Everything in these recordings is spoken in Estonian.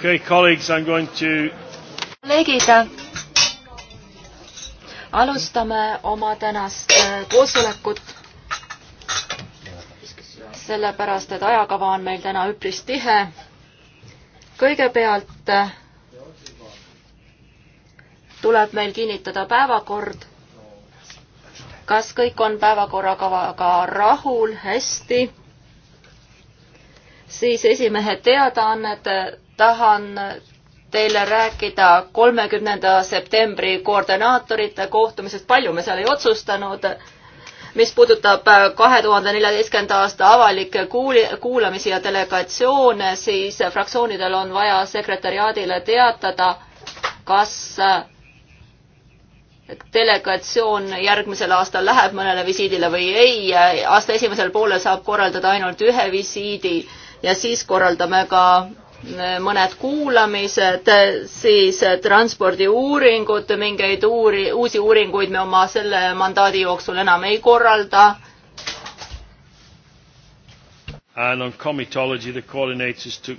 Okay, colleagues, I'm going to... kolleegid, alustame oma tänast äh, koosolekut, sellepärast et ajakava on meil täna üpris tihe. kõigepealt äh, tuleb meil kinnitada päevakord. kas kõik on päevakorrakavaga rahul, hästi? siis esimehe teadaannete tahan teile rääkida kolmekümnenda septembri koordinaatorite kohtumisest, palju me seal ei otsustanud, mis puudutab kahe tuhande neljateistkümnenda aasta avalikke kuuli-, kuulamisi ja delegatsioone, siis fraktsioonidel on vaja sekretäriaadile teatada, kas delegatsioon järgmisel aastal läheb mõnele visiidile või ei. aasta esimesel poolel saab korraldada ainult ühe visiidi ja siis korraldame ka mõned kuulamised, siis transpordiuuringud, mingeid uuri, uusi uuringuid me oma selle mandaadi jooksul enam ei korralda. And on comitology the coordinators took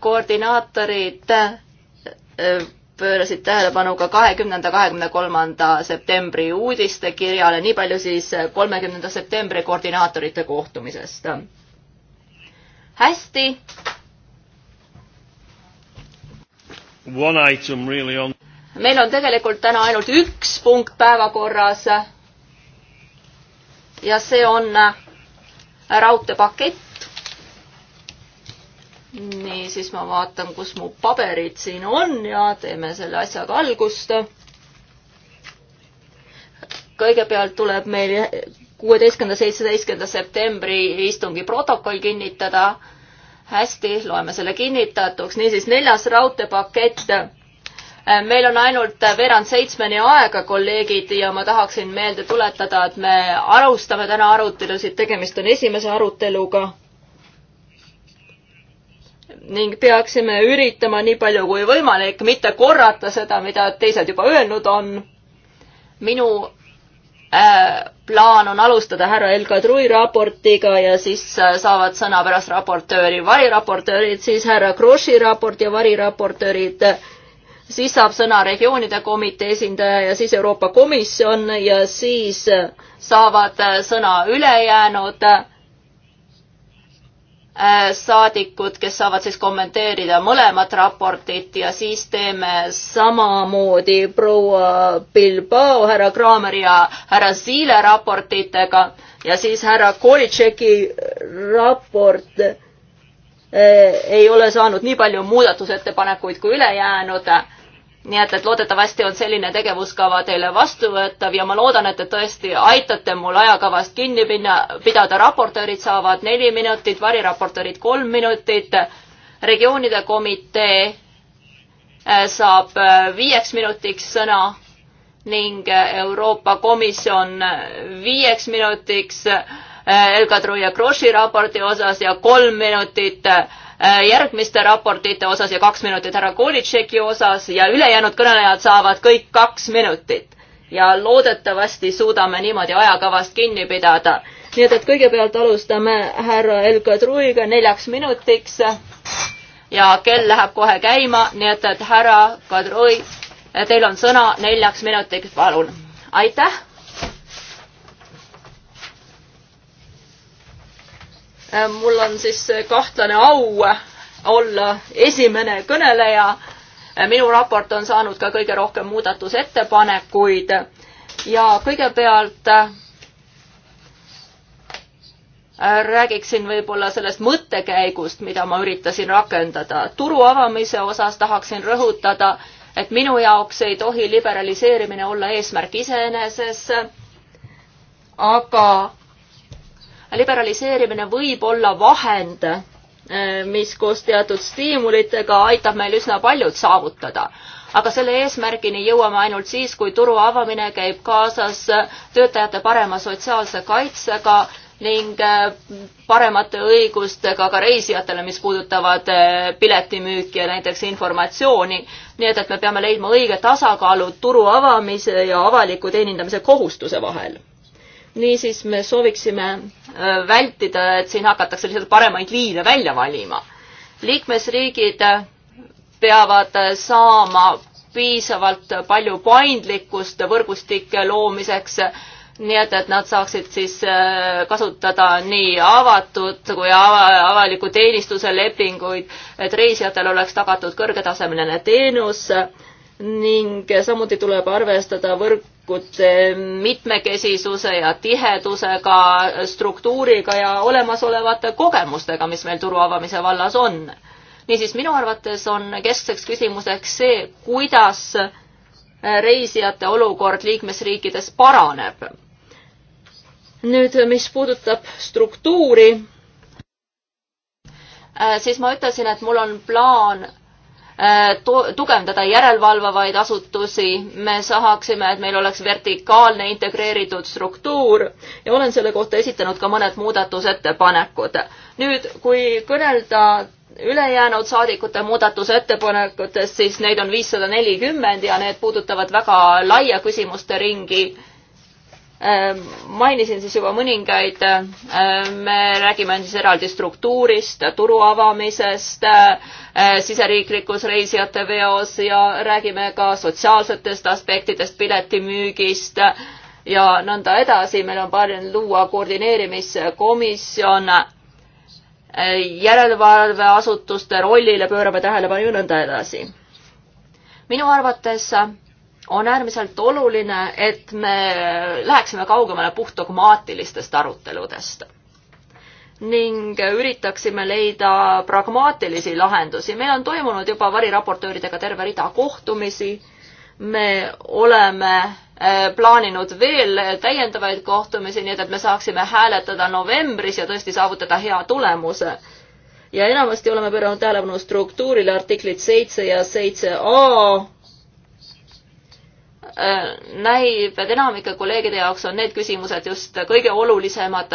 koordinaatorid eh, pöörasid tähelepanu ka kahekümnenda, kahekümne kolmanda septembri uudistekirjale, nii palju siis kolmekümnenda septembri koordinaatorite kohtumisest. hästi Really on... meil on tegelikult täna ainult üks punkt päevakorras ja see on äh, raudteepakett. nii, siis ma vaatan, kus mu paberid siin on ja teeme selle asjaga algust. kõigepealt tuleb meil kuueteistkümnenda, seitsmeteistkümnenda septembri istungi protokoll kinnitada hästi, loeme selle kinnitatuks, niisiis neljas raudteepakett. Äh, meil on ainult veerand seitsmeni aega, kolleegid, ja ma tahaksin meelde tuletada, et me alustame täna arutelusid, tegemist on esimese aruteluga. ning peaksime üritama nii palju kui võimalik mitte korrata seda, mida teised juba öelnud on. minu Äh, plaan on alustada härra Elka Trui raportiga ja siis äh, saavad sõna pärast raportööri variraportöörid, siis härra Kroši raport ja variraportöörid, siis saab sõna regioonide komitee esindaja ja siis Euroopa Komisjon ja siis saavad äh, sõna ülejäänud Äh, saadikud, kes saavad siis kommenteerida mõlemat raportit ja siis teeme samamoodi proua Bilbao, härra Kraameri ja härra Siile raportitega ja siis härra Kolitšeki raport eh, ei ole saanud nii palju muudatusettepanekuid kui ülejäänud eh, nii et, et loodetavasti on selline tegevuskava teile vastuvõetav ja ma loodan, et te tõesti aitate mul ajakavast kinni pinna, pidada, raportöörid saavad neli minutit, variraportöörid kolm minutit, regioonide komitee äh, saab äh, viieks minutiks sõna ning äh, Euroopa Komisjon viieks minutiks Elka Truia Kroši raporti osas ja kolm minutit äh, Äh, järgmiste raportite osas ja kaks minutit härra Kolitšeki osas ja ülejäänud kõnelejad saavad kõik kaks minutit. ja loodetavasti suudame niimoodi ajakavast kinni pidada. nii et, et kõigepealt alustame härra Elka Truiga neljaks minutiks ja kell läheb kohe käima, nii et, et härra Kadri, teil on sõna neljaks minutiks, palun. aitäh Äh, mul on siis äh, kahtlane au äh, olla esimene kõneleja. minu raport on saanud ka kõige rohkem muudatusettepanekuid ja kõigepealt räägiksin võib-olla sellest mõttekäigust, mida ma üritasin rakendada. turu avamise osas tahaksin rõhutada, et minu jaoks ei tohi liberaliseerimine olla eesmärk iseeneses, aga liberaliseerimine võib olla vahend, eh, mis koos teatud stiimulitega aitab meil üsna paljud saavutada. aga selle eesmärgini jõuame ainult siis, kui turu avamine käib kaasas töötajate parema sotsiaalse kaitsega ning eh, paremate õigustega ka reisijatele, mis puudutavad eh, piletimüüki ja näiteks informatsiooni. nii et, et me peame leidma õige tasakaalu turu avamise ja avaliku teenindamise kohustuse vahel. niisiis me sooviksime Äh, vältida, et siin hakatakse lihtsalt paremaid viine välja valima. liikmesriigid peavad saama piisavalt palju paindlikkust võrgustike loomiseks, nii et, et nad saaksid siis äh, kasutada nii avatud kui ava, avaliku teenistuse lepinguid, et reisijatel oleks tagatud kõrgetasemeline teenus ning samuti tuleb arvestada võrk, valikute eh, mitmekesisuse ja tihedusega, struktuuriga ja olemasolevate kogemustega, mis meil turu avamise vallas on. niisiis, minu arvates on keskseks küsimuseks see, kuidas eh, reisijate olukord liikmesriikides paraneb. nüüd, mis puudutab struktuuri, eh, siis ma ütlesin, et mul on plaan Äh, to-, tugevdada järelevalvavaid asutusi, me tahaksime, et meil oleks vertikaalne integreeritud struktuur ja olen selle kohta esitanud ka mõned muudatusettepanekud. nüüd, kui kõnelda ülejäänud saadikute muudatusettepanekutest, siis neid on viissada nelikümmend ja need puudutavad väga laia küsimuste ringi Äh, mainisin siis juba mõningaid, äh, me räägime siis eraldi struktuurist, turu avamisest, äh, siseriiklikus reisijate veos ja räägime ka sotsiaalsetest aspektidest, piletimüügist ja nõnda edasi, meil on plaanis luua koordineerimiskomisjon, järelevalveasutuste rollile pöörame tähelepanu ja nõnda edasi. minu arvates on äärmiselt oluline, et me läheksime kaugemale puhtdogmaatilistest aruteludest ning üritaksime leida pragmaatilisi lahendusi. meil on toimunud juba variraportööridega terve rida kohtumisi. me oleme äh, plaaninud veel täiendavaid kohtumisi, nii et, et me saaksime hääletada novembris ja tõesti saavutada hea tulemuse ja enamasti oleme pööranud tähelepanu struktuurile artiklid seitse ja seitse A Äh, näib, et enamike kolleegide jaoks on need küsimused just kõige olulisemad,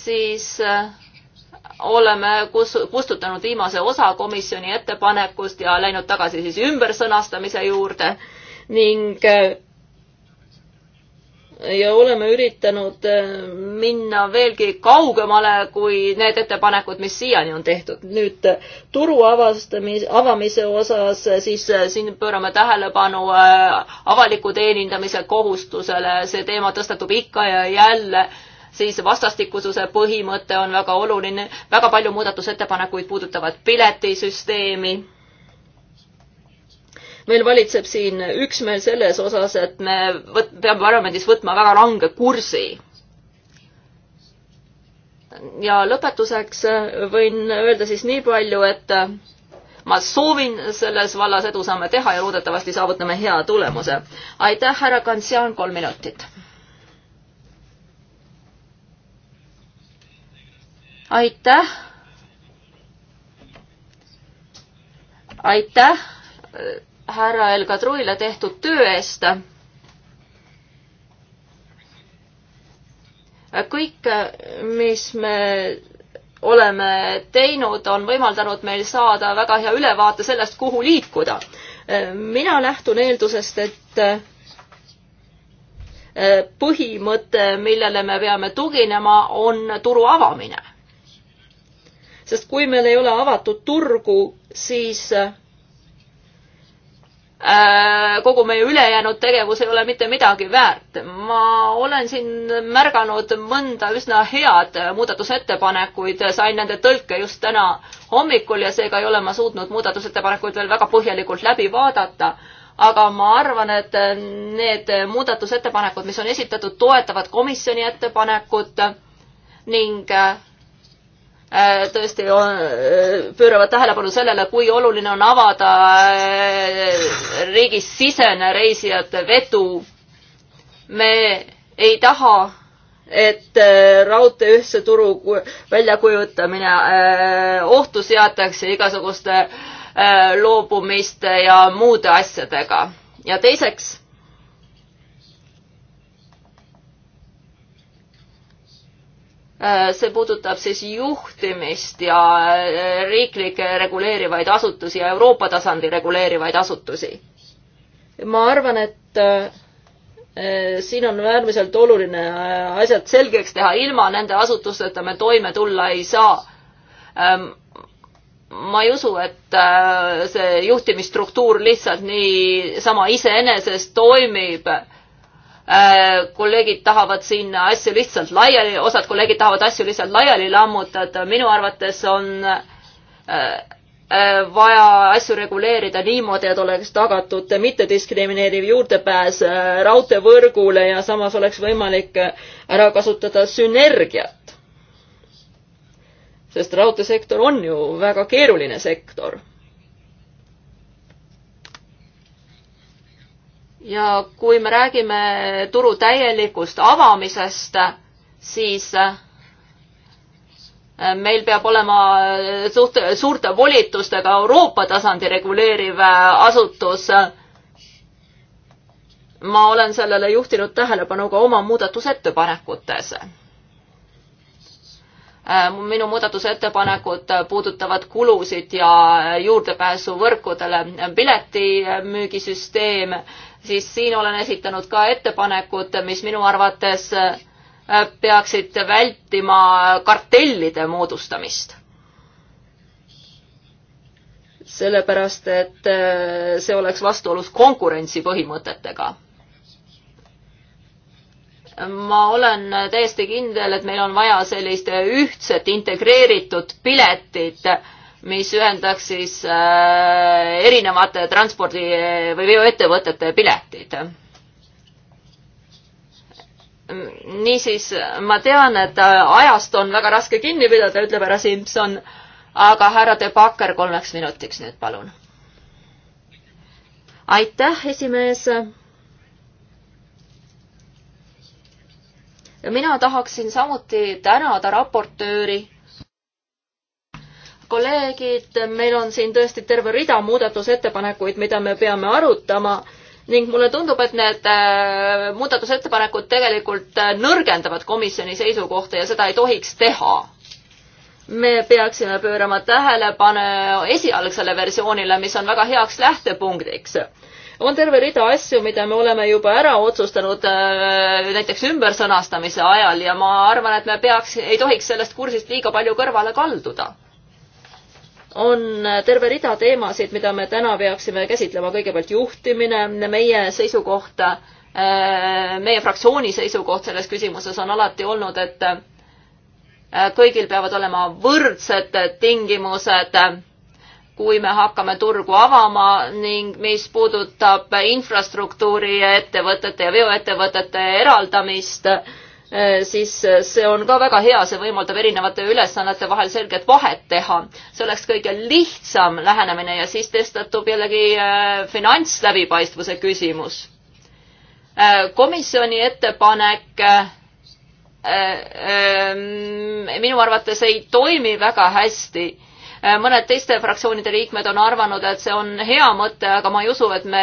siis äh, oleme kus-, kustutanud viimase osa komisjoni ettepanekust ja läinud tagasi siis ümbersõnastamise juurde ning äh, ja oleme üritanud äh, minna veelgi kaugemale kui need ettepanekud, mis siiani on tehtud. nüüd äh, turu avastamise, avamise osas, äh, siis siin pöörame tähelepanu avaliku teenindamise kohustusele, see teema tõstatub ikka ja jälle, siis vastastikususe põhimõte on väga oluline, väga palju muudatusettepanekuid puudutavad piletisüsteemi meil valitseb siin üksmeel selles osas, et me võt-, peame parlamendis võtma väga range kursi. ja lõpetuseks võin öelda siis nii palju, et ma soovin selles vallas edusamme teha ja loodetavasti saavutame hea tulemuse. aitäh, härra Kansian, kolm minutit. aitäh. aitäh härra El Kadroile tehtud töö eest. kõik, mis me oleme teinud, on võimaldanud meil saada väga hea ülevaate sellest, kuhu liikuda. mina lähtun eeldusest, et eh, põhimõte, millele me peame tuginema, on turu avamine. sest kui meil ei ole avatud turgu, siis eh, Äh, kogu meie ülejäänud tegevus ei ole mitte midagi väärt. ma olen siin märganud mõnda üsna head muudatusettepanekuid, sain nende tõlke just täna hommikul ja seega ei ole ma suutnud muudatusettepanekuid veel väga põhjalikult läbi vaadata. aga ma arvan, et need muudatusettepanekud, mis on esitatud, toetavad komisjoni ettepanekut ning äh, Äh, tõesti äh, pööravad tähelepanu sellele, kui oluline on avada äh, riigis sisene reisijate vedu. me ei taha, et raudtee ühtse turu väljakujutamine ohtu seatakse igasuguste loobumiste ja muude asjadega. ja teiseks Äh, see puudutab siis juhtimist ja äh, riiklikke reguleerivaid asutusi ja Euroopa tasandi reguleerivaid asutusi. ma arvan, et äh, siin on äärmiselt oluline asjad selgeks teha, ilma nende asutusteta me toime tulla ei saa. Ähm, ma ei usu, et see juhtimisstruktuur lihtsalt niisama iseenesest toimib Äh, kolleegid tahavad siin asju lihtsalt laiali, osad kolleegid tahavad asju lihtsalt laiali lammutada, minu arvates on äh, äh, vaja asju reguleerida niimoodi, et oleks tagatud mittediskrimineeriv juurdepääs raudteevõrgule ja samas oleks võimalik ära kasutada sünergiat. sest raudteesektor on ju väga keeruline sektor ja kui me räägime turu täielikust avamisest, siis äh, meil peab olema suht-, suurte volitustega Euroopa tasandi reguleeriv äh, asutus. ma olen sellele juhtinud tähelepanu ka oma muudatusettepanekutes. Äh, minu muudatusettepanekud puudutavad kulusid ja juurdepääsu võrkudele, piletimüügisüsteem siis siin olen esitanud ka ettepanekud, mis minu arvates äh, peaksid vältima kartellide moodustamist. sellepärast, et äh, see oleks vastuolus konkurentsi põhimõtetega. ma olen täiesti kindel, et meil on vaja sellist ühtset integreeritud piletit mis ühendaks siis äh, erinevate transpordi või veoettevõtete piletid niisiis ma tean, et äh, ajast on väga raske kinni pidada, ütleb härra Simson, aga härra De Backer kolmeks minutiks nüüd palun. aitäh, esimees. mina tahaksin samuti tänada raportööri kolleegid, meil on siin tõesti terve rida muudatusettepanekuid, mida me peame arutama ning mulle tundub, et need äh, muudatusettepanekud tegelikult äh, nõrgendavad komisjoni seisukohta ja seda ei tohiks teha. me peaksime pöörama tähelepanu esialgsele versioonile, mis on väga heaks lähtepunktiks on terve rida asju, mida me oleme juba ära otsustanud äh, näiteks ümbersõnastamise ajal ja ma arvan, et me peaks, ei tohiks sellest kursist liiga palju kõrvale kalduda on terve rida teemasid, mida me täna peaksime käsitlema, kõigepealt juhtimine, meie seisukoht, äh, meie fraktsiooni seisukoht selles küsimuses on alati olnud, et äh, kõigil peavad olema võrdsed tingimused, kui me hakkame turgu avama ning mis puudutab infrastruktuuri ettevõtete ja veoettevõtete eraldamist, Eh, siis eh, see on ka väga hea, see võimaldab erinevate ülesannete vahel selget vahet teha. see oleks kõige lihtsam lähenemine ja siis testatub jällegi eh, finantsläbipaistvuse küsimus. komisjoni ettepanek mm, minu arvates ei toimi väga hästi Äh, mõned teiste fraktsioonide liikmed on arvanud, et see on hea mõte, aga ma ei usu, et me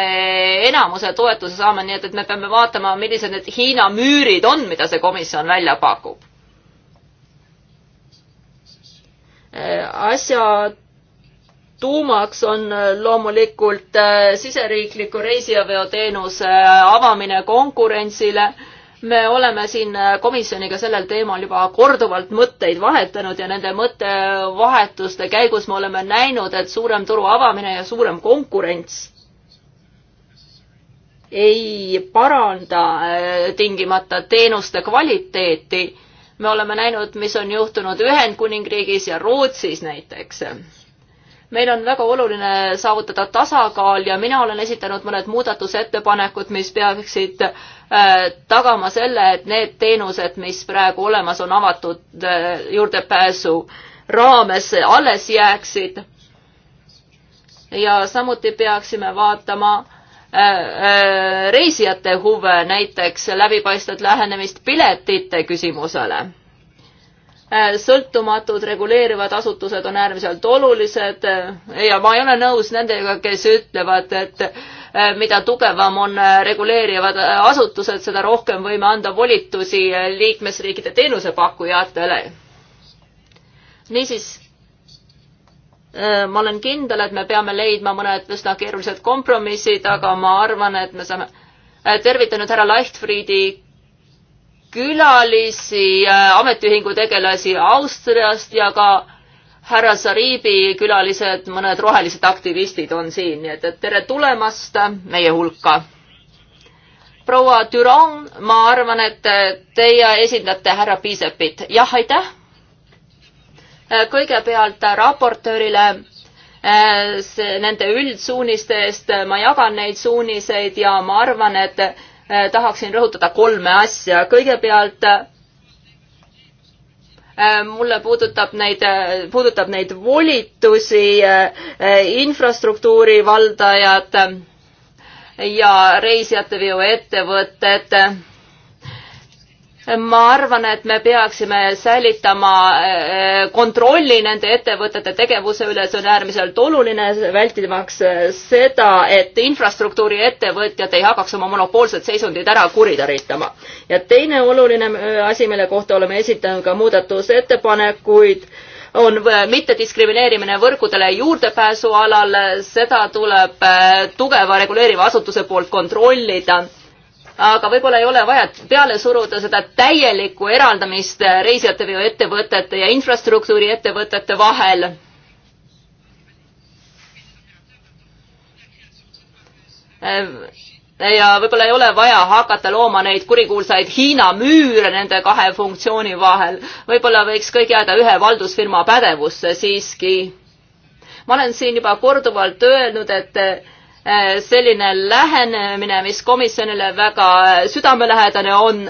enamuse toetuse saame, nii et, et me peame vaatama, millised need Hiina müürid on, mida see komisjon välja pakub. Äh, asja tuumaks on loomulikult äh, siseriikliku reisijaveoteenuse avamine konkurentsile me oleme siin äh, komisjoniga sellel teemal juba korduvalt mõtteid vahetanud ja nende mõttevahetuste käigus me oleme näinud, et suurem turu avamine ja suurem konkurents ei paranda äh, tingimata teenuste kvaliteeti. me oleme näinud, mis on juhtunud Ühendkuningriigis ja Rootsis näiteks meil on väga oluline saavutada tasakaal ja mina olen esitanud mõned muudatusettepanekud, mis peaksid äh, Äh, tagama selle, et need teenused, mis praegu olemas on avatud äh, juurdepääsu raames, alles jääksid. ja samuti peaksime vaatama äh, reisijate huve, näiteks läbipaistvat lähenemist piletite küsimusele sõltumatud reguleerivad asutused on äärmiselt olulised ja ma ei ole nõus nendega, kes ütlevad, et Äh, mida tugevam on äh, reguleerivad äh, asutused, seda rohkem võime anda volitusi liikmesriikide teenusepakkujatele. niisiis, ma olen kindel, et me peame leidma mõned üsna keerulised kompromissid, aga ma arvan, et me saame, tervitan nüüd härra Leichtfriedi külalisi, ametiühingu tegelasi Austriast ja ka härra Zaribi külalised, mõned rohelised aktivistid on siin, nii et, et tere tulemast meie hulka. proua Düran, ma arvan, et teie esindate härra Piisepit. jah, aitäh. kõigepealt raportöörile eh, see, nende üldsuuniste eest, ma jagan neid suuniseid ja ma arvan, et eh, tahaksin rõhutada kolme asja. kõigepealt Äh, mulle puudutab neid, äh, puudutab neid volitusi, äh, infrastruktuuri valdajad ja reisijateveo ettevõtted et ma arvan, et me peaksime säilitama eh, kontrolli nende ettevõtete tegevuse üle, see on äärmiselt oluline, vältimaks eh, seda, et infrastruktuuriettevõtjad ei hakkaks oma monopoolset seisundit ära kuritarvitama. ja teine oluline eh, asi, mille kohta oleme esitanud ka muudatusettepanekuid, on mittediskrimineerimine võrgudele juurdepääsu alal, seda tuleb tugeva reguleeriva asutuse poolt kontrollida aga võib-olla ei ole vaja peale suruda seda täielikku eraldamist reisijateveoettevõtete ja infrastruktuuriettevõtete vahel. ja võib-olla ei ole vaja hakata looma neid kurikuulsaid Hiina müüre nende kahe funktsiooni vahel. võib-olla võiks kõik jääda ühe valdusfirma pädevusse siiski. ma olen siin juba korduvalt öelnud, et Eh, selline lähenemine, mis komisjonile väga südamelähedane on,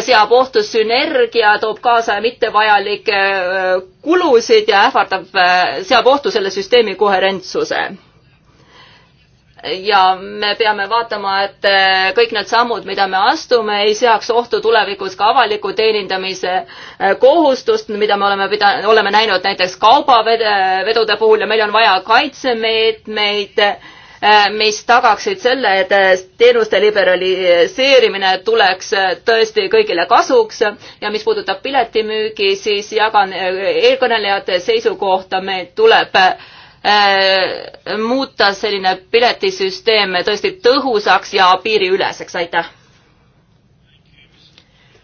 seab ohtu sünergia, toob kaasa mittevajalikke eh, kulusid ja ähvardab, eh, seab ohtu selle süsteemi koherentsuse ja me peame vaatama, et kõik need sammud, mida me astume, ei seaks ohtu tulevikus ka avaliku teenindamise kohustust, mida me oleme pida-, oleme näinud näiteks kaubavedude puhul ja meil on vaja kaitsemeetmeid meid Äh, mis tagaksid selle, et äh, teenuste liberaliseerimine tuleks äh, tõesti kõigile kasuks ja mis puudutab piletimüügi, siis jagan eelkõnelejate seisukohta, meil tuleb muuta selline piletisüsteem tõesti tõhusaks ja piiriüleseks, aitäh.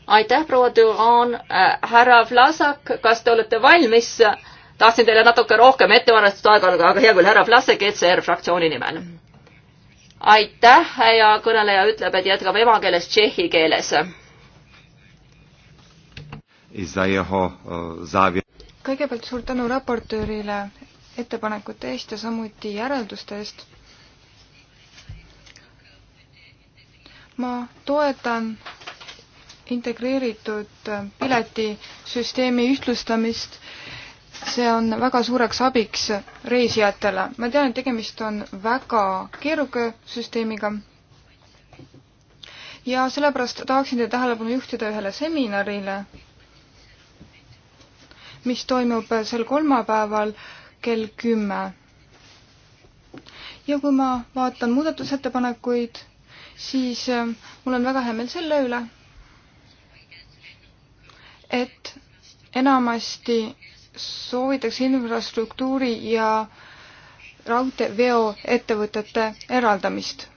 aitäh, proua Düran, härra Vlasak, kas te olete valmis äh, tahtsin teile natuke rohkem ettevalmistust aega, aga hea küll, härra Vlasek, ECR fraktsiooni nimel. aitäh ja kõneleja ütleb, et jätkab emakeeles tšehhi keeles. kõigepealt suur tänu raportöörile ettepanekute eest ja samuti järelduste eest. ma toetan integreeritud piletisüsteemi ühtlustamist see on väga suureks abiks reisijatele. ma tean, et tegemist on väga keeruka süsteemiga. ja sellepärast tahaksin teie tähelepanu juhtida ühele seminarile, mis toimub sel kolmapäeval kell kümme. ja kui ma vaatan muudatusettepanekuid, siis äh, mul on väga hea meel selle üle, et enamasti soovitakse infrastruktuuri ja raudteeveoettevõtete eraldamist.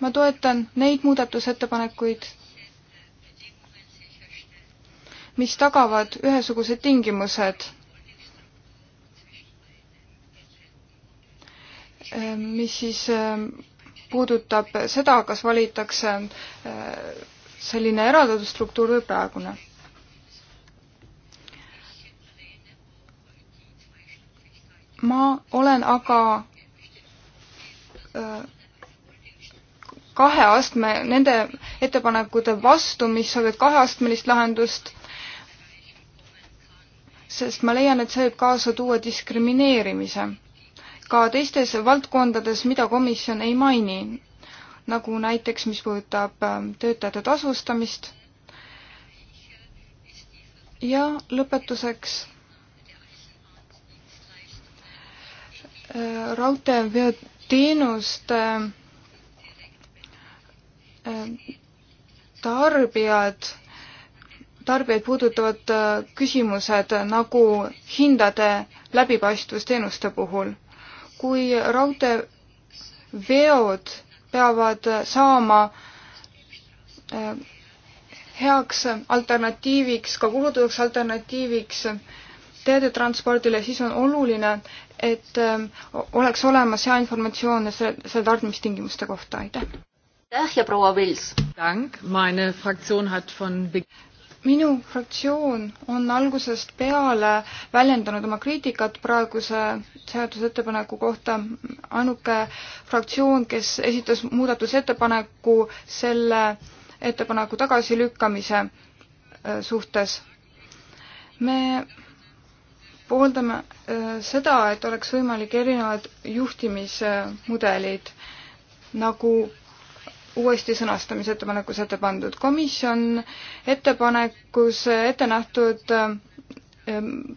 ma toetan neid muudatusettepanekuid, mis tagavad ühesugused tingimused, mis siis ähm, puudutab seda, kas valitakse äh, selline eraldatud struktuur või praegune ma olen aga äh, kahe astme, nende ettepanekute vastu, mis soovivad kaheastmelist lahendust, sest ma leian, et see võib kaasa tuua diskrimineerimise ka teistes valdkondades, mida komisjon ei maini, nagu näiteks, mis puudutab äh, töötajate tasustamist. ja lõpetuseks raudteeveoteenuste äh, tarbijad, tarbijaid puudutavad äh, küsimused nagu hindade läbipaistvus teenuste puhul. kui raudteeveod peavad saama äh, heaks alternatiiviks, ka kulutuseks alternatiiviks teedetranspordile, siis on oluline, et ähm, oleks olemas hea informatsioon selle, selle tarbimistingimuste kohta, aitäh. aitäh ja proua Vils. minu fraktsioon on algusest peale väljendanud oma kriitikat praeguse seadusettepaneku kohta. ainuke fraktsioon, kes esitas muudatusettepaneku selle ettepaneku tagasilükkamise äh, suhtes. me pooldame äh, seda, et oleks võimalik erinevad juhtimismudelid nagu uuesti sõnastamise ettepanekus ette pandud. komisjon ettepanekus ette nähtud äh,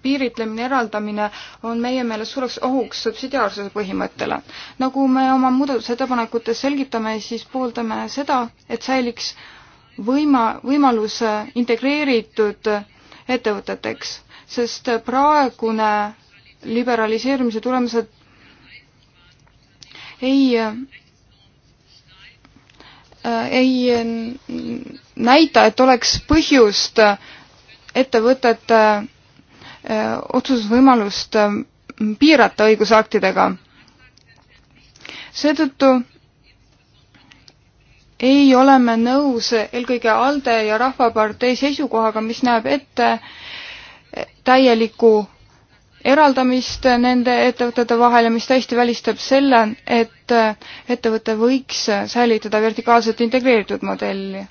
piiritlemine, eraldamine on meie meelest suureks ohuks subsidiaarsuse põhimõttele. nagu me oma muudatusettepanekutes selgitame, siis pooldame seda, et säiliks võima, võimalus integreeritud ettevõteteks sest praegune liberaliseerimise tulemused ei äh, ei näita, et oleks põhjust ettevõtete äh, otsustusvõimalust äh, piirata õigusaktidega. seetõttu ei ole me nõus eelkõige ALDE ja Rahvapartei seisukohaga, mis näeb ette, täielikku eraldamist nende ettevõtete vahel ja mis täiesti välistab selle, et ettevõte võiks säilitada vertikaalselt integreeritud modelli.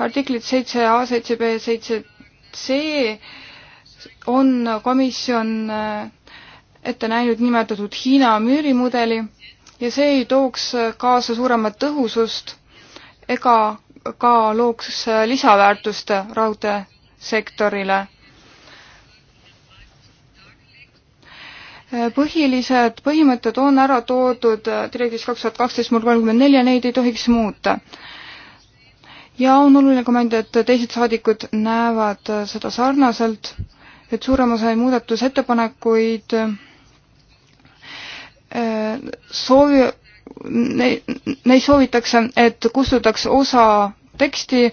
artiklid seitse A, seitse B, seitse C on komisjon ette näinud nimetatud Hiina müürimudeli ja see ei tooks kaasa suuremat tõhusust ega ka looks lisaväärtust raudteesektorile põhilised põhimõtted on ära toodud direktiivis kaks tuhat kaksteist murd kolmkümmend neli ja neid ei tohiks muuta. ja on oluline ka mainida, et teised saadikud näevad seda sarnaselt, et suurem osa muudatusettepanekuid äh, soovi-, neis soovitakse, et kustutakse osa teksti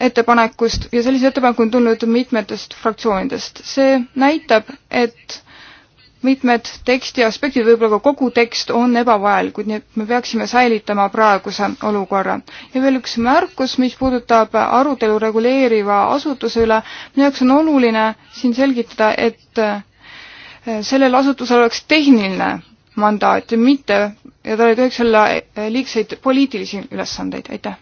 ettepanekust ja sellise ettepaneku on tulnud mitmetest fraktsioonidest. see näitab, et mitmed teksti aspektid, võib-olla ka kogu tekst on ebavajalikud, nii et me peaksime säilitama praeguse olukorra. ja veel üks märkus, mis puudutab arutelu reguleeriva asutuse üle. minu jaoks on oluline siin selgitada, et eh, sellel asutusel oleks tehniline mandaat ja mitte, ja tal ei tohiks olla eh, liigseid poliitilisi ülesandeid, aitäh.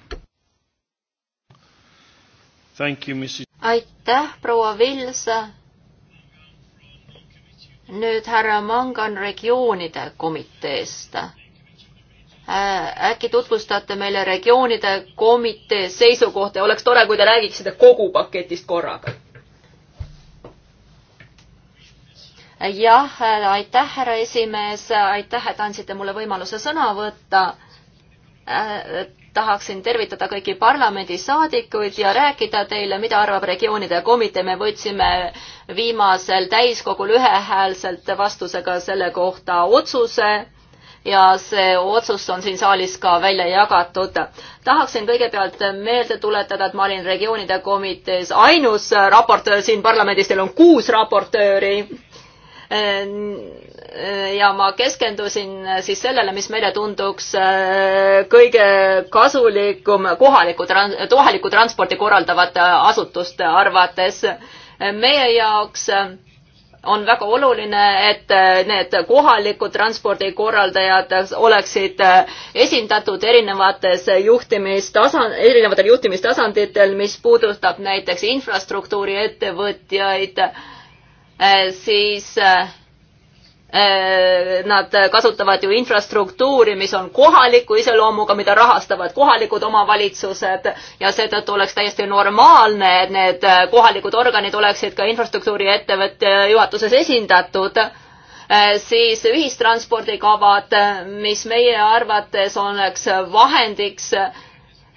aitäh, proua Vils nüüd härra Mangan regioonide komiteest. Äh, äkki tutvustate meile regioonide komitee seisukohta ja oleks tore, kui te räägiksite kogu paketist korraga. jah, aitäh, härra esimees, aitäh, et andsite mulle võimaluse sõna võtta äh, tahaksin tervitada kõiki parlamendisaadikuid ja rääkida teile, mida arvab regioonide komitee. me võtsime viimasel täiskogul ühehäälselt vastusega selle kohta otsuse ja see otsus on siin saalis ka välja jagatud. tahaksin kõigepealt meelde tuletada, et ma olin regioonide komitees ainus raportöör siin parlamendis, teil on kuus raportööri Äh, ja ma keskendusin äh, siis sellele, mis meile tunduks äh, kõige kasulikum kohaliku, kohaliku transpordi korraldavate asutuste arvates. meie jaoks on väga oluline, et need kohalikud transpordikorraldajad oleksid esindatud erinevates juhtimistasand, erinevatel juhtimistasanditel, mis puudutab näiteks infrastruktuuri ettevõtjaid et, Äh, siis äh, äh, nad kasutavad ju infrastruktuuri, mis on kohaliku iseloomuga, mida rahastavad kohalikud omavalitsused ja seetõttu oleks täiesti normaalne, et need kohalikud organid oleksid ka infrastruktuuriettevõtte juhatuses esindatud siis ühistranspordikavad, mis meie arvates oleks vahendiks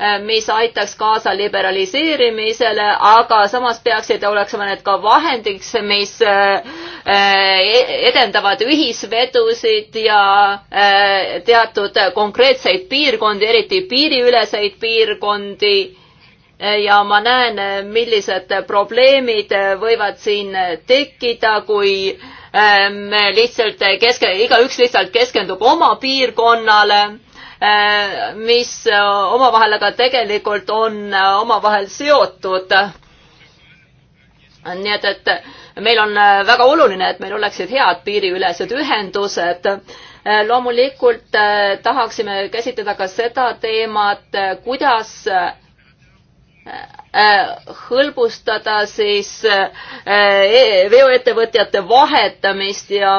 Äh, mis aitaks kaasa liberaliseerimisele, aga samas peaksid oleksime need ka vahendiks, mis äh, äh, edendavad ühisvedusid ja teatud konkreetseid piirkondi, eriti piiriüleseid piirkondi. ja ma näen, millised probleemid võivad siin tekkida, kui me lihtsalt keske, igaüks lihtsalt keskendub oma piirkonnale Äh, mis äh, omavahel aga tegelikult on äh, omavahel seotud nii et, et meil on väga oluline, et meil oleksid head piiriülesed ühendused. loomulikult tahaksime käsitleda ka seda teemat, kuidas hõlbustada siis e-, veoettevõtjate vahetamist ja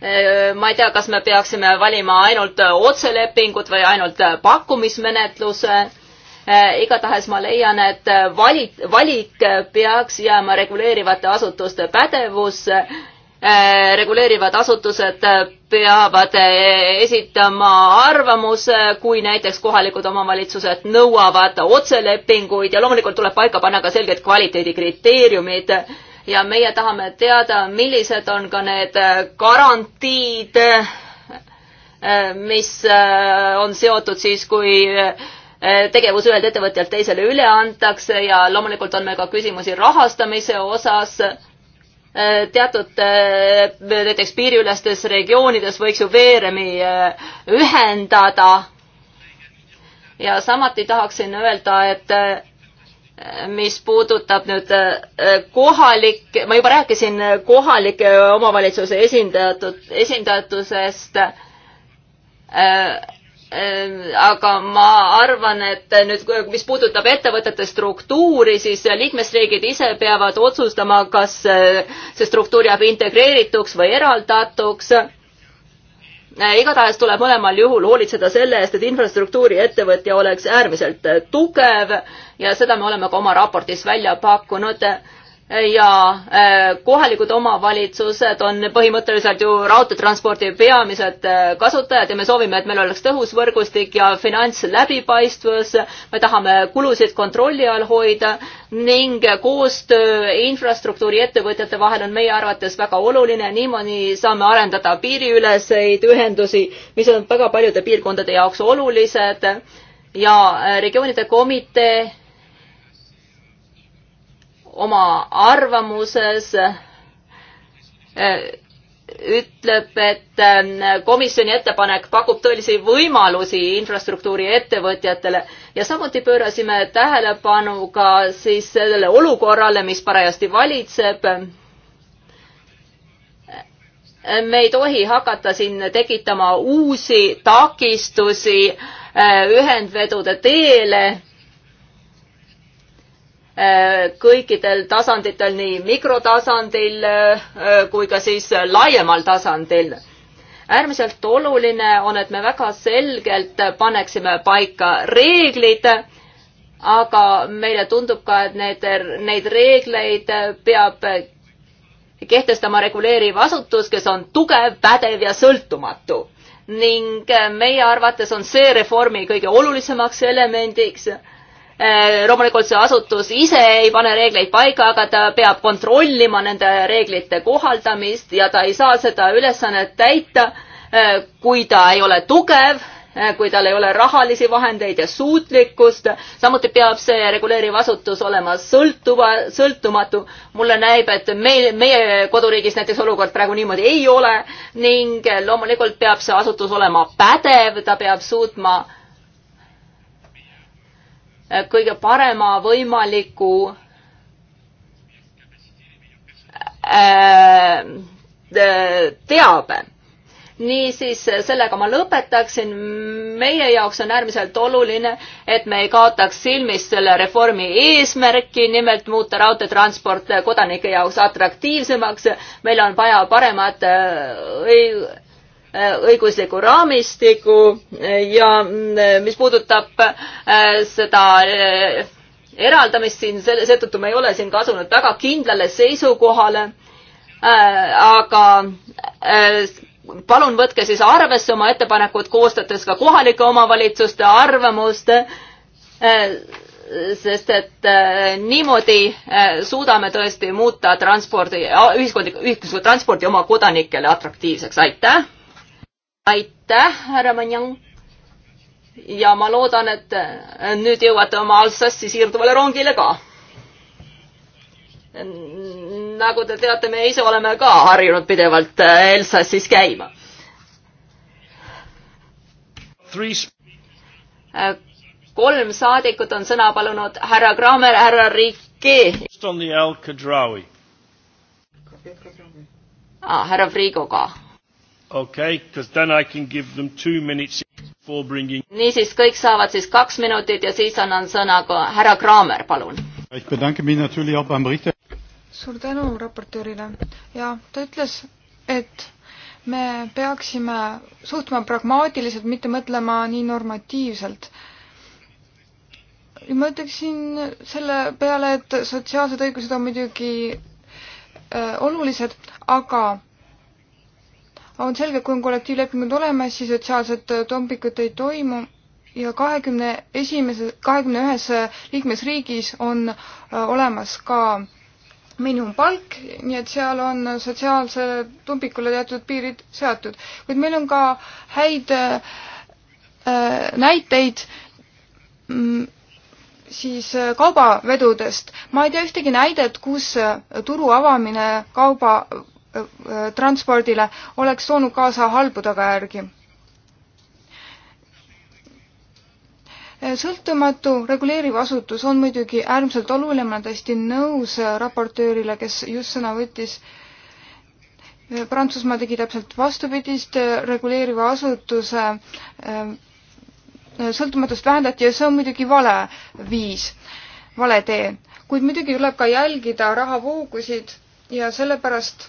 Äh, ma ei tea, kas me peaksime valima ainult äh, otselepingut või ainult äh, pakkumismenetluse. igatahes ma leian, et valik, valik peaks jääma reguleerivate asutuste pädevusse. reguleerivad asutused peavad esitama arvamuse, kui näiteks kohalikud omavalitsused nõuavad otselepinguid ja loomulikult tuleb paika panna ka selged kvaliteedikriteeriumid ja meie tahame teada, millised on ka need äh, garantiid, äh, mis äh, on seotud siis, kui tegevus ühelt ettevõtjalt teisele üle antakse ja loomulikult on meil ka küsimusi rahastamise osas teatud näiteks piiriülestes regioonides võiks ju veeremi ühendada. ja samuti tahaksin öelda, et mis puudutab nüüd äh, kohalik, ma juba rääkisin äh, kohalike omavalitsuse esindatud, esindatusest äh, aga ma arvan, et nüüd, mis puudutab ettevõtete struktuuri, siis liikmesriigid ise peavad otsustama, kas see struktuur jääb integreerituks või eraldatuks. Äh, igatahes tuleb mõlemal juhul hoolitseda selle eest, et infrastruktuuriettevõtja oleks äärmiselt tugev ja seda me oleme ka oma raportis välja pakkunud ja äh, kohalikud omavalitsused on põhimõtteliselt ju raudteetranspordi peamised äh, kasutajad ja me soovime, et meil oleks tõhus võrgustik ja finantsläbipaistvus. me tahame kulusid kontrolli all hoida ning koostöö infrastruktuuriettevõtjate vahel on meie arvates väga oluline. niimoodi saame arendada piiriüleseid ühendusi, mis on väga paljude piirkondade jaoks olulised ja äh, regioonide komitee oma arvamuses äh, ütleb, et ähm, komisjoni ettepanek pakub tõelisi võimalusi infrastruktuuri ettevõtjatele ja samuti pöörasime tähelepanu ka siis sellele olukorrale, mis parajasti valitseb. me ei tohi hakata siin tekitama uusi takistusi äh, ühendvedude teele Äh, kõikidel tasanditel, nii mikrotasandil äh, kui ka siis laiemal tasandil. äärmiselt oluline on, et me väga selgelt paneksime paika reeglid, aga meile tundub ka, et need, neid reegleid peab kehtestama reguleeriv asutus, kes on tugev, pädev ja sõltumatu. ning meie arvates on see reformi kõige olulisemaks elemendiks Äh, loomulikult see asutus ise ei pane reegleid paika, aga ta peab kontrollima nende reeglite kohaldamist ja ta ei saa seda ülesannet täita, äh, kui ta ei ole tugev, äh, kui tal ei ole rahalisi vahendeid ja suutlikkust. samuti peab see reguleeriv asutus olema sõltuva, sõltumatu. mulle näib, et meil, meie koduriigis näiteks olukord praegu niimoodi ei ole ning loomulikult peab see asutus olema pädev, ta peab suutma Äh, kõige parema võimaliku äh, äh, teabe. niisiis, sellega ma lõpetaksin. meie jaoks on äärmiselt oluline, et me ei kaotaks silmist selle reformi eesmärki, nimelt muuta raudteetransport kodanike jaoks atraktiivsemaks. meil on vaja paremat Äh, õigusliku raamistiku äh, ja äh, mis puudutab seda eraldamist siin, selle, seetõttu me ei ole siin kasunud väga kindlale seisukohale. aga palun võtke siis arvesse oma ettepanekud, koostades ka kohalike omavalitsuste arvamust sest et niimoodi suudame tõesti muuta transpordi, ühiskondliku, ühiskondliku transpordi oma kodanikele atraktiivseks, aitäh! aitäh, härra Manjang. ja ma loodan, et äh, nüüd jõuate oma Alsassi siirduvale rongile ka. nagu te teate, me ise oleme ka harjunud pidevalt äh, Elsassis käima. Äh, kolm saadikut on sõna palunud, härra Kramer, härra Rikki. Ah, härra Frigo ka okay, because then I can give them two minutes for bringing. niisiis, kõik saavad siis kaks minutit ja siis annan sõna ka härra Kraamer, palun. suur tänu raportöörile ja ta ütles, et me peaksime suhtuma pragmaatiliselt, mitte mõtlema nii normatiivselt. ma ütleksin selle peale, et sotsiaalsed õigused on muidugi äh, olulised, aga on selge, kui on kollektiivlepingud olemas, siis sotsiaalset äh, dumpingut ei toimu ja kahekümne esimese, kahekümne ühes äh, liikmesriigis on äh, olemas ka miinimumpalk, nii et seal on sotsiaalsele tumpikule teatud piirid seatud. kuid meil on ka häid äh, näiteid mm, siis kaubavedudest. ma ei tea ühtegi näidet, kus turu avamine kauba transpordile oleks toonud kaasa halbu tagajärgi. sõltumatu reguleeriv asutus on muidugi äärmiselt oluline, ma olen täiesti nõus raportöörile, kes just sõna võttis. Prantsusmaa tegi täpselt vastupidist reguleeriva asutuse eh, sõltumatust vähendati ja see on muidugi vale viis, vale tee. kuid muidugi tuleb ka jälgida rahavoogusid ja sellepärast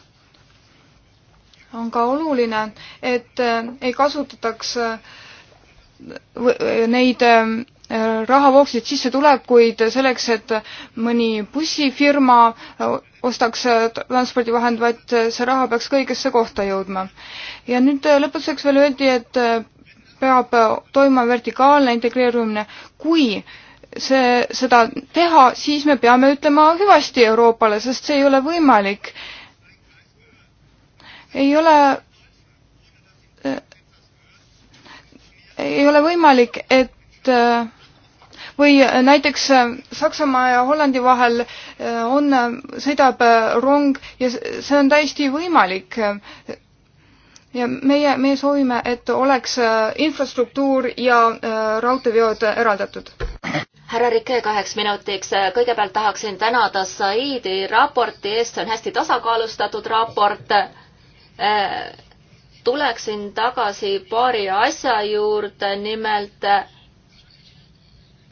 on ka oluline, et äh, ei kasutataks äh, neid äh, rahavoogseid sissetulekuid selleks, et mõni bussifirma ostaks transpordivahend, vaid see raha peaks ka õigesse kohta jõudma. ja nüüd lõpetuseks veel öeldi, et peab toimuma vertikaalne integreerumine. kui see, seda teha, siis me peame ütlema hüvasti Euroopale, sest see ei ole võimalik ei ole ei ole võimalik, et või näiteks Saksamaa ja Hollandi vahel on, sõidab rong ja see on täiesti võimalik. ja meie, meie soovime, et oleks infrastruktuur ja äh, raudteeveod eraldatud. härra Rike kaheks minutiks, kõigepealt tahaksin tänada Saidi raporti eest, see on hästi tasakaalustatud raport Äh, tuleksin tagasi paari asja juurde, nimelt äh,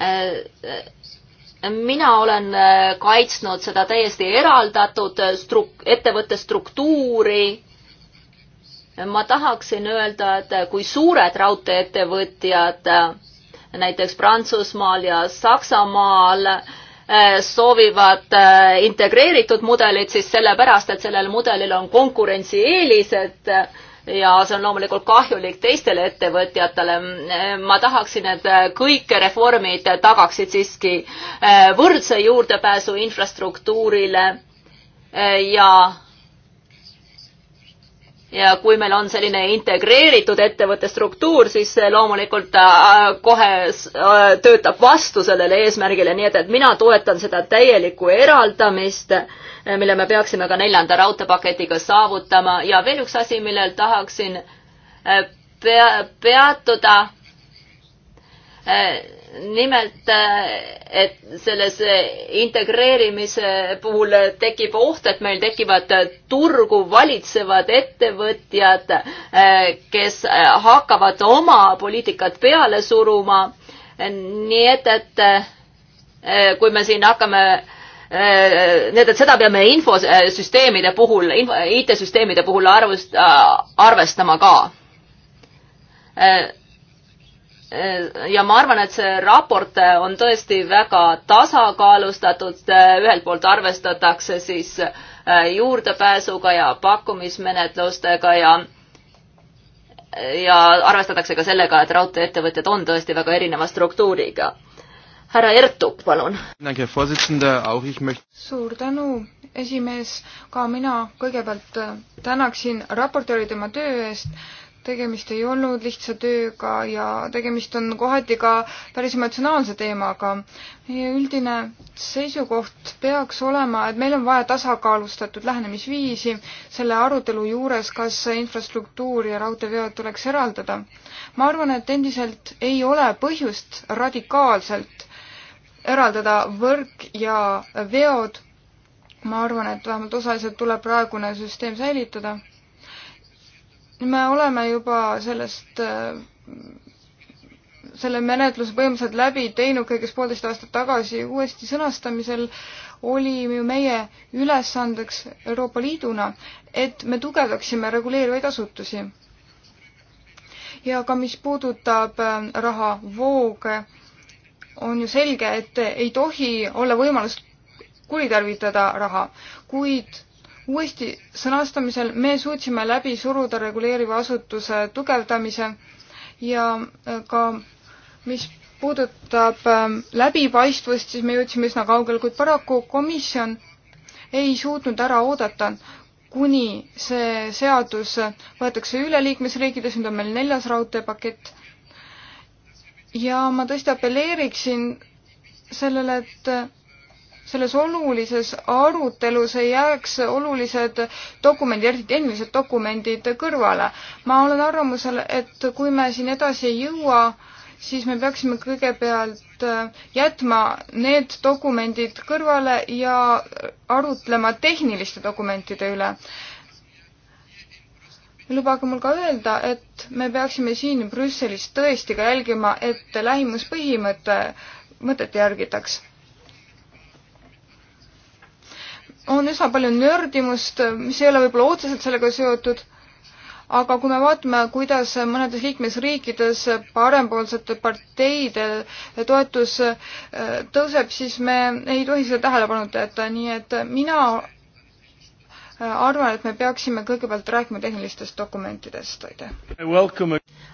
äh, mina olen kaitsnud seda täiesti eraldatud struk-, ettevõtte struktuuri. ma tahaksin öelda, et kui suured raudtee-ettevõtjad näiteks Prantsusmaal ja Saksamaal äh, Äh, soovivad äh, integreeritud mudelit, siis sellepärast, et sellel mudelil on konkurentsieelised äh, ja see on loomulikult kahjulik teistele ettevõtjatele. ma tahaksin, et kõik reformid tagaksid siiski võrdse juurdepääsu infrastruktuurile ja ja kui meil on selline integreeritud ettevõtte struktuur, siis see loomulikult äh, kohe äh, töötab vastu sellele eesmärgile, nii et, et mina toetan seda täielikku eraldamist, äh, mille me peaksime ka neljanda raudteepaketiga saavutama ja veel üks asi, millel tahaksin pea, peatuda nimelt, äh, et selles äh, integreerimise puhul tekib oht, et meil tekivad äh, turgu valitsevad ettevõtjad, kes hakkavad oma poliitikat peale suruma. nii et, et kui me siin hakkame nii et, et seda peame infosüsteemide puhul, IT-süsteemide puhul arvust, arvestama ka Äh, ja ma arvan, et see raport äh, on tõesti väga tasakaalustatud, äh, ühelt poolt arvestatakse siis juurdepääsuga ja pakkumismenetlustega ja ja arvestatakse ka sellega, et raudteeettevõtjad on tõesti väga erineva struktuuriga. härra Ertuk, palun. suur tänu, esimees, ka mina kõigepealt tänaksin raportööri tema töö eest tegemist ei olnud lihtsa tööga ja tegemist on kohati ka päris emotsionaalse teemaga. meie üldine seisukoht peaks olema, et meil on vaja tasakaalustatud lähenemisviisi selle arutelu juures, kas infrastruktuur ja raudteeveod tuleks eraldada. ma arvan, et endiselt ei ole põhjust radikaalselt eraldada võrk ja veod. ma arvan, et vähemalt osaliselt tuleb praegune süsteem säilitada me oleme juba sellest, äh, selle menetluse põhimõtteliselt läbi teinud kõigest poolteist aastat tagasi uuesti sõnastamisel oli ju meie ülesandeks Euroopa Liiduna, et me tugevdaksime reguleerivaid asutusi. ja ka mis puudutab äh, rahavooge, on ju selge, et ei tohi olla võimalust kuritarvitada raha, kuid uuesti sõnastamisel me suutsime läbi suruda reguleeriva asutuse tugevdamise ja äh, ka mis puudutab ähm, läbipaistvust, siis me jõudsime üsna kaugele, kuid paraku komisjon ei suutnud ära oodata, kuni see seadus võetakse üle liikmesriikides, nüüd on meil neljas raudteepakett. ja ma tõesti apelleeriksin sellele, et selles olulises arutelus ei jääks olulised dokumendid, eriti tehnilised dokumendid kõrvale. ma olen arvamusel, et kui me siin edasi ei jõua, siis me peaksime kõigepealt äh, jätma need dokumendid kõrvale ja arutlema tehniliste dokumentide üle. lubage mul ka öelda, et me peaksime siin Brüsselis tõesti ka jälgima, et lähimuspõhimõte, mõtet järgitaks on üsna palju nördimust, mis ei ole võib-olla otseselt sellega seotud, aga kui me vaatame, kuidas mõnedes liikmesriikides parempoolsete parteide toetus äh, tõuseb, siis me ei tohi seda tähelepanuta jätta, nii et mina arvan, et me peaksime kõigepealt rääkima tehnilistest dokumentidest, aitäh.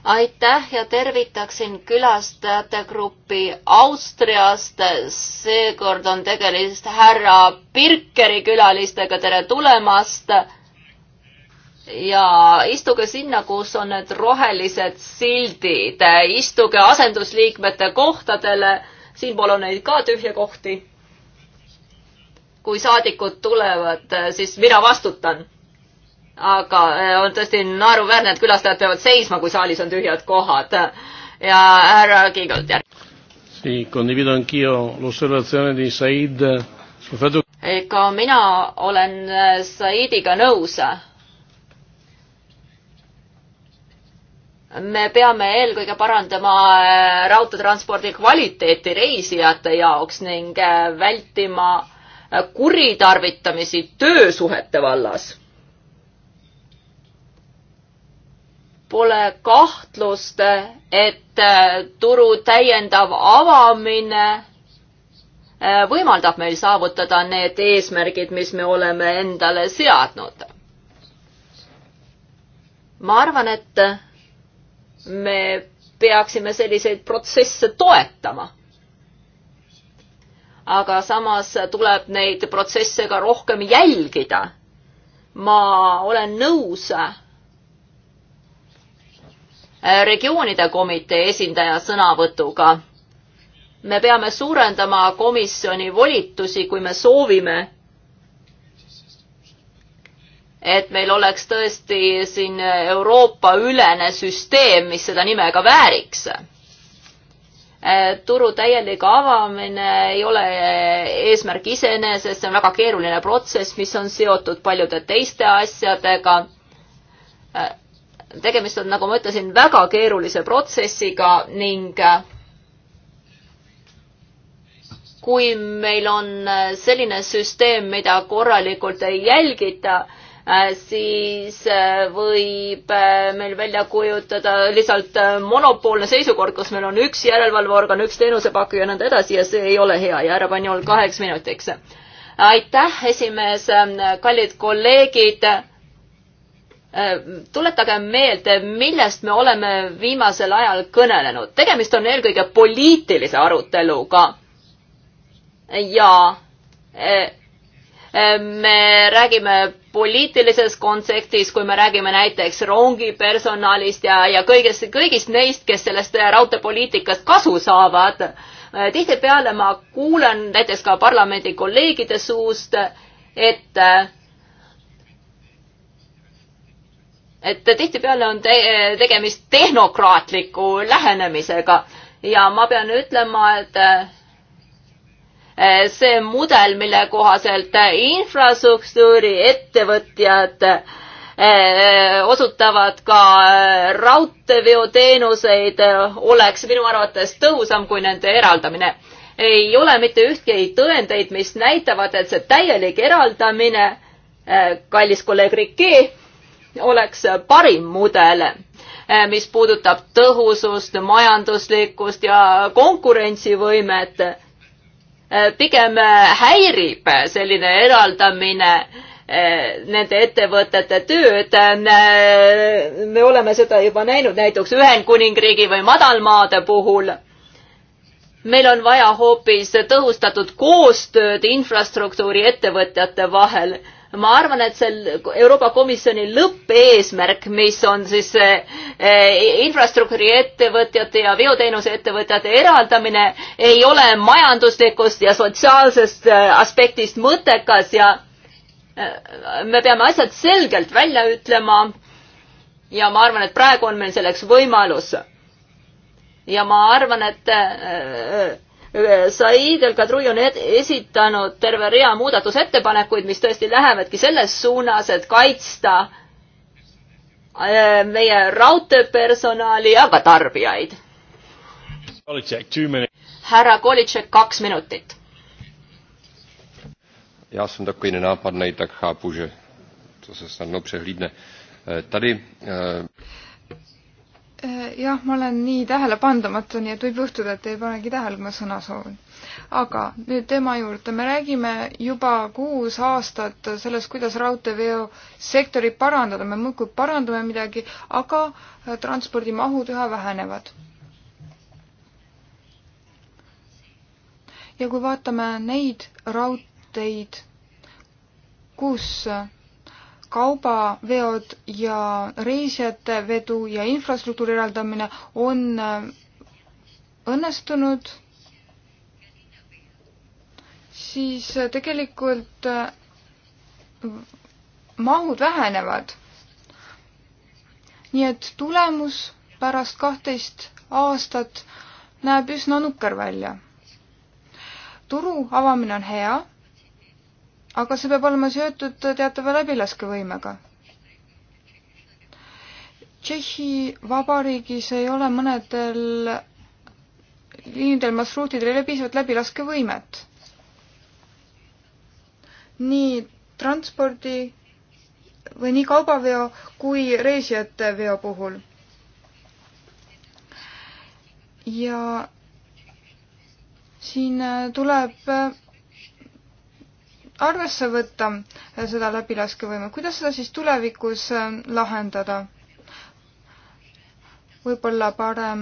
aitäh ja tervitaksin külastajate gruppi Austriast. seekord on tegemist härra Birkeri külalistega, tere tulemast. ja istuge sinna, kus on need rohelised sildid, istuge asendusliikmete kohtadele, siinpool on neid ka tühje kohti kui saadikud tulevad, eh, siis mina vastutan. aga eh, on tõesti naeruväärne, et külastajad peavad seisma, kui saalis on tühjad kohad. ja härra Kiigolt järg-. ega mina olen eh, Saidiga nõus me peame eelkõige parandama raudteetranspordi kvaliteeti reisijate jaoks ning vältima kuritarvitamisi töösuhete vallas. Pole kahtlust, et äh, turu täiendav avamine äh, võimaldab meil saavutada need eesmärgid, mis me oleme endale seadnud. ma arvan, et me peaksime selliseid protsesse toetama aga samas tuleb neid protsesse ka rohkem jälgida. ma olen nõus äh, regioonide komitee esindaja sõnavõtuga. me peame suurendama komisjoni volitusi, kui me soovime, et meil oleks tõesti siin Euroopa ülene süsteem, mis seda nime ka vääriks Eh, turu täielik avamine ei ole eh, eesmärk iseenesest, see on väga keeruline protsess, mis on seotud paljude teiste asjadega. Eh, tegemist on, nagu ma ütlesin, väga keerulise protsessiga ning kui meil on selline süsteem, mida korralikult ei jälgita, Äh, siis äh, võib äh, meil välja kujutada lihtsalt monopoolne seisukord, kus meil on üks järelevalveorgan, üks teenusepakkuja ja nõnda edasi ja see ei ole hea ja ära pani olnud kaheks minutiks. aitäh, esimees, kallid kolleegid. tuletage meelde, millest me oleme viimasel ajal kõnelenud. tegemist on eelkõige poliitilise aruteluga ja me räägime poliitilises kontekstis, kui me räägime näiteks rongipersonalist ja, ja kõigest, kõigist neist, kes sellest raudteepoliitikast kasu saavad. tihtipeale ma kuulen näiteks ka parlamendi kolleegide suust, et et tihtipeale on te tegemist tehnokraatliku lähenemisega ja ma pean ütlema, et Eh, see mudel, mille kohaselt eh, infrastruktuuri ettevõtjad eh, osutavad ka raudteeveoteenuseid, oleks minu arvates tõhusam kui nende eraldamine. ei ole mitte ühtki tõendeid, mis näitavad, et see täielik eraldamine, kallis kolleeg Rikki, oleks parim mudel, mis puudutab tõhusust, majanduslikkust ja konkurentsivõimet Eh, pigem eh, häirib selline eraldamine eh, nende ettevõtete tööd. me oleme seda juba näinud näiteks Ühendkuningriigi või madalmaade puhul. meil on vaja hoopis tõhustatud koostööd infrastruktuuri ettevõtjate vahel ma arvan, et see Euroopa Komisjoni lõppeesmärk, mis on siis eh, eh, infrastruktuuri ettevõtjate ja veoteenuse ettevõtjate eraldamine, ei ole majanduslikust ja sotsiaalsest eh, aspektist mõttekas ja me peame asjad selgelt välja ütlema. ja ma arvan, et praegu on meil selleks võimalus. ja ma arvan, et Said El-Kadri on esitanud terve rea muudatusettepanekuid, mis tõesti lähevadki selles suunas, et kaitsta äh, meie raudteepersonali ja ka tarbijaid. härra Kolitšek, kaks minutit. Já jsem takový nenápadný, tak chápu, že to se snadno přehlídne. Eh, tady eh, Äh, jah, ma olen nii tähelepandamatu, nii et võib juhtuda, et ei panegi tähele, kui ma sõna soovin. aga nüüd teema juurde, me räägime juba kuus aastat sellest, kuidas raudteeveosektorit parandada, me muudkui parandame midagi, aga äh, transpordimahud üha vähenevad. ja kui vaatame neid raudteid, kus äh, kaubaveod ja reisijate vedu ja infrastruktuuri eraldamine on äh, õnnestunud, siis äh, tegelikult äh, mahud vähenevad. nii et tulemus pärast kahteist aastat näeb üsna nukker välja. turu avamine on hea aga see peab olema seotud teatava läbilaskevõimega. Tšehhi Vabariigis ei ole mõnedel liinidel, marsruutidel ei ole piisavalt läbilaskevõimet. nii transpordi või nii kaubaveo kui reisijate veo puhul. ja siin tuleb arvesse võtta seda läbilaskevõime, kuidas seda siis tulevikus äh, lahendada? võib-olla parem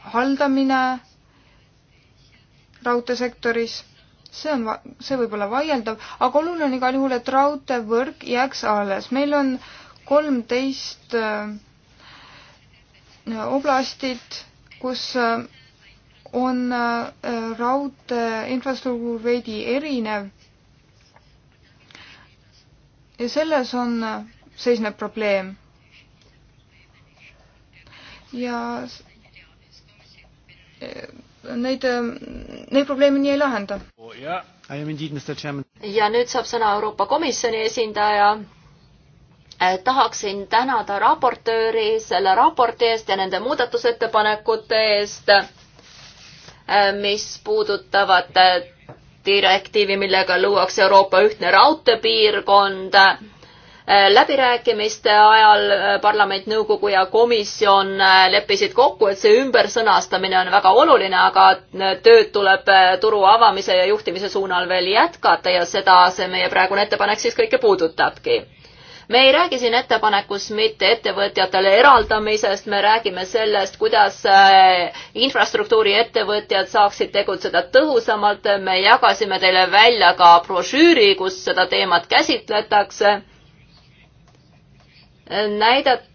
haldamine raudteesektoris, see on, see võib olla vaieldav, aga oluline on igal juhul, et raudteevõrk jääks alles. meil on kolmteist äh, oblastit, kus äh, on äh, raudtee infrastruktuur veidi erinev. ja selles on, äh, seisneb probleem. ja äh, neid, neid probleeme nii ei lahenda. ja nüüd saab sõna Euroopa Komisjoni esindaja tahaksin tänada raportööri selle raporti eest ja nende muudatusettepanekute eest. Äh, mis puudutavad äh, direktiivi, millega luuakse Euroopa ühtne raudteepiirkond. Äh, läbirääkimiste ajal parlament, nõukogu ja komisjon leppisid kokku, et see ümbersõnastamine on väga oluline, aga tööd tuleb turu avamise ja juhtimise suunal veel jätkata ja seda see meie praegune ettepanek siis kõike puudutabki me ei räägi siin ettepanekus mitte ettevõtjatele eraldamisest, me räägime sellest, kuidas äh, infrastruktuuriettevõtjad saaksid tegutseda tõhusamalt, me jagasime teile välja ka brošüüri, kus seda teemat käsitletakse. näidat-,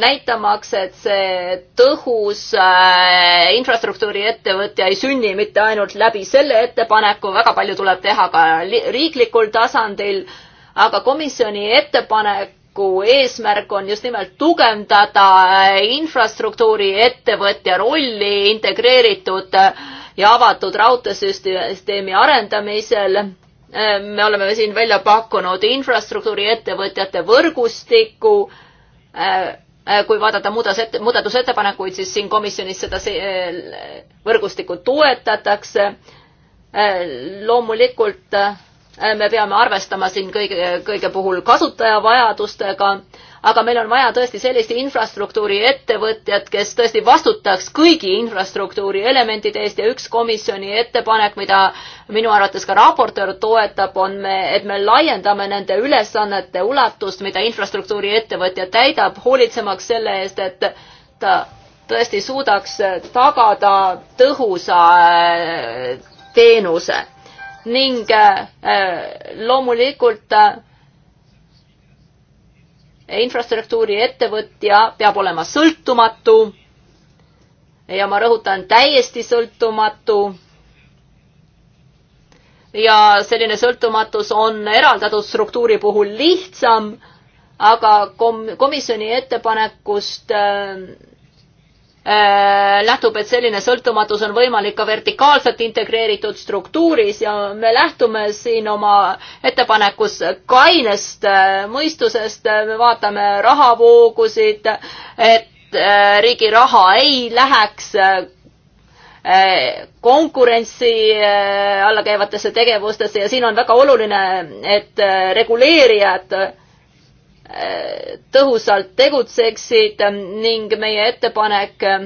näitamaks, et see tõhus äh, infrastruktuuriettevõtja ei sünni mitte ainult läbi selle ettepaneku, väga palju tuleb teha ka riiklikul tasandil äh, aga komisjoni ettepanek eesmärk on just nimelt tugevdada äh, infrastruktuuri ettevõtja rolli integreeritud äh, ja avatud raudteesüsteemi arendamisel äh, me oleme siin välja pakkunud infrastruktuuriettevõtjate võrgustiku. kui vaadata muudas-, muudatusettepanekuid, siis siin komisjonis seda võrgustikku toetatakse. loomulikult Äh, me peame arvestama siin kõige, kõige puhul kasutaja vajadustega, aga meil on vaja tõesti sellist infrastruktuuri ettevõtjat, kes tõesti vastutaks kõigi infrastruktuuri elementide eest ja üks komisjoni ettepanek, mida minu arvates ka raportöör toetab, on me, et me laiendame nende ülesannete ulatust, mida infrastruktuuri ettevõtja täidab, hoolitsemaks selle eest, et ta tõesti suudaks tagada tõhusa äh, teenuse ning äh, äh, loomulikult äh, infrastruktuuri ettevõtja peab olema sõltumatu ja ma rõhutan, täiesti sõltumatu. ja selline sõltumatus on eraldatud struktuuri puhul lihtsam, aga kom-, komisjoni ettepanekust äh, Äh, lähtub, et selline sõltumatus on võimalik ka vertikaalselt integreeritud struktuuris ja me lähtume siin oma ettepanekus kainest äh, mõistusest, me vaatame rahavoogusid, et äh, riigi raha ei läheks konkurentsi alla käivatesse tegevustesse ja siin on väga oluline, et reguleerijad tõhusalt tegutseksid ning meie ettepanek äh,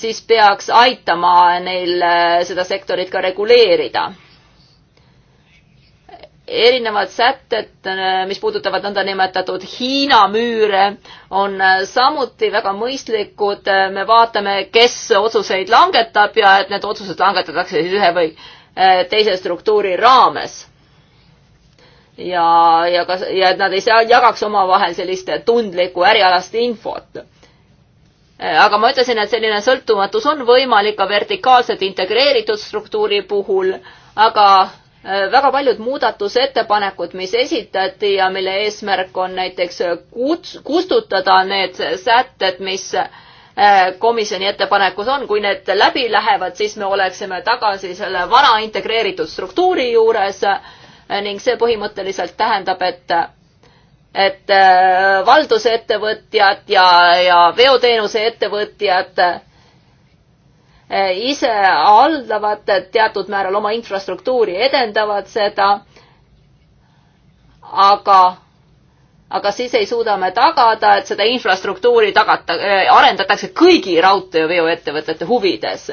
siis peaks aitama neil äh, seda sektorit ka reguleerida. erinevad sätted, äh, mis puudutavad nõndanimetatud Hiina müüre, on samuti väga mõistlikud. me vaatame, kes otsuseid langetab ja et need otsused langetatakse siis ühe või teise struktuuri raames ja, ja kas, ja et nad ei saa, jagaks omavahel sellist tundlikku ärialast infot. aga ma ütlesin, et selline sõltumatus on võimalik ka vertikaalselt integreeritud struktuuri puhul, aga äh, väga paljud muudatusettepanekud, mis esitati ja mille eesmärk on näiteks kuts-, kustutada need sätted, mis äh, komisjoni ettepanekus on, kui need läbi lähevad, siis me oleksime tagasi selle vana integreeritud struktuuri juures äh, ning see põhimõtteliselt tähendab, et et äh, valdusettevõtjad ja, ja veoteenuse ettevõtjad äh, ise haldavad teatud määral oma infrastruktuuri, edendavad seda, aga, aga siis ei suuda me tagada, et seda infrastruktuuri tagata, äh, arendatakse kõigi raudteeveoettevõtete huvides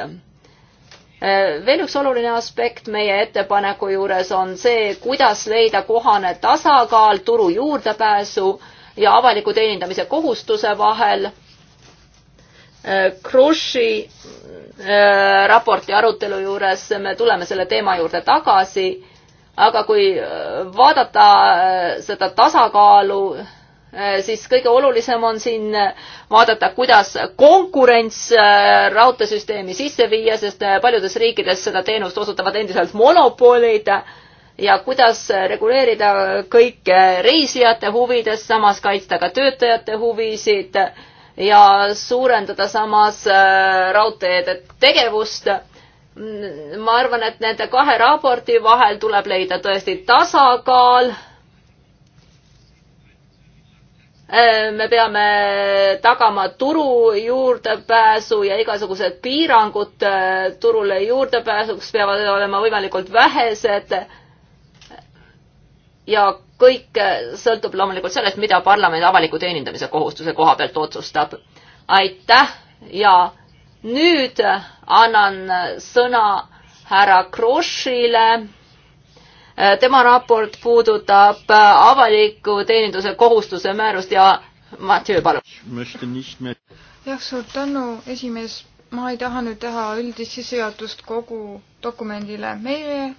veel üks oluline aspekt meie ettepaneku juures on see, kuidas leida kohane tasakaal turu juurdepääsu ja avaliku teenindamise kohustuse vahel. Äh, Kruši äh, raporti arutelu juures me tuleme selle teema juurde tagasi, aga kui äh, vaadata seda tasakaalu Äh, siis kõige olulisem on siin äh, vaadata, kuidas konkurents äh, raudteesüsteemi sisse viia, sest paljudes riikides seda teenust osutavad endiselt monopolid ja kuidas reguleerida kõike reisijate huvides, samas kaitsta ka töötajate huvisid ja suurendada samas raudteede tegevust. Mm, ma arvan, et nende kahe raporti vahel tuleb leida tõesti tasakaal Äh, me peame tagama turu juurdepääsu ja igasugused piirangud äh, turule juurdepääsuks peavad olema võimalikult vähesed. ja kõik äh, sõltub loomulikult sellest, mida parlamendi avaliku teenindamise kohustuse koha pealt otsustab. aitäh ja nüüd annan sõna härra Krossile Äh, tema raport puudutab äh, avaliku teeninduse kohustuse määrust ja Mathieu, palun. jah, suur tänu, esimees. ma ei taha nüüd teha üldist sissejuhatust kogu dokumendile. meie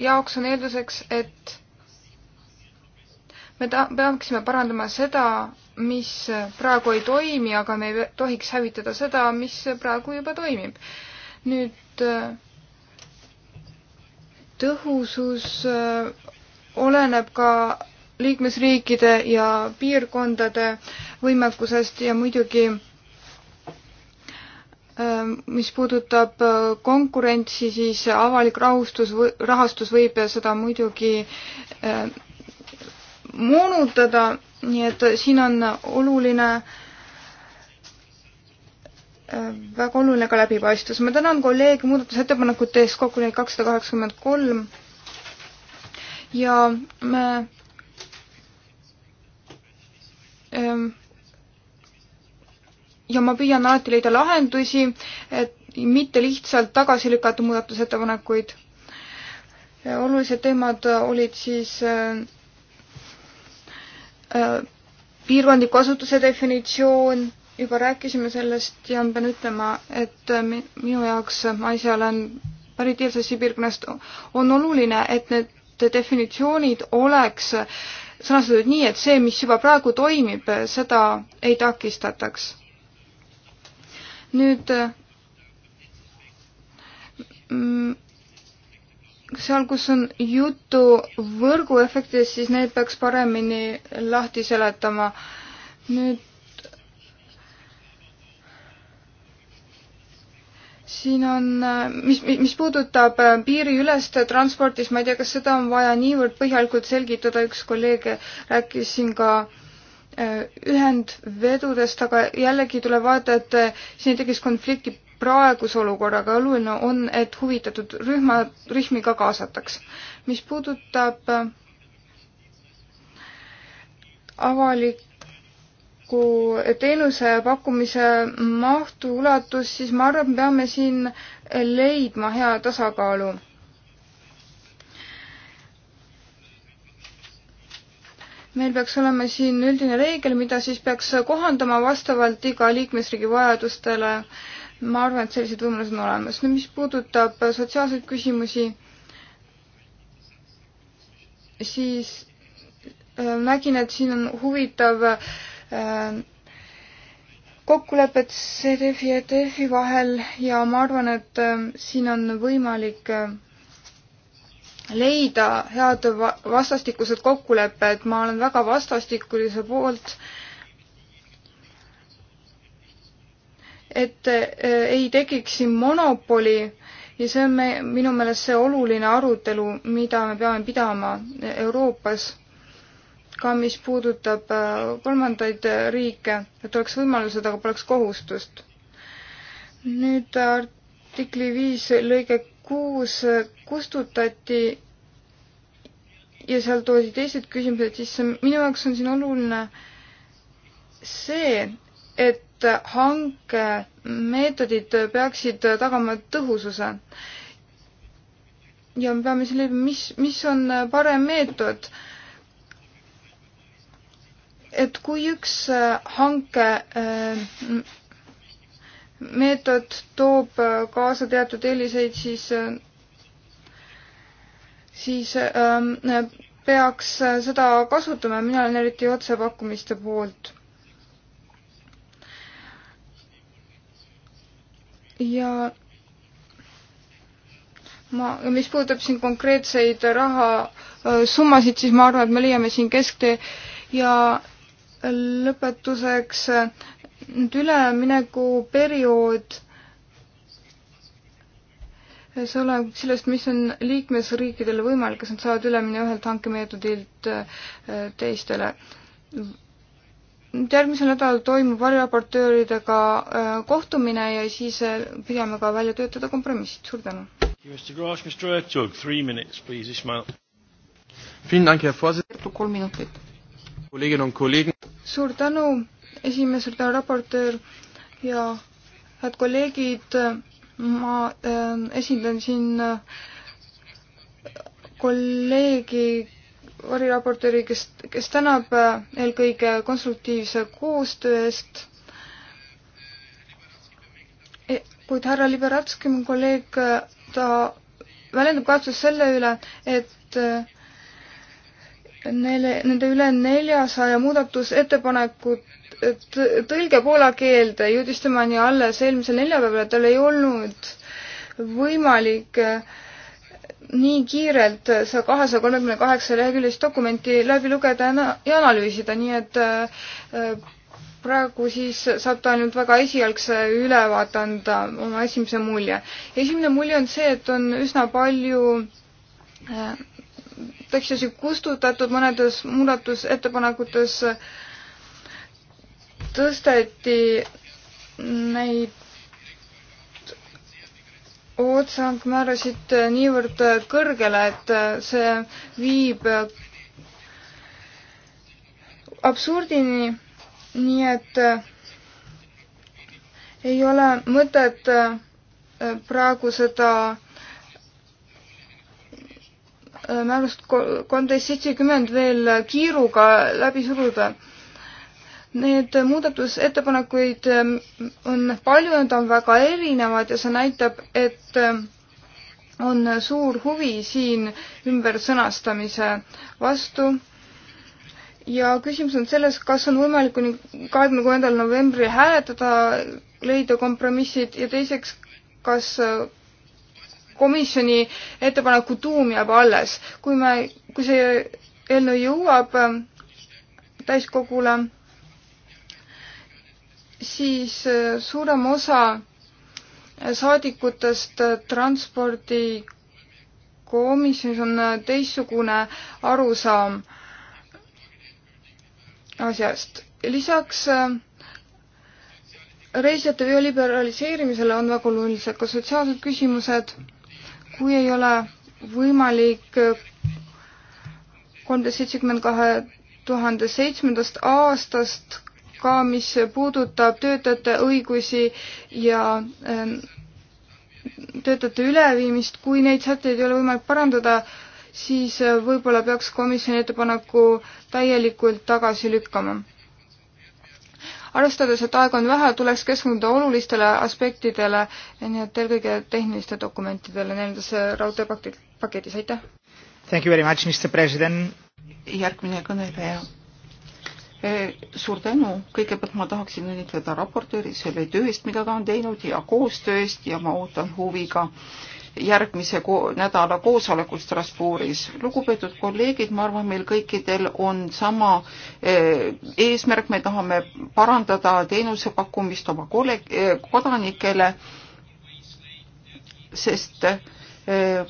jaoks on eelduseks, et me ta-, peaksime parandama seda, mis praegu ei toimi, aga me ei tohiks hävitada seda, mis praegu juba toimib. nüüd äh, tõhusus äh, oleneb ka liikmesriikide ja piirkondade võimekusest ja muidugi äh, mis puudutab äh, konkurentsi, siis avalik rahustus, rahastus võib seda muidugi moonutada, nii et siin on oluline äh, väga oluline ka läbipaistvus. ma tänan kolleegi muudatusettepanekute eest, kokku neid kakssada kaheksakümmend kolm. ja me ähm, ja ma püüan alati leida lahendusi, et mitte lihtsalt tagasi lükata muudatusettepanekuid. olulised teemad olid siis äh, äh, piirkondliku asutuse definitsioon juba rääkisime sellest ja ma pean ütlema, et minu jaoks, ma ise olen pärit Ilvesesse piirkonnast, on oluline, et need definitsioonid oleks sõnastatud nii, et see, mis juba praegu toimib, seda ei takistataks. nüüd mm, seal, kus on juttu võrguefektidest, siis neid peaks paremini lahti seletama. nüüd siin on, äh, mis, mis puudutab äh, piiriülest transporti, siis ma ei tea, kas seda on vaja niivõrd põhjalikult selgitada, üks kolleeg rääkis siin ka äh, ühendvedudest, aga jällegi tuleb vaadata, et siin ei tekiks konflikti praeguse olukorraga, oluline on, et huvitatud rühma, rühmi ka kaasataks. mis puudutab avalik kui teenuse pakkumise mahtu ulatus, siis ma arvan, et me peame siin leidma hea tasakaalu. meil peaks olema siin üldine reegel, mida siis peaks kohandama vastavalt iga liikmesriigi vajadustele. ma arvan, et sellised võimalused on olemas. nüüd, mis puudutab sotsiaalseid küsimusi, siis äh, nägin, et siin on huvitav äh, Äh, kokkulepet CDF-i ja TF-i e vahel ja ma arvan, et äh, siin on võimalik äh, leida head vastastikused kokkulepped, ma olen väga vastastikulise poolt et ei tekiks siin monopoli ja see on me, minu meelest see oluline arutelu, mida me peame pidama Euroopas ka mis puudutab äh, kolmandaid äh, riike, et oleks võimalused, aga poleks kohustust. nüüd artikli viis lõige kuus äh, kustutati ja seal toodi teised küsimused sisse. minu jaoks on siin oluline see, et hankemeetodid peaksid tagama tõhususe. ja me peame selle, mis, mis on parem meetod et kui üks äh, hanke äh, meetod toob äh, kaasa teatud eeliseid, siis, siis peaks seda kasutama, mina olen eriti otsepakkumiste poolt. ja ma, mis puudutab siin konkreetseid rahasummasid, siis ma arvan, et me leiame siin kesktee ja lõpetuseks nüüd üleminekuperiood, see oleneb sellest, mis on liikmesriikidele võimalik, kas nad saavad üle minna ühelt hankemeetodilt äh, teistele. nüüd järgmisel nädalal toimub variraportööridega äh, kohtumine ja siis äh, püüame ka välja töötada kompromissid, suur tänu. kolm minutit suur tänu, esimees, suur tänu, raportöör ja head kolleegid, ma äh, esindan siin äh, kolleegi variraportööri, kes, kes tänab äh, eelkõige konstruktiivse koostöö eest. E, kuid härra Liberatski, mu kolleeg, äh, ta väljendab kahetsust selle üle, et äh, Nele, nende üle neljasaja muudatusettepanekut tõlge poola keelde jõudis temani alles eelmisel neljapäeval, et tal ei olnud võimalik äh, nii kiirelt see kahesaja kolmekümne kaheksa leheküljelist dokumenti läbi lugeda ja analüüsida, nii et äh, praegu siis saab ta ainult väga esialgse ülevaate anda, oma esimese mulje. esimene mulje on see, et on üsna palju äh, tekstisi kustutatud, mõnedes muudatusettepanekutes tõsteti neid otsangmäärasid niivõrd kõrgele, et see viib absurdini, nii et ei ole mõtet praegu seda Äh, määrust kolmteist seitsekümmend veel kiiruga läbi suruda. Need muudatusettepanekuid ähm, on palju, nad on väga erinevad ja see näitab, et äh, on suur huvi siin ümbersõnastamise vastu. ja küsimus on selles, kas on võimalik kuni kahekümne kuuendal novembril hääletada, leida kompromissid ja teiseks, kas äh, komisjoni ettepaneku tuum jääb alles. kui me, kui see eelnõu jõuab ähm, täiskogule, siis äh, suurem osa saadikutest äh, transpordikomisjonis on äh, teistsugune arusaam asjast. lisaks reisijate veo liberaliseerimisele on väga olulised ka sotsiaalsed küsimused kui ei ole võimalik kolmteist seitsekümmend kahe tuhande seitsmendast aastast ka, mis puudutab töötajate õigusi ja äh, töötajate üleviimist, kui neid sätteid ei ole võimalik parandada, siis äh, võib-olla peaks komisjoni ettepaneku täielikult tagasi lükkama arvestades, et aega on vähe, tuleks keskenduda olulistele aspektidele, nii et eelkõige tehniliste dokumentidele nendes raudteepaketis, aitäh! Thank you very much, Mr President! järgmine kõneleja. E, suur tänu, kõigepealt ma tahaksin õnnitleda raportööri selle töö eest, mida ta on teinud ja koostöö eest ja ma ootan huviga äh, järgmise ko nädala koosolekul Strasbourgis. lugupeetud kolleegid, ma arvan, meil kõikidel on sama eh, eesmärk, me tahame parandada teenuse pakkumist oma eh, kodanikele, sest eh,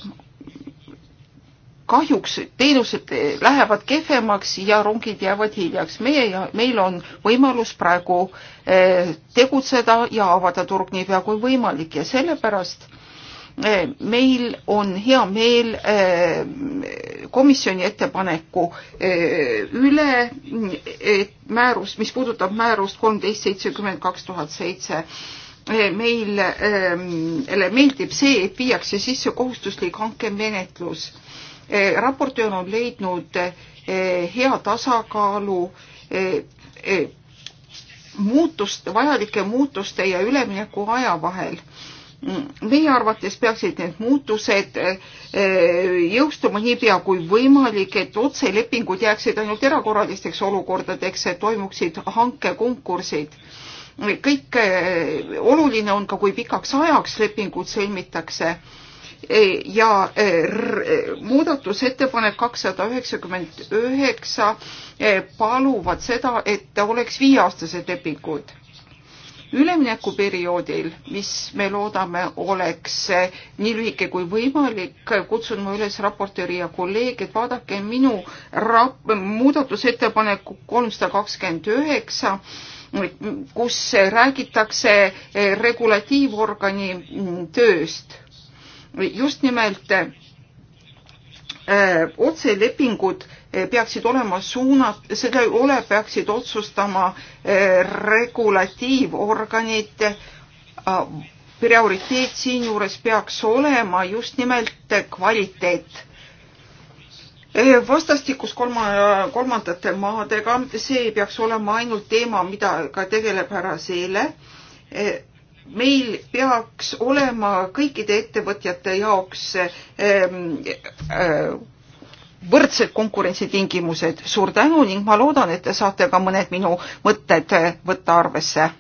kahjuks teenused lähevad kehvemaks ja rongid jäävad hiljaks. meie ja meil on võimalus praegu tegutseda ja avada turg niipea kui võimalik ja sellepärast Äh, meil on hea meel äh, komisjoni ettepaneku äh, üle, et määrus, mis puudutab määrust kolmteist seitsekümmend kaks tuhat seitse, meile meeldib see, et viiakse sisse kohustuslik hankemenetlus. raportöör on leidnud hea tasakaalu muutust, vajalike muutuste ja ülemineku aja vahel meie arvates peaksid need muutused eh, eh, jõustuma niipea kui võimalik, et otselepingud jääksid ainult erakorralisteks olukordadeks, et toimuksid hankekonkursid. kõik eh, oluline on ka, kui pikaks ajaks lepingud sõlmitakse ja muudatusettepanek kakssada üheksakümmend üheksa paluvad seda, et oleks viieaastased lepingud üleminekuperioodil, mis me loodame, oleks nii lühike kui võimalik, kutsun ma üles raportööri ja kolleege, et vaadake minu rap-, muudatusettepaneku kolmsada kakskümmend üheksa, kus räägitakse regulatiivorgani tööst. just nimelt öö, äh, otselepingud Eh, peaksid olema suunat-, selle üle peaksid otsustama eh, regulatiivorganid. Eh, prioriteet siinjuures peaks olema just nimelt kvaliteet vastastikus kolma, kolmandate maadega, see ei peaks olema ainult teema, mida ka tegeleb härra Seele. meil peaks olema kõikide ettevõtjate jaoks ähm, äh, võrdsed konkurentsitingimused. suur tänu ning ma loodan, et te saate ka mõned minu mõtted võtta arvesse.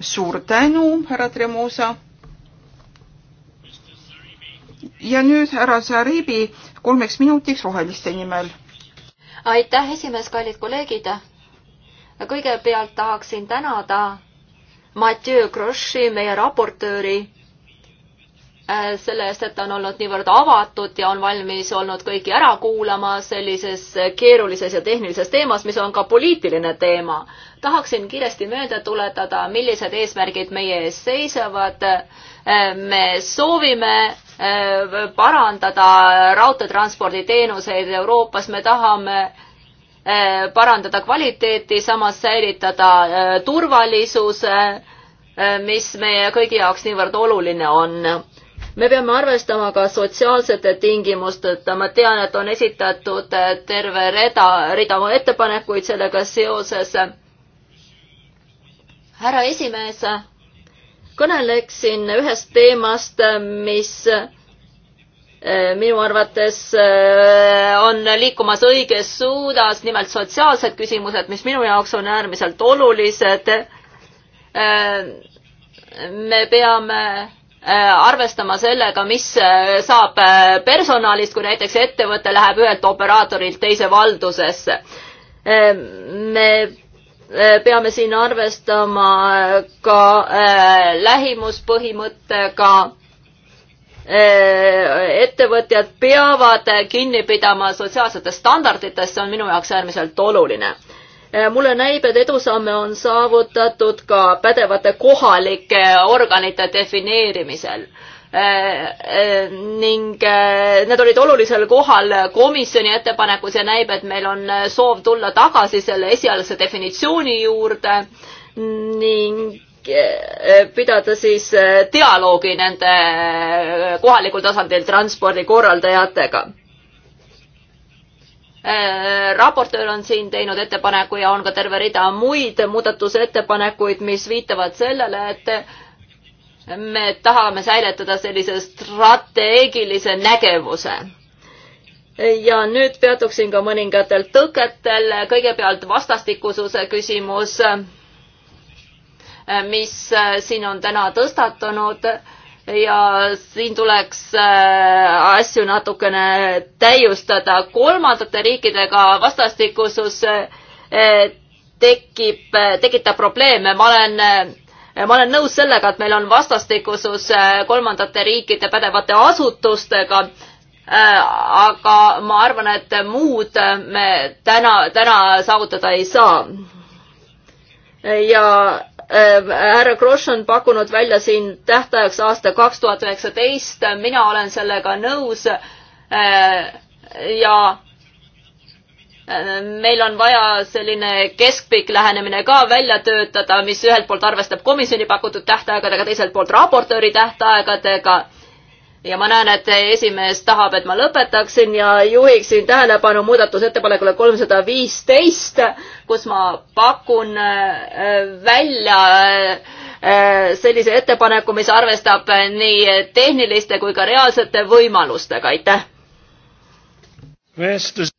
suur tänu, härra Tremosa. ja nüüd härra Zaribi kolmeks minutiks roheliste nimel. aitäh, esimees, kallid kolleegid. kõigepealt tahaksin tänada Mathieu Grossi, meie raportööri Äh, selle eest, et ta on olnud niivõrd avatud ja on valmis olnud kõiki ära kuulama sellises keerulises ja tehnilises teemas, mis on ka poliitiline teema. tahaksin kiiresti meelde tuletada, millised eesmärgid meie ees seisavad. Äh, me soovime äh, parandada raudteetransporditeenuseid Euroopas, me tahame parandada kvaliteeti, samas säilitada turvalisuse, mis meie kõigi jaoks niivõrd oluline on me peame arvestama ka sotsiaalsete tingimusteta, ma tean, et on esitatud eh, terve reda, rida ettepanekuid sellega seoses. härra esimees, kõneleksin ühest teemast, mis eh, minu arvates eh, on liikumas õiges suunas, nimelt sotsiaalsed küsimused, mis minu jaoks on äärmiselt olulised. me peame Äh, arvestama sellega, mis äh, saab äh, personalist, kui näiteks ettevõte läheb ühelt operaatorilt teise valdusesse. me peame siin arvestama ka lähimuspõhimõttega ettevõtjad peavad kinni pidama sotsiaalsetest standarditest, see on minu jaoks äärmiselt oluline. Äh, mulle näib, et edusamme on saavutatud ka pädevate kohalike organite defineerimisel äh, äh, ning need olid olulisel kohal komisjoni ettepanekus ja näib, et meil on soov tulla tagasi selle esialgse definitsiooni juurde ning pidada siis dialoogi nende kohalikul tasandil transpordikorraldajatega Äh, raportöör on siin teinud ettepaneku ja on ka terve rida muid muudatusettepanekuid, mis viitavad sellele, et me tahame säilitada sellise strateegilise nägevuse ja nüüd peatuksin ka mõningatel tõketel, kõigepealt vastastikususe küsimus, mis siin on täna tõstatunud ja siin tuleks äh, asju natukene täiustada. kolmandate riikidega vastastikusus äh, tekib, äh, tekitab probleeme, ma olen ma olen nõus sellega, et meil on vastastikusus kolmandate riikide pädevate asutustega, aga ma arvan, et muud me täna, täna saavutada ei saa ja ähm, härra Grosch on pakkunud välja siin tähtajaks aasta kaks tuhat üheksateist, mina olen sellega nõus äh, ja äh, meil on vaja selline keskpikk lähenemine ka välja töötada, mis ühelt poolt arvestab komisjoni pakutud tähtaegadega, teiselt poolt raportööri tähtaegadega ja ma näen, et esimees tahab, et ma lõpetaksin ja juhiksin tähelepanu muudatusettepanekule kolmsada viisteist, kus ma pakun äh, välja äh, sellise ettepaneku, mis arvestab nii tehniliste kui ka reaalsete võimalustega, aitäh. Äh,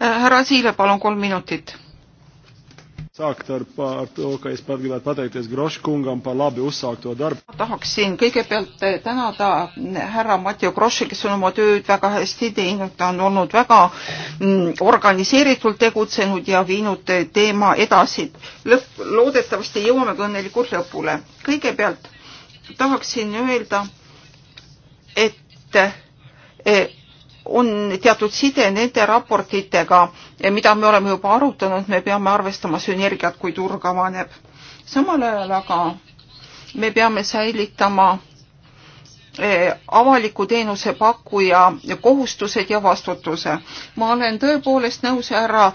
härra Siile, palun kolm minutit sākt ar, ar to, ka es pat gribētu pateikties Groškungam par labi uzsākto darbu. tahaksin kõigepealt eh, tänada mm, härra Matjo Groši, kes on oma tööd väga hästi teinud, ta on olnud väga mm, organiseeritult tegutsenud ja viinud teema edasi. lõpp, loodetavasti jõuame ka õnnelikult lõpule. kõigepealt tahaksin öelda, et, et eh, on teatud side nende raportitega, mida me oleme juba arutanud, me peame arvestama sünergiat, kui turg avaneb. samal ajal aga me peame säilitama Eh, avaliku teenuse pakkuja kohustused ja vastutuse. ma olen tõepoolest nõus härra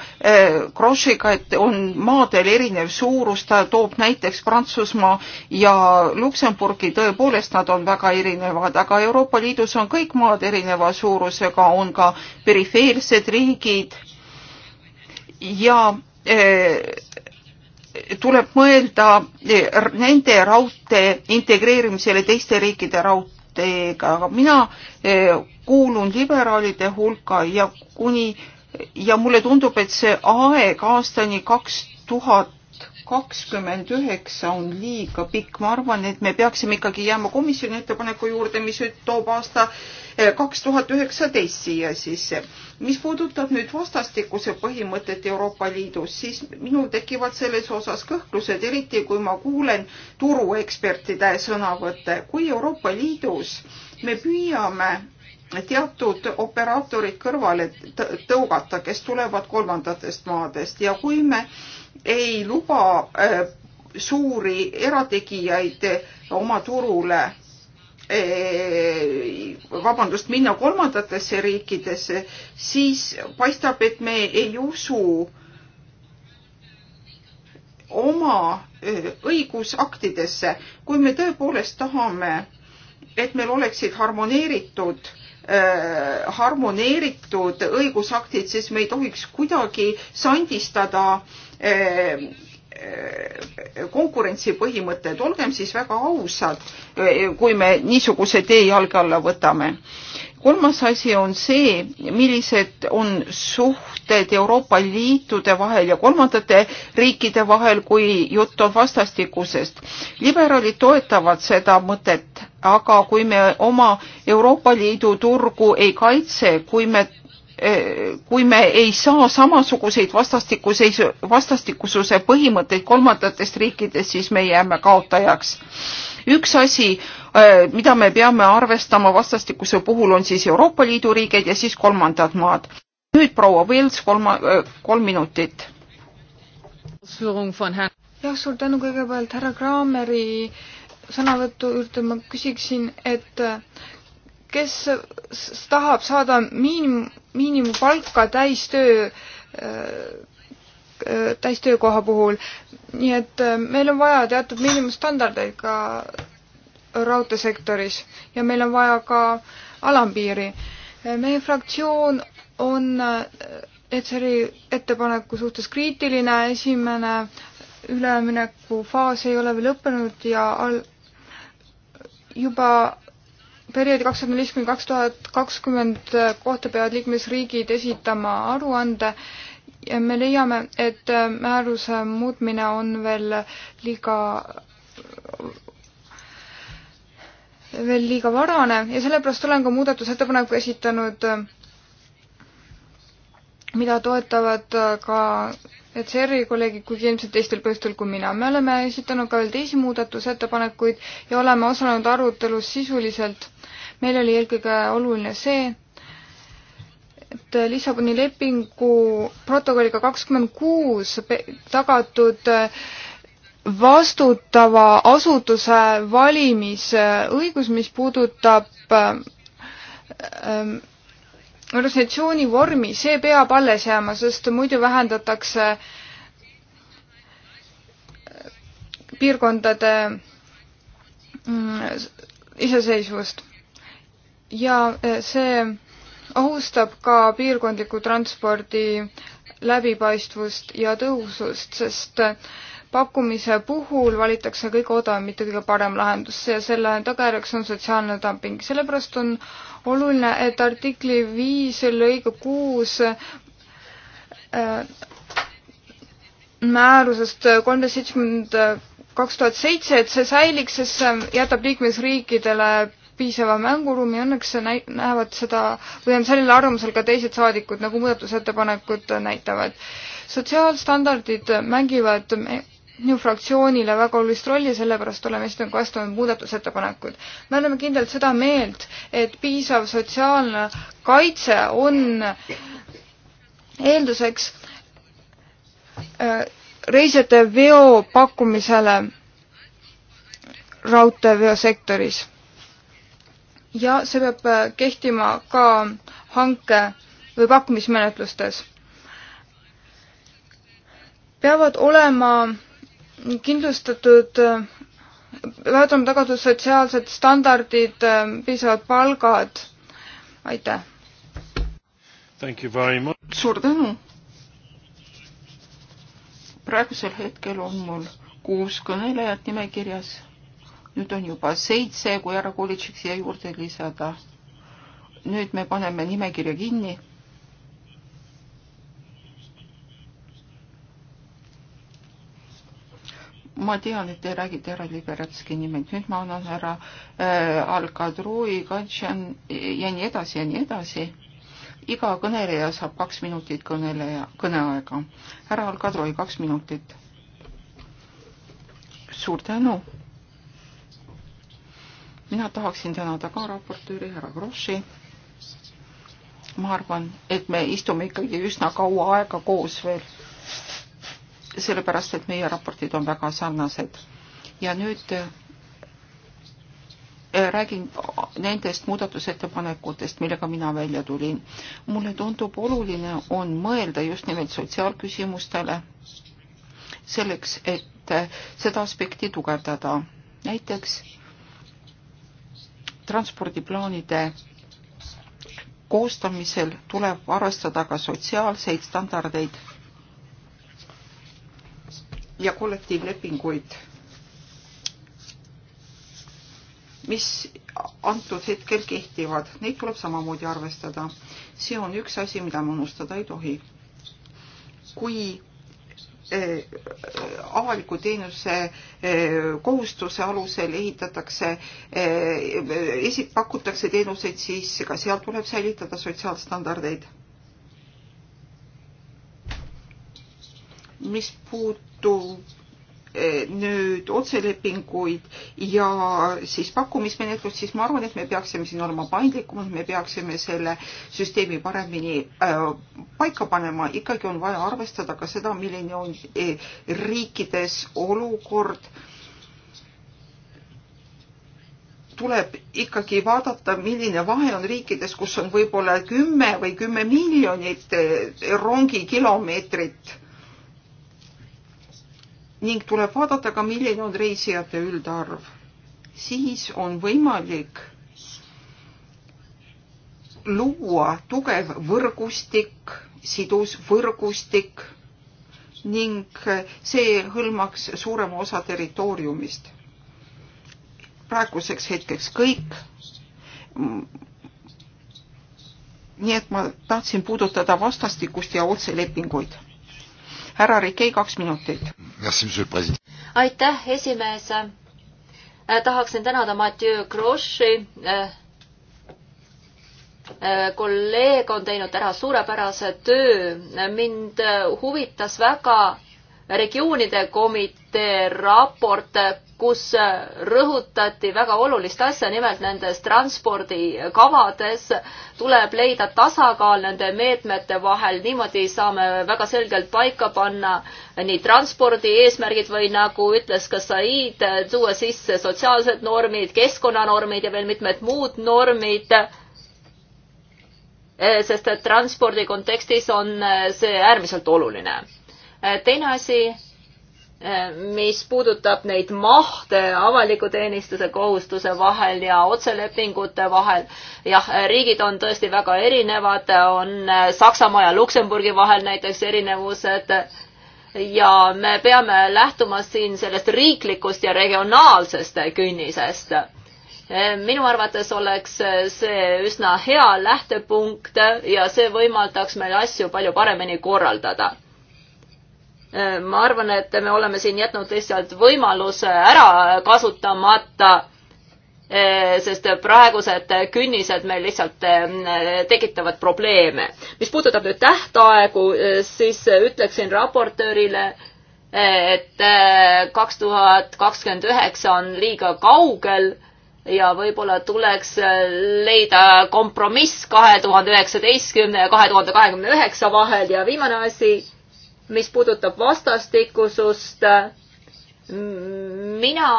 Krossiga, eh, et on maadel erinev suurus, ta toob näiteks Prantsusmaa ja Luksemburgi, tõepoolest nad on väga erinevad, aga Euroopa Liidus on kõik maad erineva suurusega, on ka perifeersed riigid ja eh, tuleb mõelda nende raudtee integreerimisele teiste riikide raudtee teiega, aga mina eh, kuulun liberaalide hulka ja kuni ja mulle tundub, et see aeg aastani kaks tuhat kakskümmend üheksa on liiga pikk, ma arvan, et me peaksime ikkagi jääma komisjoni ettepaneku juurde, mis toob aasta kaks tuhat üheksateist siia sisse. mis puudutab nüüd vastastikuse põhimõtet Euroopa Liidus, siis minul tekivad selles osas kõhklused, eriti kui ma kuulen turuekspertide sõnavõtte. kui Euroopa Liidus me püüame teatud operaatorid kõrvale tõugata, kes tulevad kolmandatest maadest ja kui me ei luba äh, suuri erategijaid äh, oma turule Eh, vabandust, minna kolmandatesse riikidesse, siis paistab, et me ei usu oma eh, õigusaktidesse, kui me tõepoolest tahame, et meil oleksid harmoneeritud eh, harmoneeritud õigusaktid, siis me ei tohiks kuidagi sandistada Eh, konkurentsipõhimõtted, olgem siis väga ausad, eh, kui me niisuguse tee jalge alla võtame. kolmas asi on see, millised on suhted Euroopa Liitude vahel ja kolmandate riikide vahel, kui jutt on vastastikusest. liberaalid toetavad seda mõtet, aga kui me oma Euroopa Liidu turgu ei kaitse, kui me kui me ei saa samasuguseid vastastikuseisu, vastastikususe põhimõtteid kolmandatest riikidest, siis me jääme kaotajaks. üks asi, äh, mida me peame arvestama vastastikuse puhul, on siis Euroopa Liidu riigid ja siis kolmandad maad. nüüd proua Vils, kolma, äh, kolm minutit. jah, suur tänu kõigepealt härra Kraameri sõnavõtu juurde ma küsiksin, et kes tahab saada miinim-, miinimumpalka täistöö äh, äh, täistöökoha puhul. nii et äh, meil on vaja teatud miinimumstandardeid ka raudteesektoris ja meil on vaja ka alampiiri. meie fraktsioon on ETSR-i ettepaneku suhtes kriitiline, esimene üleminekufaas ei ole veel lõppenud ja al-, juba perioodi kaks tuhat neliteist kuni kaks tuhat kakskümmend kohta peavad liikmesriigid esitama aruande ja me leiame, et äh, määruse muutmine on veel liiga veel liiga varane ja sellepärast olen ka muudatusettepaneku esitanud, äh, mida toetavad äh, ka et Serri kolleegid kui ilmselt teistel põhjustel kui mina. me oleme esitanud ka veel teisi muudatusettepanekuid ja oleme osalenud arutelus sisuliselt. meil oli eelkõige oluline see, et Lissaboni lepingu protokolliga kakskümmend kuus tagatud äh, vastutava asutuse valimisõigus, mis puudutab ähm, organisatsiooni vormi, see peab alles jääma, sest muidu vähendatakse piirkondade mm, iseseisvust. ja eh, see ohustab ka piirkondliku transpordi läbipaistvust ja tõhusust, sest äh, pakkumise puhul valitakse kõige odavam, mitte kõige parem lahendus ja selle tagajärjeks on sotsiaalne dumping. sellepärast on oluline, et artikli viis lõige kuus äh, määrusest kolmteist seitsekümmend kaks tuhat seitse, et see säiliks, sest see jätab liikmesriikidele piisava mänguruumi, õnneks näi-, näevad seda või on sellel arvamusel ka teised saadikud, nagu muudatusettepanekud näitavad. sotsiaalstandardid mängivad minu fraktsioonile väga olulist rolli, sellepärast oleme esitanud ka vastavad muudatusettepanekud. me oleme kindlalt seda meelt, et piisav sotsiaalne kaitse on eelduseks äh, reisijate veo pakkumisele raudteeveosektoris. ja see peab äh, kehtima ka hanke või pakkumismenetlustes. peavad olema kindlustatud, peavad äh, olema tagatud sotsiaalsed standardid, äh, piisavad palgad. aitäh! suur tänu! praegusel hetkel on mul kuus kõnelejat nimekirjas. nüüd on juba seitse, kui härra Kulitšik siia juurde lisada. nüüd me paneme nimekirja kinni ma tean, et te räägite härra Liberatski nimel, nüüd ma annan härra äh, Al-Kadrui, Kantšan ja nii edasi ja nii edasi. iga kõneleja saab kaks minutit kõneleja, kõneaega. härra Al-Kadrui, kaks minutit. suur tänu. mina tahaksin tänada ka raportööri härra Grossi. ma arvan, et me istume ikkagi üsna kaua aega koos veel sellepärast et meie raportid on väga sarnased. ja nüüd äh, räägin nendest muudatusettepanekutest, millega mina välja tulin. mulle tundub, oluline on mõelda just nimelt sotsiaalküsimustele selleks, et äh, seda aspekti tugevdada. näiteks transpordiplaanide koostamisel tuleb arvestada ka sotsiaalseid standardeid ja kollektiivlepinguid, mis antud hetkel kehtivad, neid tuleb samamoodi arvestada. see on üks asi, mida me unustada ei tohi. kui eh, avaliku teenuse eh, kohustuse alusel ehitatakse, eh, esi-, pakutakse teenuseid, siis ka seal tuleb säilitada sotsiaalstandardeid. mis puud-, puuduv eh, nüüd otselepinguid ja siis pakkumismenetlust, siis ma arvan, et me peaksime siin olema paindlikumad, me peaksime selle süsteemi paremini eh, paika panema, ikkagi on vaja arvestada ka seda, milline on eh, riikides olukord tuleb ikkagi vaadata, milline vahe on riikides, kus on võib-olla kümme või kümme miljonit rongikilomeetrit ning tuleb vaadata ka, milline on reisijate üldarv. siis on võimalik luua tugev võrgustik, sidus võrgustik ning see hõlmaks suurema osa territooriumist. praeguseks hetkeks kõik. nii et ma tahtsin puudutada vastastikust ja otselepinguid härra Rikei, kaks minutit. aitäh, esimees. Äh, tahaksin tänada Mathieu Grossi. Äh, äh, kolleeg on teinud ära suurepärase töö. mind huvitas väga regioonide komitee raport, kus rõhutati väga olulist asja, nimelt nendes transpordikavades tuleb leida tasakaal nende meetmete vahel, niimoodi saame väga selgelt paika panna nii transpordi eesmärgid või nagu ütles ka Said, tuua sisse sotsiaalsed normid, keskkonnanormid ja veel mitmed muud normid sest et transpordi kontekstis on see äärmiselt oluline Äh, teine asi, äh, mis puudutab neid mahte avaliku teenistuse kohustuse vahel ja otselepingute vahel. jah, äh, riigid on tõesti väga erinevad, on Saksamaa ja Luksemburgi vahel näiteks erinevused ja me peame lähtuma siin sellest riiklikust ja regionaalsest künnisest minu arvates oleks see üsna hea lähtepunkt ja see võimaldaks meil asju palju paremini korraldada ma arvan, et me oleme siin jätnud lihtsalt võimaluse ära kasutamata, eh, sest praegused künnised meil lihtsalt eh, tekitavad probleeme. mis puudutab nüüd tähtaegu, eh, siis ütleksin raportöörile, et kaks tuhat kakskümmend üheksa on liiga kaugel ja võib-olla tuleks leida kompromiss kahe tuhande üheksateistkümne ja kahe tuhande kahekümne üheksa vahel ja viimane asi mis puudutab vastastikusust, mina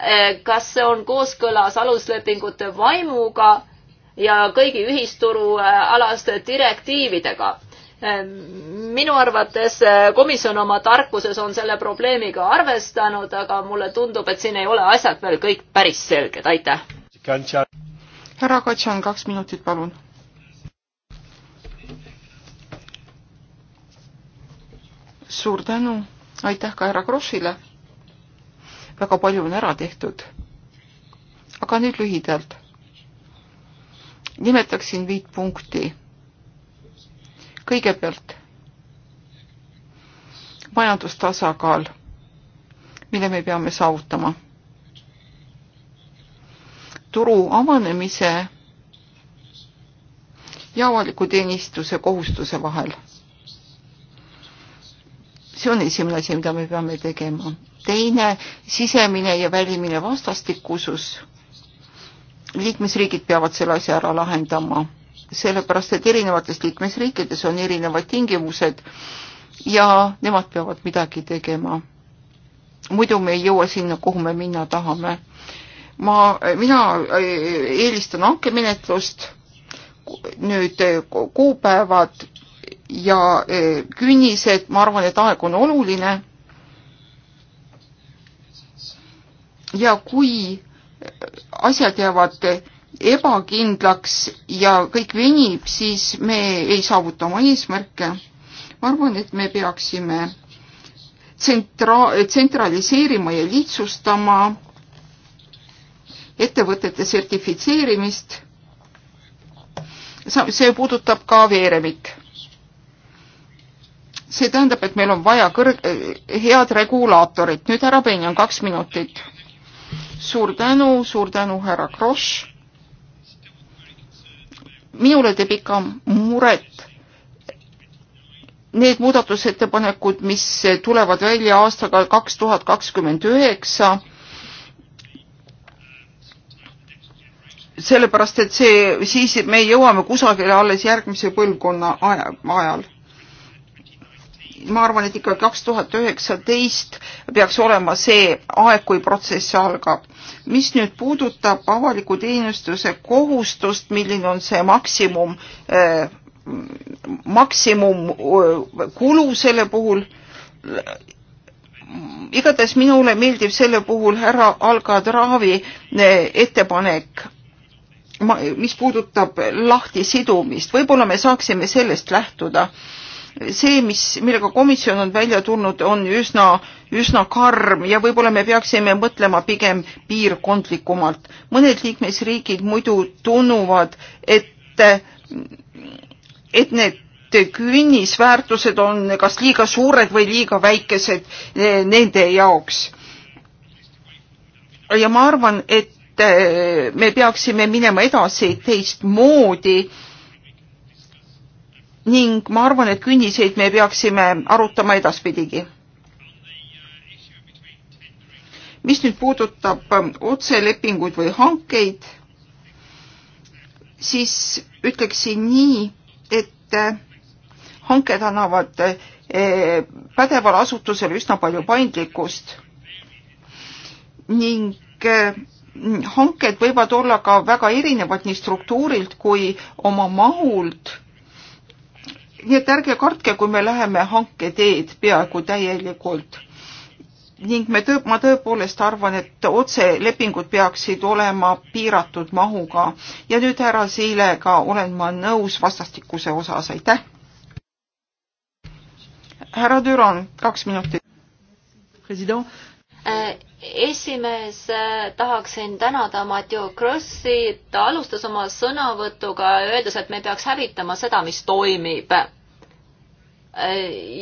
eh, kas see on kooskõlas aluslepingute vaimuga ja kõigi ühisturualaste eh, direktiividega. Eh, minu arvates komisjon oma tarkuses on selle probleemiga arvestanud, aga mulle tundub, et siin ei ole asjad veel kõik päris selged, aitäh. härra Kotšan, kaks minutit, palun. suur tänu, aitäh ka härra Krossile. väga palju on ära tehtud. aga nüüd lühidalt. nimetaksin viit punkti. kõigepealt majandustasakaal, mille me peame saavutama. turu avanemise ja avaliku teenistuse kohustuse vahel see on esimene asi, mida me peame tegema. teine, sisemine ja välimine vastastikusus. liikmesriigid peavad selle asja ära lahendama, sellepärast et erinevates liikmesriikides on erinevad tingimused ja nemad peavad midagi tegema. muidu me ei jõua sinna, kuhu me minna tahame. ma, mina eh, eelistan hankemenetlust, nüüd eh, kuupäevad ja e, künnised, ma arvan, et aeg on oluline. ja kui asjad jäävad ebakindlaks ja kõik venib, siis me ei saavuta oma eesmärke. ma arvan, et me peaksime tsentra-, tsentraliseerima ja lihtsustama ettevõtete sertifitseerimist. see puudutab ka veeremit see tähendab, et meil on vaja kõrg-, eh, head regulaatorit. nüüd härra Peeni on kaks minutit. suur tänu, suur tänu, härra Kross. minule teeb ikka muret need muudatusettepanekud, mis tulevad välja aastaga kaks tuhat kakskümmend üheksa, sellepärast et see, siis me jõuame kusagile alles järgmise põlvkonna aja, ajal ma arvan, et ikka kaks tuhat üheksateist peaks olema see aeg, kui protsess algab. mis nüüd puudutab avaliku teenistuse kohustust, milline on see maksimum eh,, äh, maksimumkulu äh, selle puhul, igatahes minule meeldib selle puhul härra Alga Draavi äh, ettepanek ma, mis puudutab lahtisidumist, võib-olla me saaksime sellest lähtuda see, mis, millega komisjon on välja tulnud, on üsna, üsna karm ja võib-olla me peaksime mõtlema pigem piirkondlikumalt. mõned liikmesriigid muidu tunnuvad, et, et need künnisväärtused on kas liiga suured või liiga väikesed eh, nende jaoks. ja ma arvan, et eh, me peaksime minema edasi teistmoodi ning ma arvan, et künniseid me peaksime arutama edaspidigi. mis nüüd puudutab ähm, otselepinguid või hankeid, siis ütleksin nii, et äh, hanked annavad äh, pädevale asutusele üsna palju paindlikkust ning äh, hanked võivad olla ka väga erinevad nii struktuurilt kui oma mahult nii et ärge kartke, kui me läheme hanketeed peaaegu täielikult ning me töö, ma tõepoolest arvan, et otselepingud peaksid olema piiratud mahuga ja nüüd härra Siilega olen ma nõus vastastikuse osas, aitäh. härra Düran, kaks minutit. president Äh, esimees, äh, tahaksin tänada Mathieu Grossi, ta alustas oma sõnavõtuga, öeldes, et me peaks hävitama seda, mis toimib. Äh,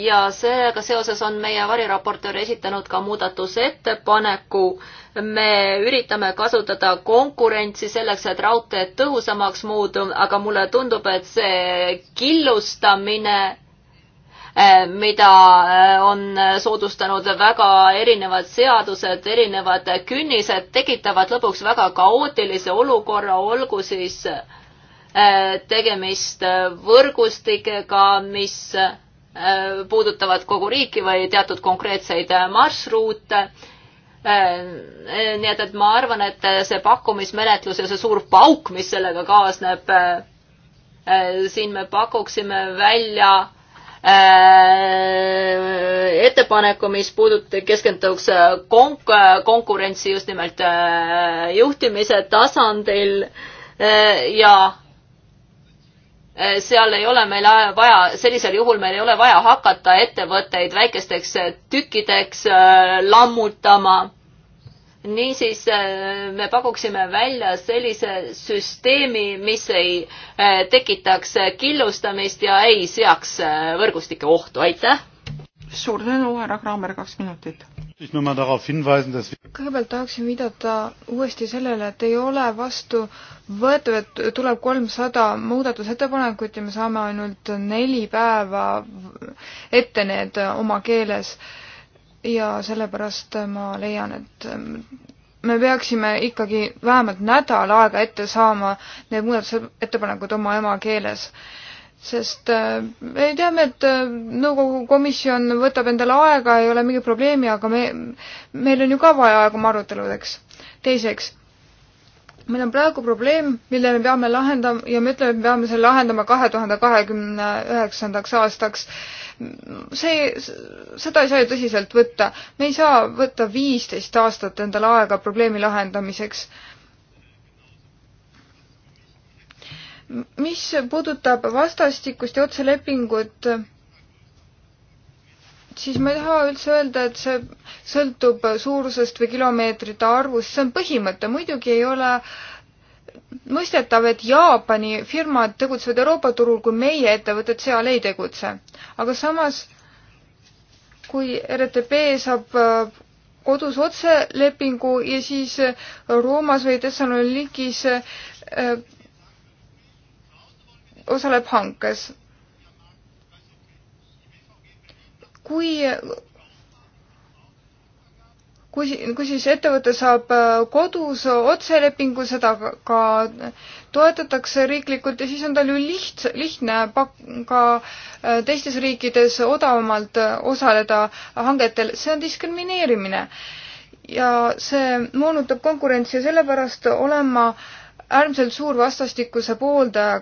ja sellega seoses on meie variraportöör esitanud ka muudatusettepaneku. me üritame kasutada konkurentsi selleks, et raudteed tõhusamaks muutu, aga mulle tundub, et see killustamine Äh, mida äh, on soodustanud väga erinevad seadused, erinevad künnised, tekitavad lõpuks väga kaootilise olukorra, olgu siis äh, tegemist võrgustikega, mis puudutavad kogu riiki või teatud konkreetseid marsruute nii et, et ma arvan, et see pakkumismenetlus ja see suur pauk, mis sellega kaasneb, siin me pakuksime välja Äh, ettepaneku, mis puudut-, keskenduks äh, konk-, äh, konkurentsi just nimelt juhtimise tasandil ja seal ei ole meil vaja, sellisel juhul meil ei ole vaja hakata ettevõtteid väikesteks tükkideks lammutama niisiis äh, me pakuksime välja sellise süsteemi, mis ei äh, tekitaks killustamist ja ei seaks äh, võrgustike ohtu, aitäh! suur tänu, härra Kraamer, kaks minutit. kõigepealt tahaksin viidata uuesti sellele, et ei ole vastu võetav, et tuleb kolmsada muudatusettepanekut ja me saame ainult neli päeva ette need oma keeles äh, ja sellepärast ma leian, et ähm, me peaksime ikkagi vähemalt nädal aega ette saama need muudatusettepanekud oma emakeeles sest äh, me teame, et äh, nõukogu komisjon võtab endale aega, ei ole mingit probleemi, aga me, meil on ju ka vaja aega oma aruteludeks. teiseks, meil on praegu probleem, mille me peame lahendama ja me ütleme, et me peame selle lahendama kahe tuhande kahekümne üheksandaks aastaks see, seda ei saa ju tõsiselt võtta. me ei saa võtta viisteist aastat endale aega probleemi lahendamiseks. mis puudutab vastastikust ja otselepingut, siis ma ei taha üldse öelda, et see sõltub suurusest või kilomeetrite arvust, see on põhimõte, muidugi ei ole äh, mõistetav, et Jaapani firmad tegutsevad Euroopa turul, kui meie ettevõtted seal ei tegutse. aga samas, kui RTB saab äh, kodus otselepingu ja siis äh, Roomas või Thessalonikis äh, osaleb hankes. kui kui, kui siis ettevõte saab äh, kodus otselepingu, seda ka toetatakse riiklikult ja siis on tal ju liht-, lihtne pak-, ka äh, teistes riikides odavamalt äh, osaleda hangetel, see on diskrimineerimine. ja see moonutab konkurentsi ja sellepärast olen ma äärmiselt suur vastastikuse pooldaja.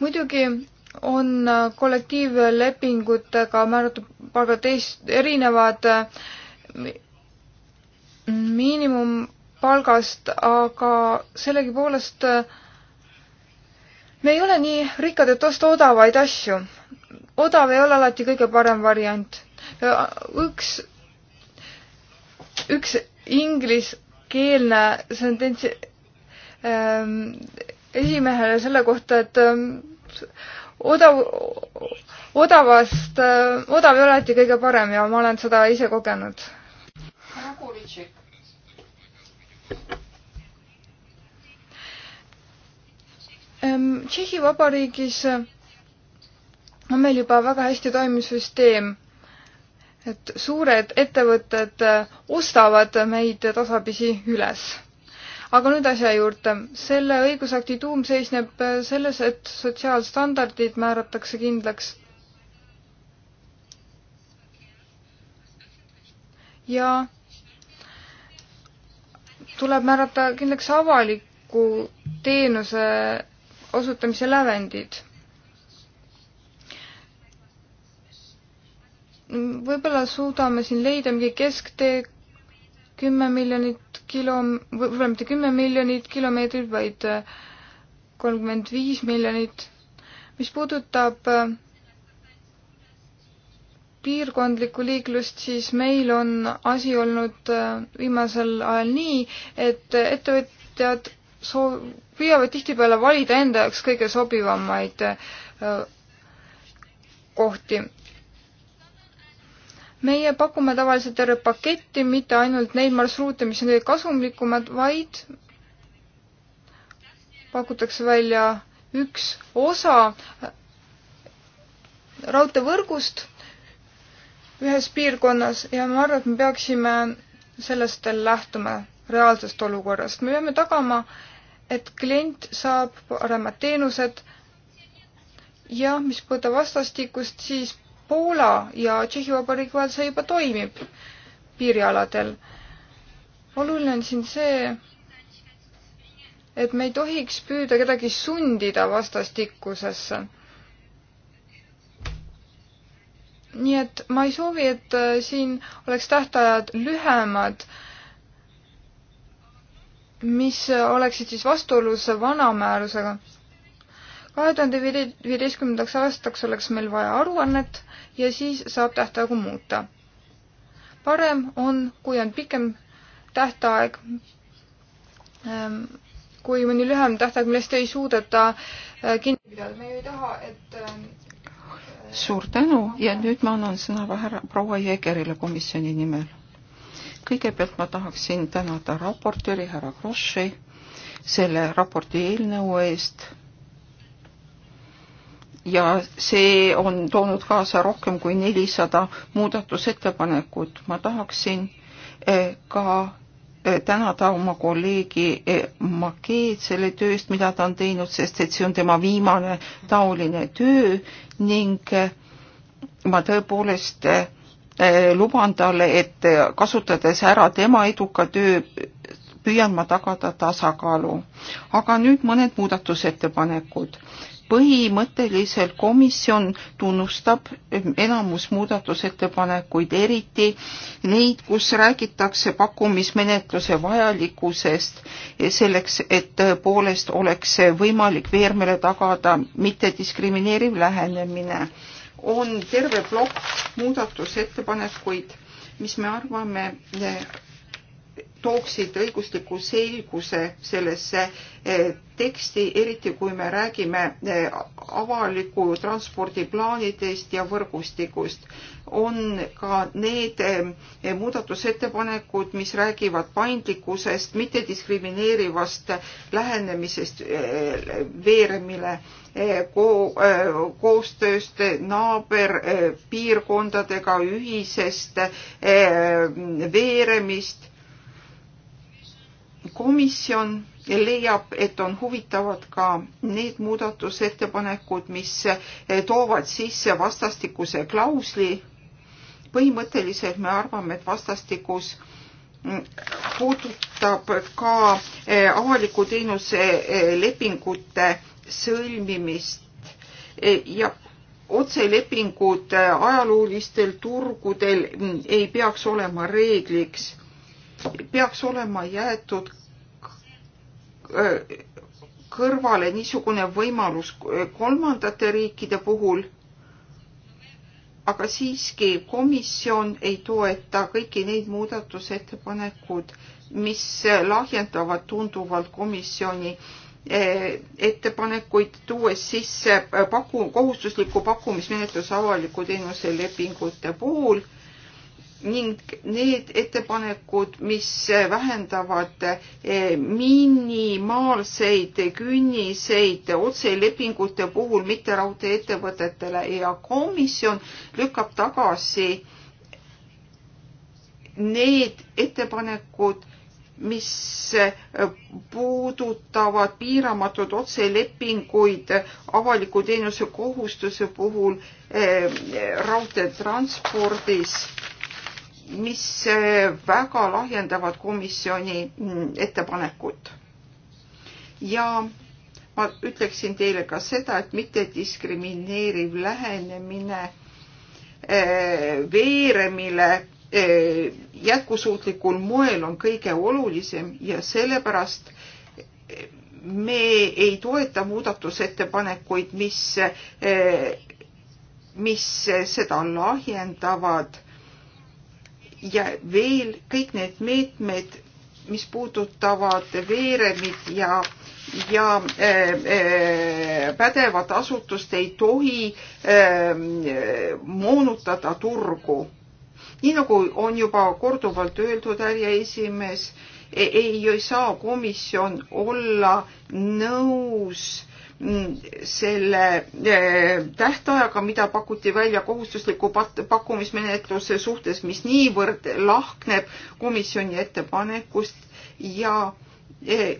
muidugi on äh, kollektiivlepingutega määratud palgateist erinevad äh, miinimumpalgast, aga sellegipoolest äh, me ei ole nii rikkad, et osta odavaid asju. odav ei ole alati kõige parem variant. üks, üks ingliskeelne sentents ähm, esimehele selle kohta, et ähm, odav, odavast, odav äh, ei ole alati kõige parem ja ma olen seda ise kogenud. Ehm, Tšehhi Vabariigis äh, on meil juba väga hästi toimiv süsteem, et suured ettevõtted äh, ostavad meid tasapisi üles aga nüüd asja juurde. selle õigusakti tuum seisneb selles, et sotsiaalstandardid määratakse kindlaks. ja tuleb määrata kindlaks avaliku teenuse osutamise lävendid. võib-olla suudame siin leida mingi kesktee, kümme miljonit kilo, võib-olla mitte kümme miljonit kilomeetrit, vaid äh, kolmkümmend viis miljonit. mis puudutab äh, piirkondlikku liiklust, siis meil on asi olnud äh, viimasel ajal nii, et ettevõtjad soo-, püüavad tihtipeale valida enda jaoks kõige sobivamaid kohti meie pakume tavaliselt terve paketti, mitte ainult neid marsruute, mis on kõige kasumlikumad, vaid pakutakse välja üks osa raudteevõrgust ühes piirkonnas ja ma arvan, et me peaksime sellest lähtuma reaalsest olukorrast. me peame tagama, et klient saab paremad teenused ja mis puudutab vastastikust, siis Poola ja Tšehhi Vabariigi vahel see juba toimib piirialadel. oluline on siin see, et me ei tohiks püüda kedagi sundida vastastikusesse. nii et ma ei soovi, et äh, siin oleks tähtajad lühemad, mis oleksid siis vastuolus vana määrusega kahe tuhande viieteistkümnendaks aastaks oleks meil vaja aruannet ja siis saab tähtaegu muuta. parem on, kui on pikem tähtaeg ähm, kui mõni lühem tähtaeg, millest ei suudeta äh, kinni pidada. me ju ei taha, et ähm, äh, suur tänu ja nüüd ma annan sõna härra proua Jeegerile komisjoni nimel. kõigepealt ma tahaksin tänada raportööri härra Grossi selle raporti eelnõu eest ja see on toonud kaasa rohkem kui nelisada muudatusettepanekut. ma tahaksin eh, ka eh, tänada oma kolleegi eh, Makeed selle tööst, mida ta on teinud, sest et see on tema viimane taoline töö ning ma tõepoolest luban talle, et kasutades ära tema eduka töö, püüan ma tagada tasakaalu. aga nüüd mõned muudatusettepanekud põhimõtteliselt komisjon tunnustab enamus muudatusettepanekuid, eriti neid, kus räägitakse pakkumismenetluse vajalikkusest selleks, et tõepoolest oleks võimalik Veermele tagada mittediskrimineeriv lähenemine. on terve plokk muudatusettepanekuid, mis me arvame tooksid õigusliku selguse sellesse eh, teksti, eriti kui me räägime eh, avaliku transpordi plaanidest ja võrgustikust. on ka need eh, muudatusettepanekud, mis räägivad paindlikkusest, mittediskrimineerivast lähenemisest veeremile ko, koostööst naaberpiirkondadega, ühisest veeremist komisjon leiab, et on huvitavad ka need muudatusettepanekud, mis eh, toovad sisse vastastikuse klausli. põhimõtteliselt me arvame, et vastastikus mm, puudutab ka eh, avaliku teenuse eh, lepingute sõlmimist ja otselepingud ajaloolistel turgudel mm, ei peaks olema reegliks, peaks olema jäetud kõrvale niisugune võimalus kolmandate riikide puhul, aga siiski komisjon ei toeta kõiki neid muudatusettepanekud, mis lahjendavad tunduvalt komisjoni e, ettepanekuid, tuues sisse paku, kohustusliku pakkumismenetluse avaliku teenuse lepingute puhul ning need ettepanekud, mis vähendavad eh, minimaalseid künniseid otselepingute puhul mitte raudteeettevõtetele ja komisjon lükkab tagasi need ettepanekud, mis puudutavad piiramatud otselepinguid avaliku teenuse kohustuse puhul eh, raudteetranspordis mis äh, väga lahjendavad komisjoni mm, ettepanekut. ja ma ütleksin teile ka seda, et mittediskrimineeriv lähenemine äh, veeremile äh, jätkusuutlikul moel on kõige olulisem ja sellepärast me ei toeta muudatusettepanekuid, mis, mis seda lahjendavad ja veel kõik need meetmed, mis puudutavad veeremid ja, ja äh, äh, pädevat asutust ei tohi äh, moonutada turgu. nii nagu on juba korduvalt öeldud, härja esimees, e, ei saa komisjon olla nõus äh, selle eh, tähtajaga, mida pakuti välja kohustusliku pakkumismenetluse suhtes, mis niivõrd lahkneb komisjoni ettepanekust ja eh,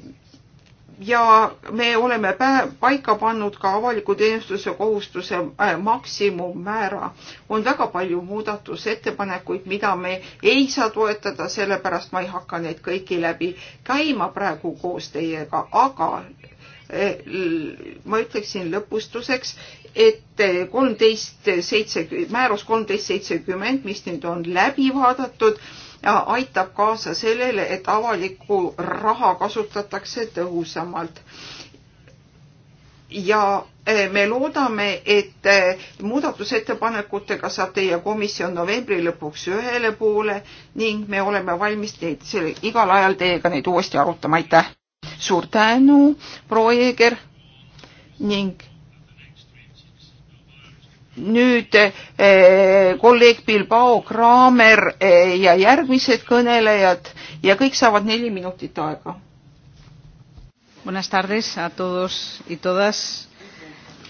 ja me oleme paika pannud ka avaliku teenistuse kohustuse eh, maksimummäära. on väga palju muudatusettepanekuid, mida me ei saa toetada, sellepärast ma ei hakka neid kõiki läbi käima praegu koos teiega, aga ma ütleksin lõpustuseks, et kolmteist seitse, määrus kolmteist seitsekümmend, mis nüüd on läbi vaadatud, aitab kaasa sellele, et avalikku raha kasutatakse tõhusamalt. ja eh, me loodame, et eh, muudatusettepanekutega saab teie komisjon novembri lõpuks ühele poole ning me oleme valmis neid igal ajal teiega neid uuesti arutama, aitäh! suur tänu, proua Jeeger ning nüüd eh, kolleeg Bilbao Kraamer eh, ja järgmised kõnelejad ja kõik saavad neli minutit aega. Buenas tardes a todos y todas.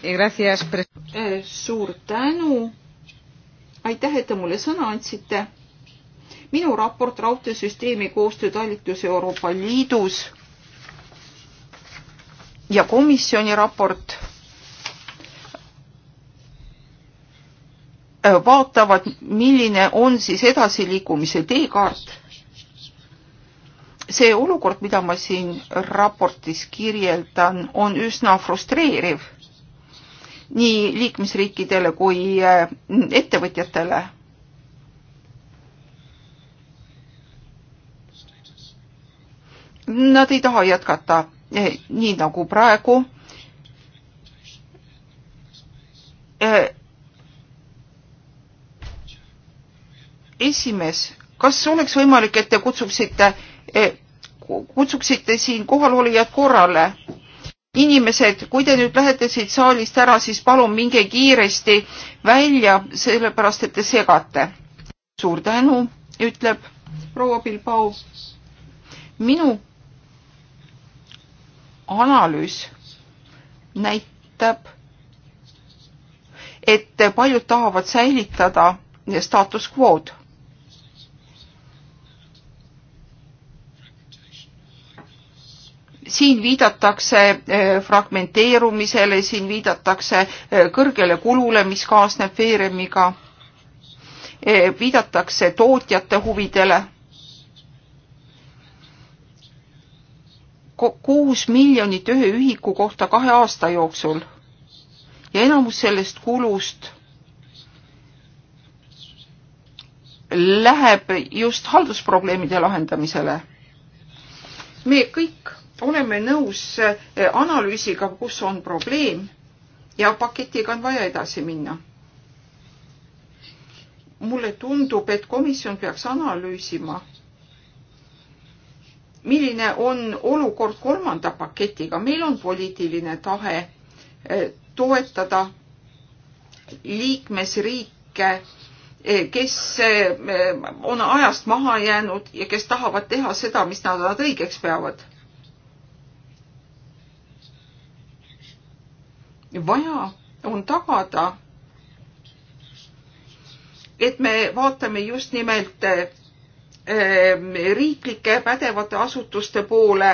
Eh, gracias. Eh, suur tänu. Aitäh, et te mulle sõna andsite. Minu raport raudteesüsteemi koostöötalitus Euroopa Liidus ja komisjoni raport vaatavad, milline on siis edasiliikumise teekaart. see olukord, mida ma siin raportis kirjeldan, on üsna frustreeriv nii liikmesriikidele kui eh, ettevõtjatele. Nad ei taha jätkata Eh, nii nagu praegu eh, esimees, kas oleks võimalik, et te kutsuksite, eh, kutsuksite siin kohalolijad korrale? inimesed, kui te nüüd lähete siit saalist ära, siis palun minge kiiresti välja, sellepärast et te segate. suur tänu, ütleb proua Bilbao. minu analüüs näitab, et paljud tahavad säilitada status quo'd. siin viidatakse eh, fragmenteerumisele, siin viidatakse eh, kõrgele kulule, mis kaasneb veeremiga, eh, viidatakse tootjate huvidele kuus miljonit ühe ühiku kohta kahe aasta jooksul ja enamus sellest kulust läheb just haldusprobleemide lahendamisele. me kõik oleme nõus eh, analüüsiga, kus on probleem ja paketiga on vaja edasi minna. mulle tundub, et komisjon peaks analüüsima milline on olukord kolmanda paketiga. meil on poliitiline tahe eh, toetada liikmesriike, eh, kes eh, on ajast maha jäänud ja kes tahavad teha seda, mis nad, nad õigeks peavad. vaja on tagada, et me vaatame just nimelt Ehm, riiklike pädevate asutuste poole.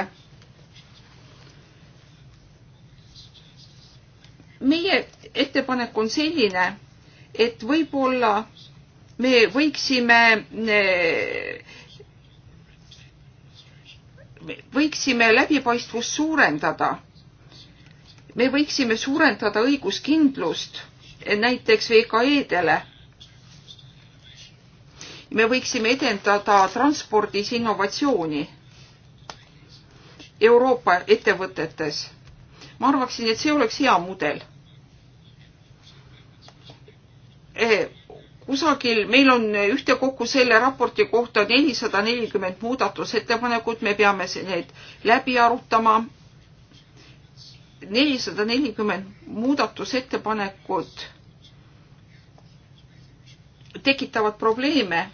meie ettepanek on selline, et võib-olla me võiksime võiksime läbipaistvust suurendada. me võiksime suurendada õiguskindlust näiteks VKE-dele me võiksime edendada transpordis innovatsiooni Euroopa ettevõtetes. ma arvaksin, et see oleks hea mudel. Eh, kusagil meil on ühtekokku selle raporti kohta nelisada nelikümmend muudatusettepanekut, me peame need läbi arutama. nelisada nelikümmend muudatusettepanekut tekitavad probleeme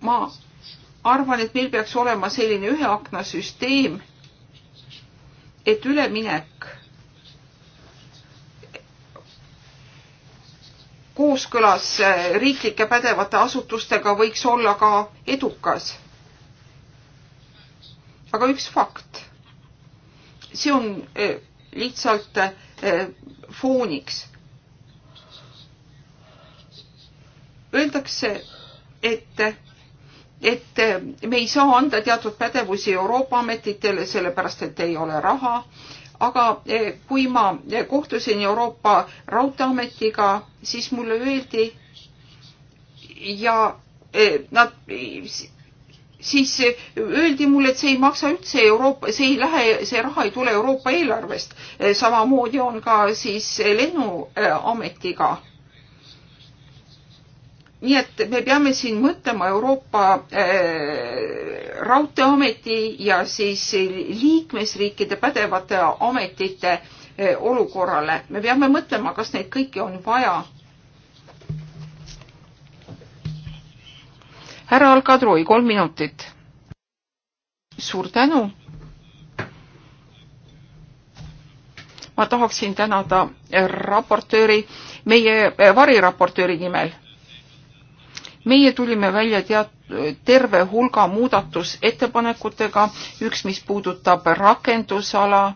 ma arvan, et meil peaks olema selline ühe akna süsteem, et üleminek kooskõlas äh, riiklike pädevate asutustega võiks olla ka edukas. aga üks fakt, see on äh, lihtsalt äh, fooniks. Öeldakse, et et eh, me ei saa anda teatud pädevusi Euroopa ametitele, sellepärast et ei ole raha. aga eh, kui ma eh, kohtusin Euroopa Raudteeametiga, siis mulle öeldi ja nad siis öeldi mulle, et see ei maksa üldse Euroopa, see ei lähe, see raha ei tule Euroopa eelarvest. samamoodi on ka siis lennuametiga nii et me peame siin mõtlema Euroopa äh, Raudteeameti ja siis liikmesriikide pädevate ametite äh, olukorrale. me peame mõtlema, kas neid kõiki on vaja. härra Alkadroi, kolm minutit. suur tänu. ma tahaksin tänada raportööri, meie variraportööri nimel meie tulime välja teat-, terve hulga muudatusettepanekutega, üks, mis puudutab rakendusala,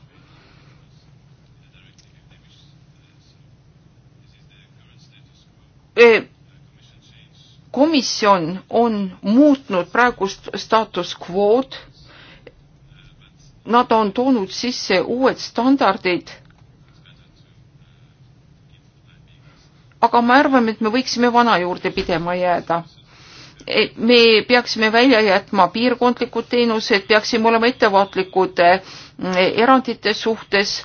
e, komisjon on muutnud praegust status quo'd, nad on toonud sisse uued standardid aga me arvame, et me võiksime vana juurde pidema jääda. E, me peaksime välja jätma piirkondlikud teenused, peaksime olema ettevaatlikud e, erandite suhtes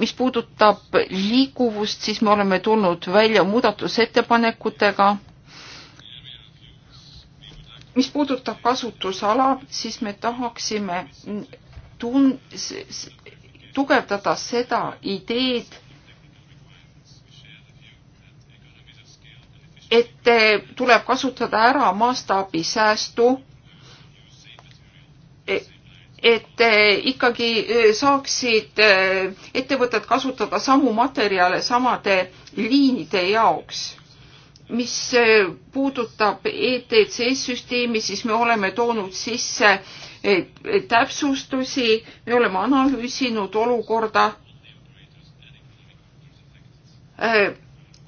mis puudutab liikuvust, siis me oleme tulnud välja muudatusettepanekutega. mis puudutab kasutusala, siis me tahaksime tun-, tugevdada seda ideed, et eh, tuleb kasutada ära mastaabisäästu, e-, et eh, ikkagi eh, saaksid ettevõtted kasutada samu materjale samade liinide jaoks mis puudutab ETCS süsteemi, siis me oleme toonud sisse täpsustusi, me oleme analüüsinud olukorda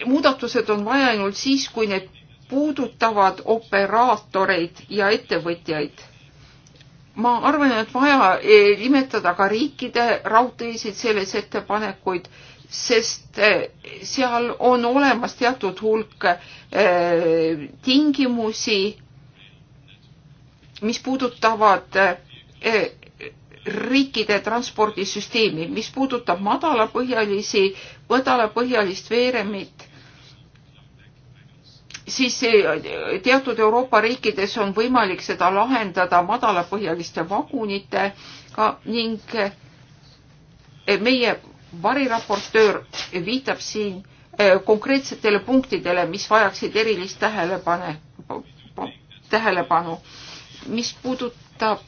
muudatused on vaja ainult siis, kui need puudutavad operaatoreid ja ettevõtjaid. ma arvan, et vaja eh, nimetada ka riikide raudteesid selles ettepanekuid, sest eh, seal on olemas teatud hulk eh, tingimusi, mis puudutavad riikide transpordisüsteemi, mis puudutab madalapõhjalisi, madalapõhjalist veeremit, siis eh, teatud Euroopa riikides on võimalik seda lahendada madalapõhjaliste vagunitega ning eh, meie variraportöör viitab siin eh, konkreetsetele punktidele, mis vajaksid erilist tähelepane, tähelepanu. mis puudutab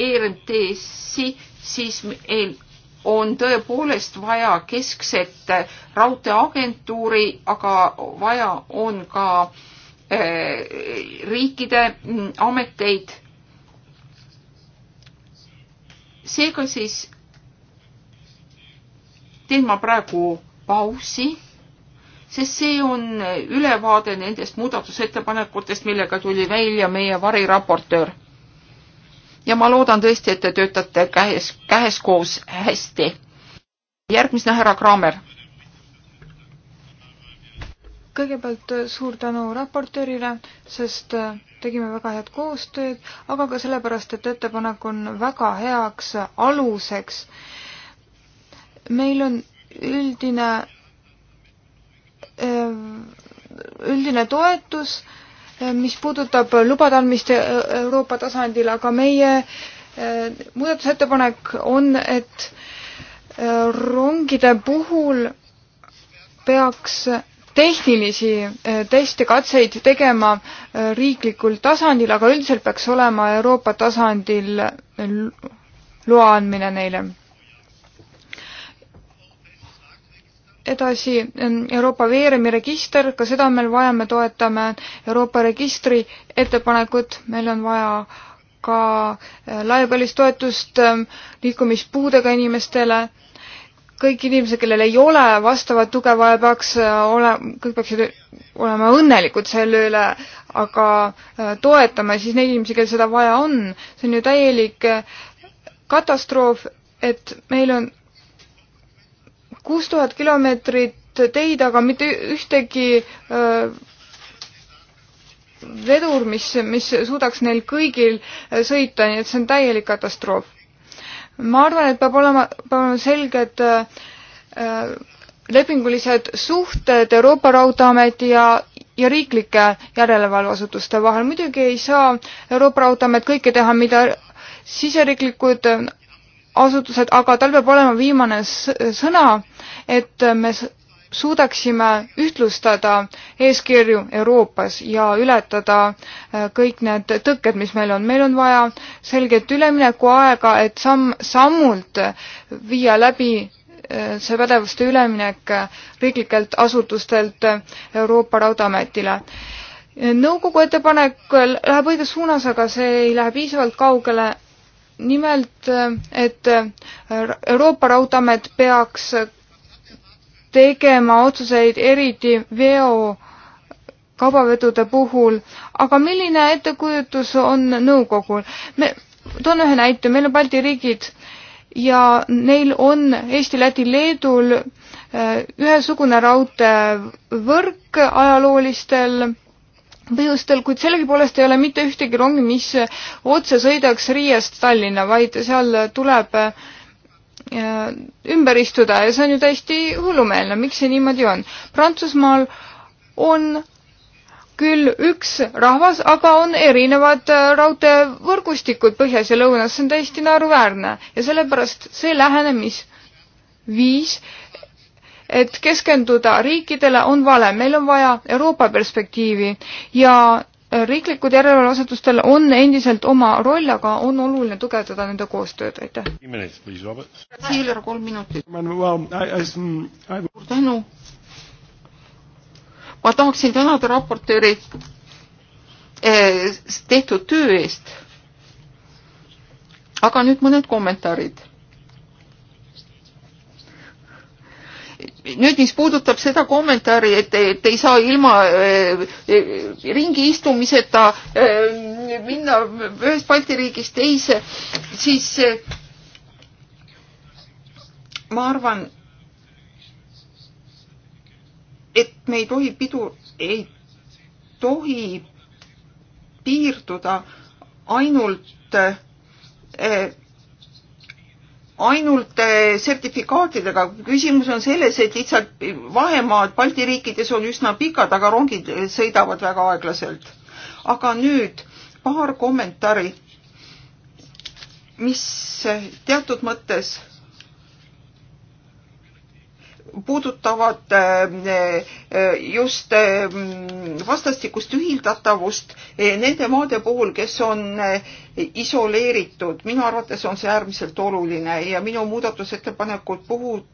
ERMTS-i, siis meil on tõepoolest vaja keskset raudteeagentuuri, aga vaja on ka eh, riikide mm, ameteid. seega siis teen ma praegu pausi, sest see on ülevaade nendest muudatusettepanekutest, millega tuli välja meie variraportöör ja ma loodan tõesti, et te töötate käes, käheskoos hästi. järgmisena härra Kraamer. kõigepealt äh, suur tänu raportöörile, sest äh, tegime väga head koostööd, aga ka sellepärast, et ettepanek on väga heaks aluseks. meil on üldine, äh, üldine toetus äh, mis puudutab lubade andmist e- Euroopa tasandil, aga meie e, muudatusettepanek on, et e, rongide puhul peaks tehnilisi teste, katseid tegema riiklikul tasandil, aga üldiselt peaks olema Euroopa tasandil loa andmine neile edasi ehm, Euroopa veeremiregister, ka seda on meil vaja, me toetame Euroopa registri ettepanekut, meil on vaja ka eh, laiapõhjalist toetust ehm, liikumispuudega inimestele, kõik inimesed, kellel ei ole vastavat tuge vaja, peaks eh, ole, kõik peaksid olema õnnelikud selle üle, aga eh, toetame siis neid inimesi, kellel seda vaja on. see on ju täielik katastroof, et meil on kuus tuhat kilomeetrit teid, aga mitte ühtegi vedur, mis, mis suudaks neil kõigil sõita, nii et see on täielik katastroof. ma arvan, et peab olema, peab olema selged lepingulised suhted Euroopa Raudteeameti ja ja riiklike järelevalveasutuste vahel. muidugi ei saa Euroopa Raudteeamet kõike teha, mida siseriiklikud asutused, aga tal peab olema viimane sõna, et me suudaksime ühtlustada eeskirju Euroopas ja ületada äh, kõik need tõkked, mis meil on. meil on vaja selget üleminekuaega, et samm, sammult viia läbi äh, see pädevuste üleminek riiklikelt asutustelt Euroopa Raudteeametile. nõukogu ettepanek läheb õiges suunas, aga see ei lähe piisavalt kaugele nimelt, et Euroopa Raudteeamet peaks tegema otsuseid eriti veo kaubavedude puhul, aga milline ettekujutus on nõukogul? me, toon ühe näite, meil on Balti riigid ja neil on Eesti, Läti, Leedul eh, ühesugune raudteevõrk ajaloolistel põhjustel, kuid sellegipoolest ei ole mitte ühtegi rongi, mis otse sõidaks Riiast Tallinna, vaid seal tuleb äh, ümber istuda ja see on ju täiesti hullumeelne, miks see niimoodi on. Prantsusmaal on küll üks rahvas, aga on erinevad äh, raudteevõrgustikud põhjas ja lõunas, see on täiesti naeruväärne ja sellepärast see lähenemisviis et keskenduda riikidele on vale, meil on vaja Euroopa perspektiivi ja äh, riiklikud järelevalveasutustel on endiselt oma roll, aga on oluline tugevdada nende koostööd, aitäh. Siiler, kolm minutit. Um, suur tänu. ma tahaksin tänada raportööri eh, tehtud töö eest. aga nüüd mõned kommentaarid nüüd, mis puudutab seda kommentaari, et, et ei saa ilma äh, ringi istumiseta äh, minna ühest Balti riigist teise, siis äh, ma arvan, et me ei tohi pidu, ei tohi piirduda ainult äh, ainult eh, sertifikaatidega. küsimus on selles, et lihtsalt vahemaad Balti riikides on üsna pikad, aga rongid eh, sõidavad väga aeglaselt. aga nüüd paar kommentaari, mis eh, teatud mõttes puudutavad eh, eh, just eh, vastastikust ühildatavust nende maade puhul, kes on isoleeritud. minu arvates on see äärmiselt oluline ja minu muudatusettepanekud puhu-,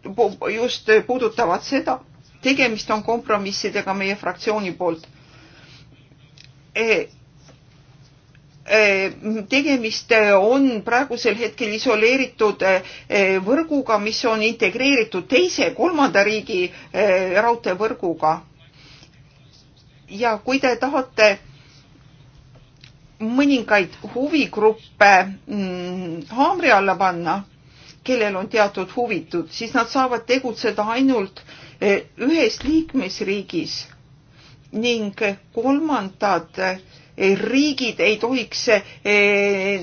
just puudutavad seda. tegemist on kompromissidega meie fraktsiooni poolt Äh, tegemist äh, on praegusel hetkel isoleeritud äh, võrguga, mis on integreeritud teise, kolmanda riigi raudteevõrguga. ja kui te tahate mõningaid huvigruppe mm, haamri alla panna, kellel on teatud huvitud, siis nad saavad tegutseda ainult ühes liikmesriigis ning kolmandad Eh, riigid ei tohiks eh,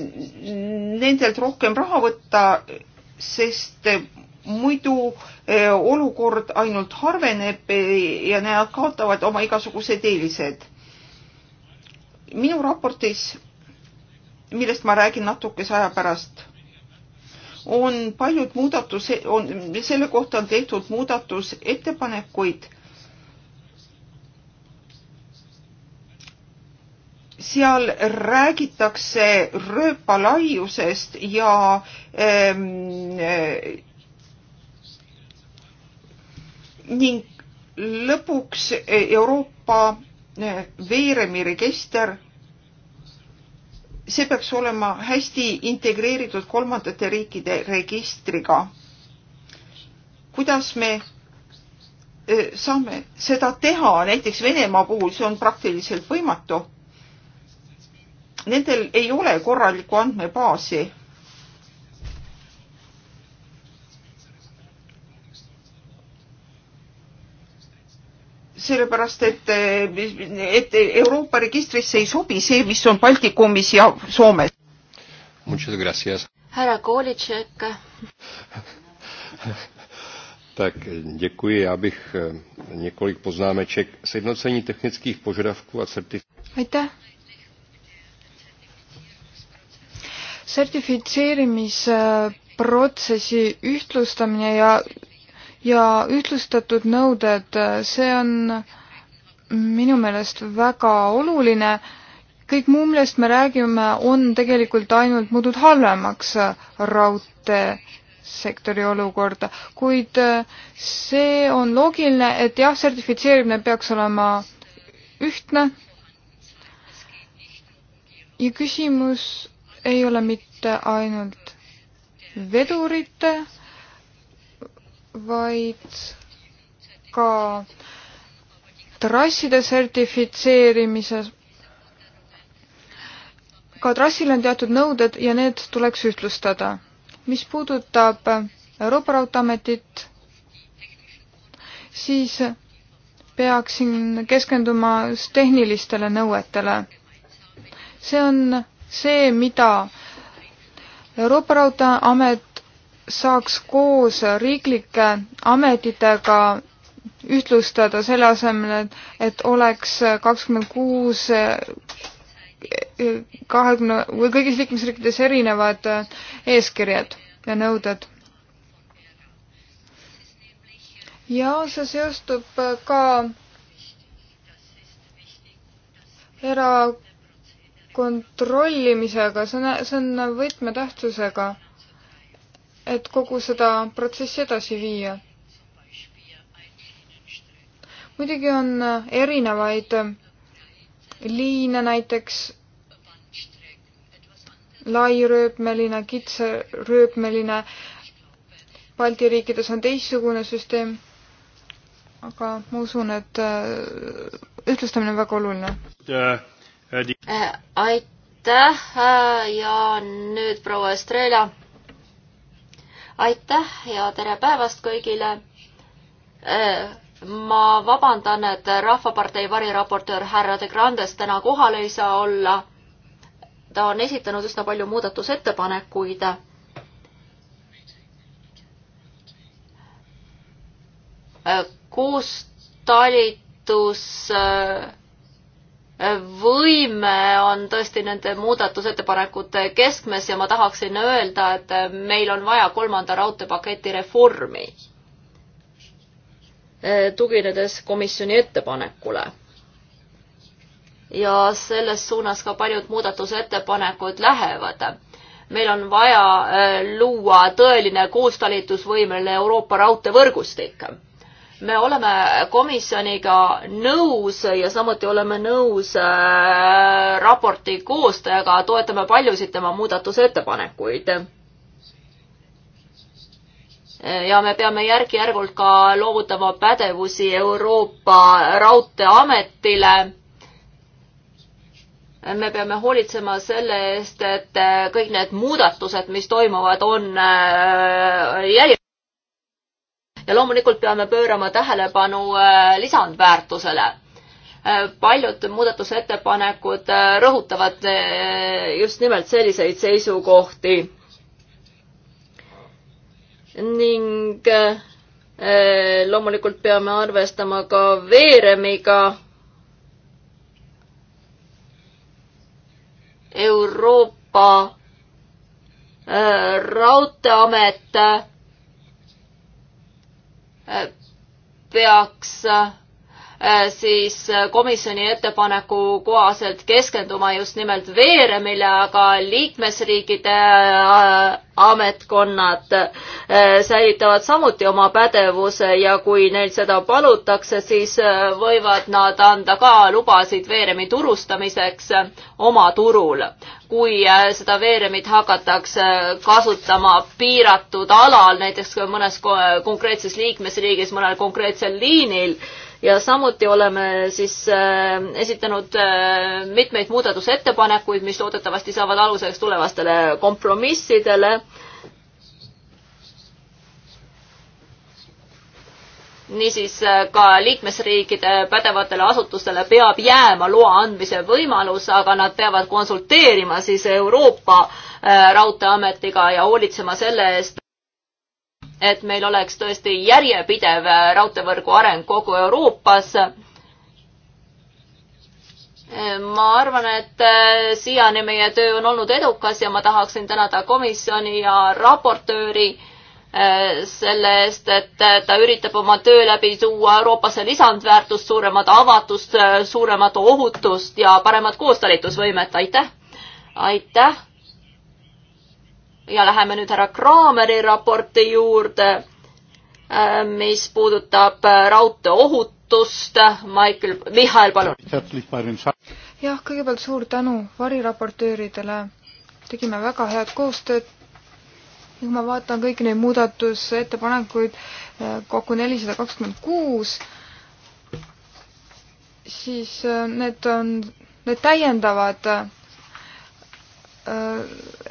nendelt rohkem raha võtta, sest muidu eh, olukord ainult harveneb ja nad kaotavad oma igasugused eelised. minu raportis, millest ma räägin natukese aja pärast, on paljud muudatuse, on, selle kohta on tehtud muudatusettepanekuid seal räägitakse rööpalaiusest ja ähm, ning lõpuks Euroopa eh, veeremiregister see peaks olema hästi integreeritud kolmandate riikide registriga. kuidas me eh, saame seda teha, näiteks Venemaa puhul see on praktiliselt võimatu nendel ei ole korralikku andmebaasi. sellepärast, et, et Euroopa registrisse ei sobi see, mis on Baltikumis ja Soomes. härra Kolitšek. Tak děkuji. Já bych eh, několik poznámeček. Sjednocení technických požadavků a certifikací. sertifitseerimisprotsessi ühtlustamine ja, ja ühtlustatud nõuded, see on minu meelest väga oluline. kõik muu, millest me räägime, on tegelikult ainult muutnud halvemaks raudteesektori olukorda, kuid see on loogiline, et jah, sertifitseerimine peaks olema ühtne ja küsimus ei ole mitte ainult vedurite, vaid ka trasside sertifitseerimises. ka trassil on teatud nõuded ja need tuleks ühtlustada. mis puudutab Euroopa Raudteeametit, siis peaksin keskenduma tehnilistele nõuetele. see on see, mida Euroopa Raudteeamet saaks koos riiklike ametitega ühtlustada selle asemel, et, et oleks kakskümmend kuus, kahekümne või kõigis liikmesriikides erinevad eeskirjad ja nõuded. ja see seostub ka era- kontrollimisega, see on, see on võtmetähtsusega, et kogu seda protsessi edasi viia. muidugi on erinevaid liine, näiteks lairööpmeline, kitsarööpmeline, Balti riikides on teistsugune süsteem, aga ma usun, et äh, ühtlustamine on väga oluline. Äh, aitäh äh, ja nüüd proua Estrela. aitäh ja tere päevast kõigile. Äh, ma vabandan, et Rahvapartei variraportöör härra De Grandes täna kohal ei saa olla. ta on esitanud üsna palju muudatusettepanekuid koostalitus võime on tõesti nende muudatusettepanekute keskmes ja ma tahaksin öelda, et meil on vaja kolmanda raudteepaketi reformi, tuginedes komisjoni ettepanekule. ja selles suunas ka paljud muudatusettepanekud lähevad. meil on vaja äh, luua tõeline koostalitusvõimeline Euroopa raudteevõrgustik me oleme komisjoniga nõus ja samuti oleme nõus äh, raporti koostajaga, toetame paljusid tema muudatusettepanekuid. Äh, ja me peame järk-järgult ka loovutama pädevusi Euroopa Raudteeametile me peame hoolitsema selle eest, et äh, kõik need muudatused, mis toimuvad, on järje- ja loomulikult peame pöörama tähelepanu äh, lisandväärtusele äh, paljud muudatusettepanekud äh, rõhutavad just nimelt selliseid seisukohti. ning loomulikult peame arvestama ka veeremiga. Euroopa Raudteeamet peaks äh, Äh, siis äh, komisjoni ettepaneku kohaselt keskenduma just nimelt veeremile, aga liikmesriikide äh, ametkonnad säilitavad samuti oma pädevuse ja kui neil seda palutakse, siis võivad nad anda ka lubasid veeremi turustamiseks oma turul. kui seda veeremit hakatakse kasutama piiratud alal, näiteks mõnes konkreetses liikmesriigis mõnel konkreetsel liinil, ja samuti oleme siis äh, esitanud äh, mitmeid muudatusettepanekuid, mis loodetavasti saavad aluseks tulevastele kompromissidele. niisiis äh, ka liikmesriikide pädevatele asutustele peab jääma loa andmise võimalus, aga nad peavad konsulteerima siis Euroopa Raudteeametiga ja hoolitsema selle eest, et meil oleks tõesti järjepidev raudteevõrgu areng kogu Euroopas ma arvan, et äh, siiani meie töö on olnud edukas ja ma tahaksin tänada komisjoni ja raportööri äh, selle eest, et äh, ta üritab oma töö läbi tuua Euroopasse lisandväärtust, suuremat avatust, suuremat ohutust ja paremat koostalitusvõimet, aitäh! aitäh! ja läheme nüüd härra Kraameri raporti juurde, äh, mis puudutab äh, raudtee ohutust. Michael, Mihhail, palun. jah, kõigepealt suur tänu variraportööridele. tegime väga head koostööd. kui ma vaatan kõiki neid muudatusettepanekuid, äh, kokku nelisada kakskümmend kuus, siis need on, need täiendavad Äh,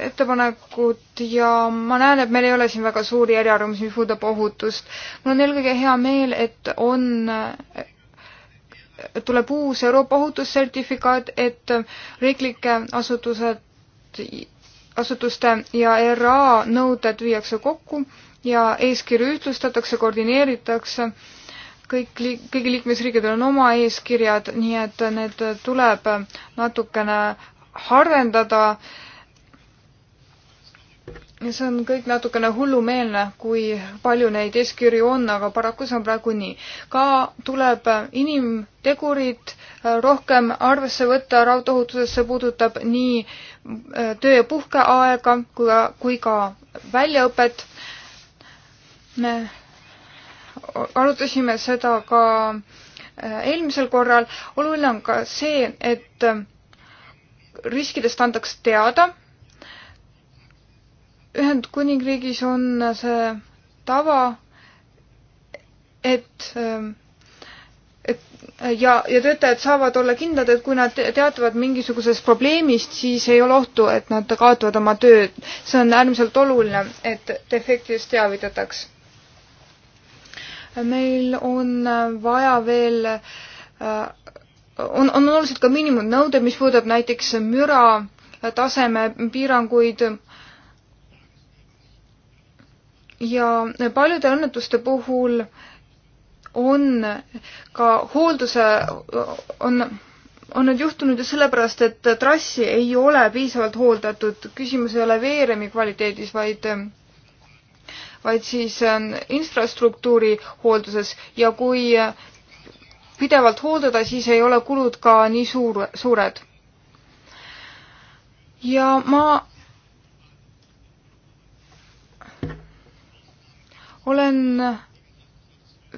ettepanekut ja ma näen, et meil ei ole siin väga suuri eriarvamusi, mis puudutab ohutust. mul on eelkõige hea meel, et on, tuleb uus Euroopa ohutussertifikaat, et riiklike asutused, asutuste ja ERA nõuded viiakse kokku ja eeskirju ühtlustatakse, koordineeritakse kõik liik-, kõigil liikmesriikidel on oma eeskirjad, nii et need tuleb natukene harvendada äh, see on kõik natukene hullumeelne, kui palju neid eeskirju on, aga paraku see on praegu nii. ka tuleb inimtegurid äh, rohkem arvesse võtta raudteohutuses, see puudutab nii äh, töö- ja puhkeaega kui ka, kui ka väljaõpet. me arutasime seda ka äh, eelmisel korral. oluline on ka see, et riskidest antaks teada Ühendkuningriigis on see tava, et et ja, ja töötajad saavad olla kindlad, et kui nad teatavad mingisugusest probleemist, siis ei ole ohtu, et nad kaotavad oma tööd. see on äärmiselt oluline, et defektidest teavitataks. meil on vaja veel, on, on olulised ka miinimumnõuded, mis puudutab näiteks müra taseme piiranguid ja paljude õnnetuste puhul on ka hoolduse, on, on need juhtunud ju sellepärast, et trassi ei ole piisavalt hooldatud, küsimus ei ole veeremi kvaliteedis, vaid vaid siis ähm, infrastruktuuri hoolduses ja kui pidevalt hooldada, siis ei ole kulud ka nii suur, suured. ja ma olen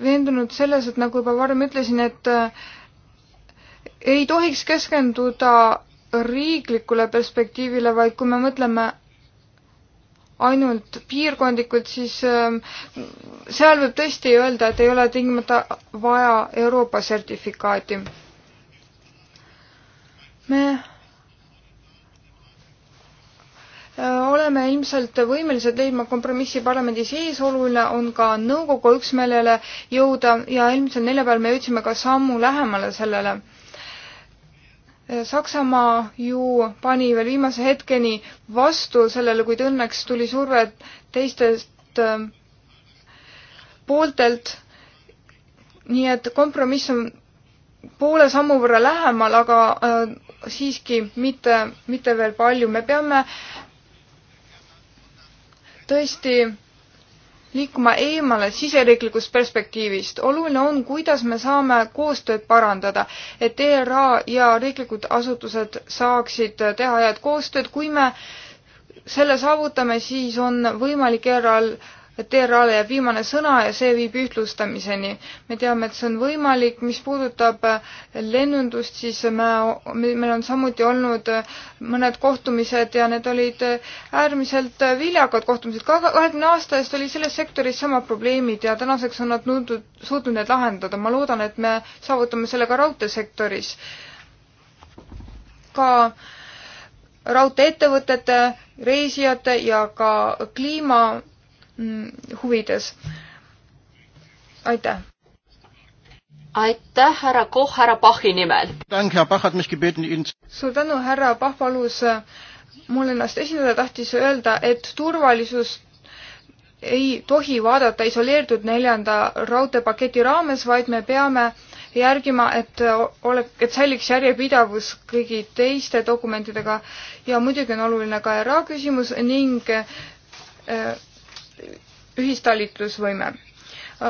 veendunud selles, et nagu juba varem ütlesin, et äh, ei tohiks keskenduda riiklikule perspektiivile, vaid kui me mõtleme ainult piirkondlikult, siis äh, seal võib tõesti öelda, et ei ole tingimata vaja Euroopa sertifikaati. me oleme ilmselt võimelised leidma kompromissi parlamendi sees, oluline on ka nõukogu üksmeelele jõuda ja eelmisel neljapäeval me jõudsime ka sammu lähemale sellele. Saksamaa ju pani veel viimase hetkeni vastu sellele, kuid õnneks tuli surve teistest äh, pooltelt. nii et kompromiss on poole sammu võrra lähemal, aga äh, siiski mitte, mitte veel palju. me peame äh, tõesti liikuma eemale siseriiklikust perspektiivist. oluline on, kuidas me saame koostööd parandada, et ERA ja riiklikud asutused saaksid teha head koostööd. kui me selle saavutame, siis on võimalik ERA-l TRA-le jääb viimane sõna ja see viib ühtlustamiseni. me teame, et see on võimalik, mis puudutab lennundust, siis me, meil on samuti olnud mõned kohtumised ja need olid äärmiselt viljakad kohtumised. kahekümne aasta eest oli selles sektoris samad probleemid ja tänaseks on nad nundud, suutnud need lahendada. ma loodan, et me saavutame selle ka raudteesektoris. ka raudteeettevõtete, reisijate ja ka kliima Mm, huvides. aitäh! aitäh, härra Koch, härra Pachi nimel! suur tänu, härra Pahv palus äh, mul ennast esindada, tahtis öelda, et turvalisust ei tohi vaadata isoleeritud neljanda raudteepaketi raames, vaid me peame järgima, et äh, ole, et säiliks järjepidavus kõigi teiste dokumentidega ja muidugi on oluline ka ERA küsimus ning äh, ühistalitlusvõime.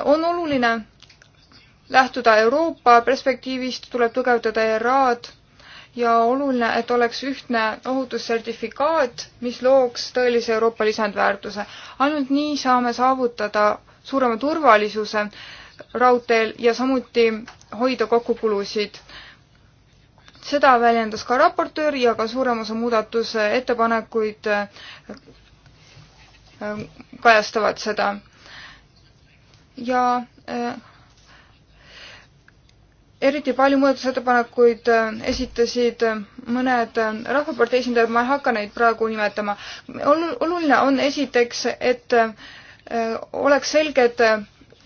on oluline lähtuda Euroopa perspektiivist, tuleb tugevdada ERA-d ja oluline, et oleks ühtne ohutussertifikaat, mis looks tõelise Euroopa lisandväärtuse. ainult nii saame saavutada suurema turvalisuse raudteel ja samuti hoida kokku kulusid. seda väljendas ka raportöör ja ka suurem osa muudatuse ettepanekuid Ähm, kajastavad seda. ja äh, eriti palju muudatusettepanekuid äh, esitasid äh, mõned Rahvapartei esindajad, ma ei hakka neid praegu nimetama. oluline on esiteks, et oleks selged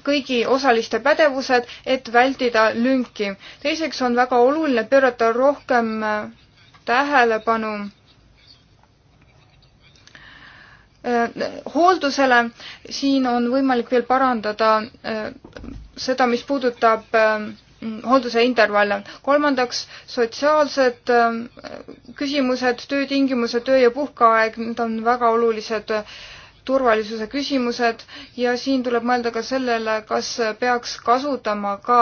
kõigi osaliste pädevused, et vältida lünki. teiseks on väga oluline pöörata rohkem tähelepanu Äh, hooldusele, siin on võimalik veel parandada äh, seda, mis puudutab äh, hoolduse intervalle. kolmandaks, sotsiaalsed küsimused, töötingimused, töö- ja puhkeaeg, need on väga olulised turvalisuse küsimused ja siin tuleb mõelda ka sellele, kas peaks kasutama ka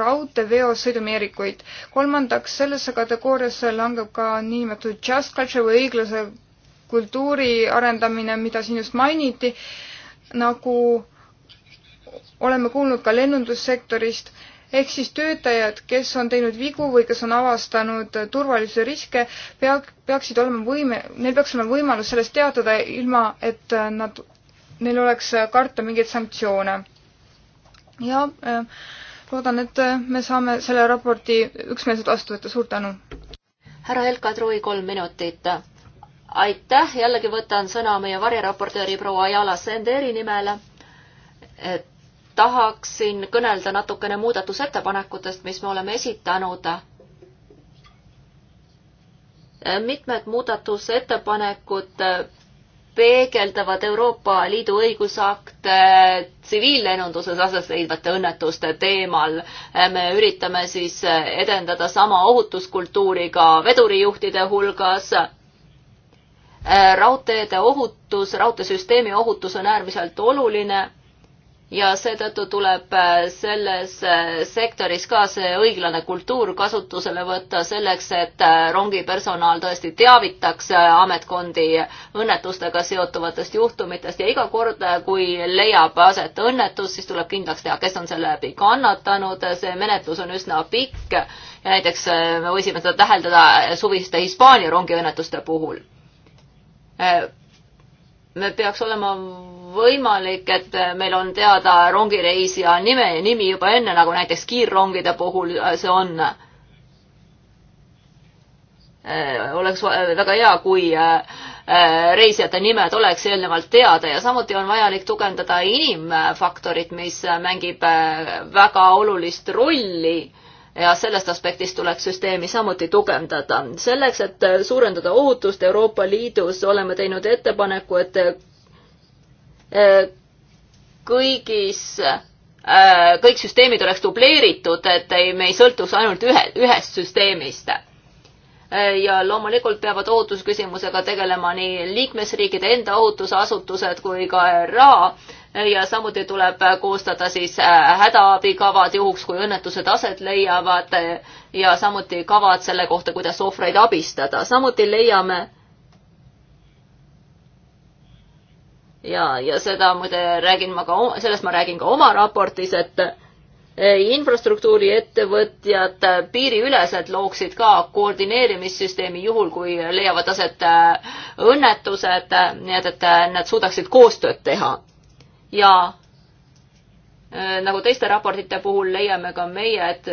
raudteeveos sõidumeerikuid. kolmandaks, sellesse kategooriasse langeb ka niinimetatud just culture või õigluse kultuuri arendamine, mida siin just mainiti, nagu oleme kuulnud ka lennundussektorist, ehk siis töötajad, kes on teinud vigu või kes on avastanud turvalisuse riske, pea-, peaksid olema võime, neil peaks olema võimalus sellest teatada, ilma et nad, neil oleks karta mingeid sanktsioone. ja äh, loodan, et me saame selle raporti üksmeelselt vastu võtta, suur tänu! härra Elka Trui, kolm minutit aitäh, jällegi võtan sõna meie variraportööri proua Ayala Senderi nimel. Eh, tahaksin kõnelda natukene muudatusettepanekutest, mis me oleme esitanud. Eh, mitmed muudatusettepanekud eh, peegeldavad Euroopa Liidu õigusakte tsiviillennunduses aset leidvate õnnetuste teemal. me üritame siis edendada sama ohutuskultuuri ka vedurijuhtide hulgas raudteede ohutus, raudteesüsteemi ohutus on äärmiselt oluline ja seetõttu tuleb äh, selles äh, sektoris ka see õiglane kultuur kasutusele võtta selleks, et äh, rongipersonal tõesti teavitaks ametkondi õnnetustega seotuvatest juhtumitest ja iga kord, kui leiab aset õnnetus, siis tuleb kindlaks teha, kes on selle läbi kannatanud, see menetlus on üsna pikk ja näiteks me võisime seda täheldada suviste Hispaania rongiõnnetuste puhul Äh, peaks olema võimalik, et meil on teada rongireisija nime, nimi juba enne, nagu näiteks kiirrongide puhul see on. Äh, oleks äh, väga hea, kui reisijate nimed oleks eelnevalt teada ja samuti on vajalik tugevdada inimfaktorit, mis mängib väga olulist rolli ja sellest aspektist tuleks süsteemi samuti tugevdada. selleks, et suurendada ohutust Euroopa Liidus, oleme teinud ettepaneku, et e, kõigis, e, kõik süsteemid oleks dubleeritud, et ei, me ei sõltuks ainult ühe, ühest süsteemist e, ja loomulikult peavad ohutusküsimusega tegelema nii liikmesriikide enda ohutusasutused kui ka RA ja samuti tuleb koostada siis äh, hädaabikavad juhuks, kui õnnetused aset leiavad äh, ja samuti kavad selle kohta, kuidas ohvreid abistada. samuti leiame ja, ja seda muide räägin ma ka, sellest ma räägin ka oma raportis, et äh, infrastruktuuriettevõtjad piiriüleselt looksid ka koordineerimissüsteemi juhul, kui leiavad aset õnnetused, nii et, et nad suudaksid koostööd teha ja äh, nagu teiste raportite puhul leiame ka meie, et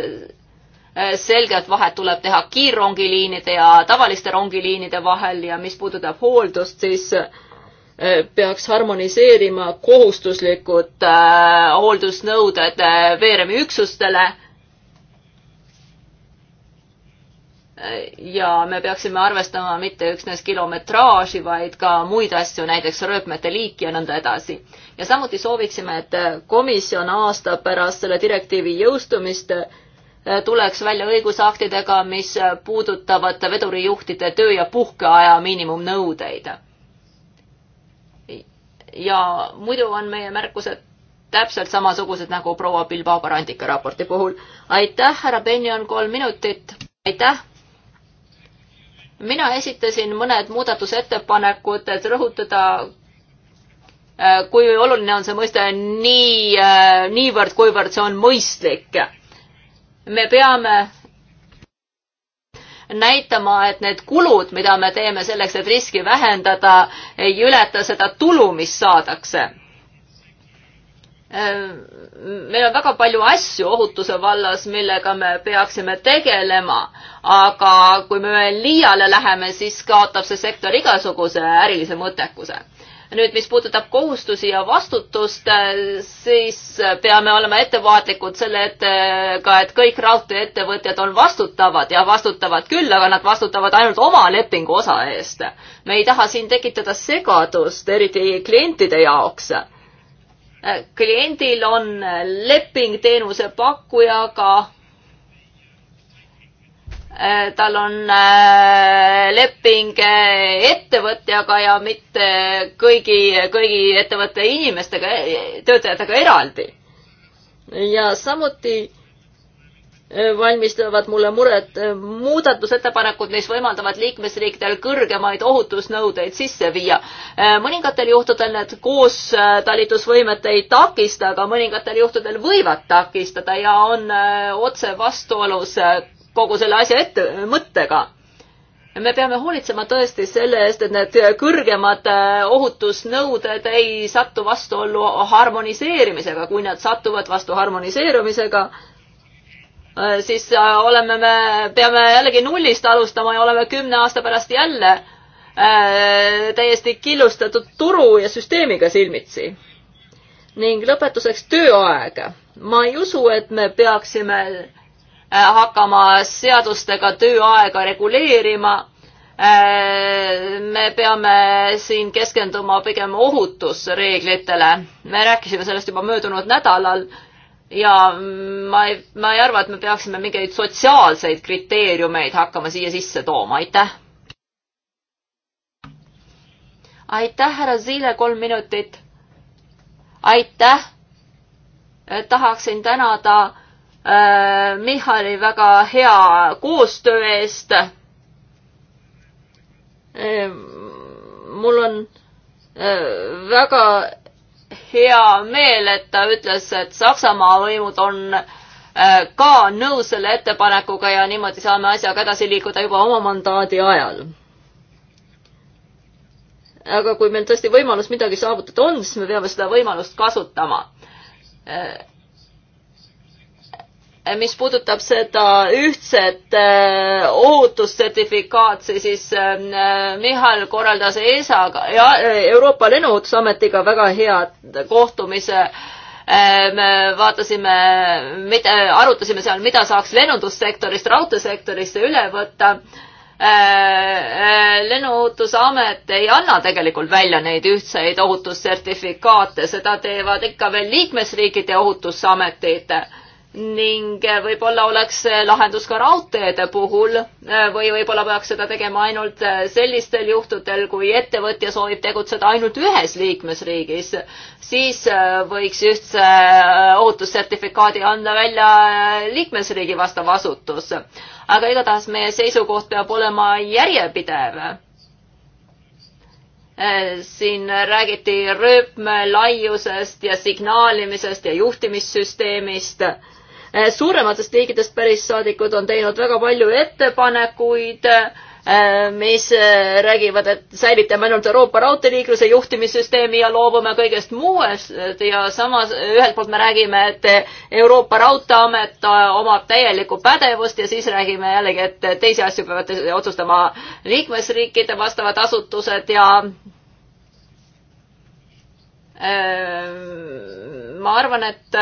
äh, selgelt vahet tuleb teha kiirrongiliinide ja tavaliste rongiliinide vahel ja mis puudutab hooldust, siis äh, peaks harmoniseerima kohustuslikud hooldusnõuded veeremiüksustele ja me peaksime arvestama mitte üksnes kilometraaži, vaid ka muid asju, näiteks rööpmete liiki ja nõnda edasi. ja samuti sooviksime, et komisjon aasta pärast selle direktiivi jõustumist äh, tuleks välja õigusaktidega, mis puudutavad vedurijuhtide töö- ja puhkeaja miinimumnõudeid. ja muidu on meie märkused täpselt samasugused nagu proua Bilbao Barandika raporti puhul. aitäh, härra Benjon, kolm minutit. aitäh mina esitasin mõned muudatusettepanekud, et rõhutada, äh, kui oluline on see mõiste nii, äh, niivõrd, kuivõrd see on mõistlik. me peame näitama, et need kulud, mida me teeme selleks, et riski vähendada, ei ületa seda tulu, mis saadakse Äh, meil on väga palju asju ohutuse vallas, millega me peaksime tegelema, aga kui me veel liiale läheme, siis kaotab see sektor igasuguse ärilise mõttekuse. nüüd, mis puudutab kohustusi ja vastutust, äh, siis peame olema ettevaatlikud selle ettega, et kõik raudteeettevõtjad on vastutavad ja vastutavad küll, aga nad vastutavad ainult oma lepingu osa eest. me ei taha siin tekitada segadust, eriti klientide jaoks kliendil on leping teenusepakkujaga, äh, tal on äh, leping äh, ettevõtjaga ja mitte kõigi, kõigi ettevõtte inimestega, töötajatega eraldi. ja samuti valmistavad mulle muret muudatusettepanekud, mis võimaldavad liikmesriikidel kõrgemaid ohutusnõudeid sisse viia. mõningatel juhtudel need koostalitusvõimet ei takista, aga mõningatel juhtudel võivad takistada ja on äh, otse vastuolus äh, kogu selle asja ette, mõttega me peame hoolitsema tõesti selle eest, et need kõrgemad äh, ohutusnõuded ei satu vastuollu harmoniseerimisega, kui nad satuvad vastu harmoniseerumisega, Äh, siis äh, oleme me, peame jällegi nullist alustama ja oleme kümne aasta pärast jälle äh, täiesti killustatud turu ja süsteemiga silmitsi. ning lõpetuseks tööaeg. ma ei usu, et me peaksime hakkama seadustega tööaega reguleerima. me peame siin keskenduma pigem ohutusreeglitele. me rääkisime sellest juba möödunud nädalal ja ma ei, ma ei arva, et me peaksime mingeid sotsiaalseid kriteeriumeid hakkama siia sisse tooma, aitäh. aitäh, härra Ziile, kolm minutit. aitäh. Äh, tahaksin tänada äh, Michali väga hea koostöö eest äh,. mul on äh, väga hea meel, et ta ütles, et Saksamaa võimud on äh, ka nõus selle ettepanekuga ja niimoodi saame asjaga edasi liikuda juba oma mandaadi ajal. aga kui meil tõesti võimalus midagi saavutada on, siis me peame seda võimalust kasutama äh, Eh, mis puudutab seda ühtset eh, ohutussertifikaatsi, siis eh, Michal korraldas ESA-ga ja Euroopa Lennuohutusametiga väga hea kohtumise. me vaatasime, mida, arutasime seal, mida saaks lennundussektorist raudteesektorisse üle võtta lennuohutusamet ei anna tegelikult välja neid ühtseid ohutussertifikaate, seda teevad ikka veel liikmesriikide ohutusametid ning eh, võib-olla oleks lahendus ka raudteede puhul eh, või võib-olla peaks seda tegema ainult eh, sellistel juhtudel, kui ettevõtja soovib tegutseda ainult ühes liikmesriigis, siis võiks ühtse ohutussertifikaadi anda välja liikmesriigi vastav asutus. aga igatahes meie seisukoht peab olema järjepidev siin räägiti rööpmelaiusest ja signaalimisest ja juhtimissüsteemist Eh, suurematest liikidest päris saadikud on teinud väga palju ettepanekuid, eh, mis eh, räägivad, et säilitame ainult Euroopa raudteeliikluse juhtimissüsteemi ja loobume kõigest muust ja samas ühelt poolt me räägime, et Euroopa Raudteeamet omab täielikku pädevust ja siis räägime jällegi, et teisi asju peavad otsustama liikmesriikide vastavad asutused ja ma arvan, et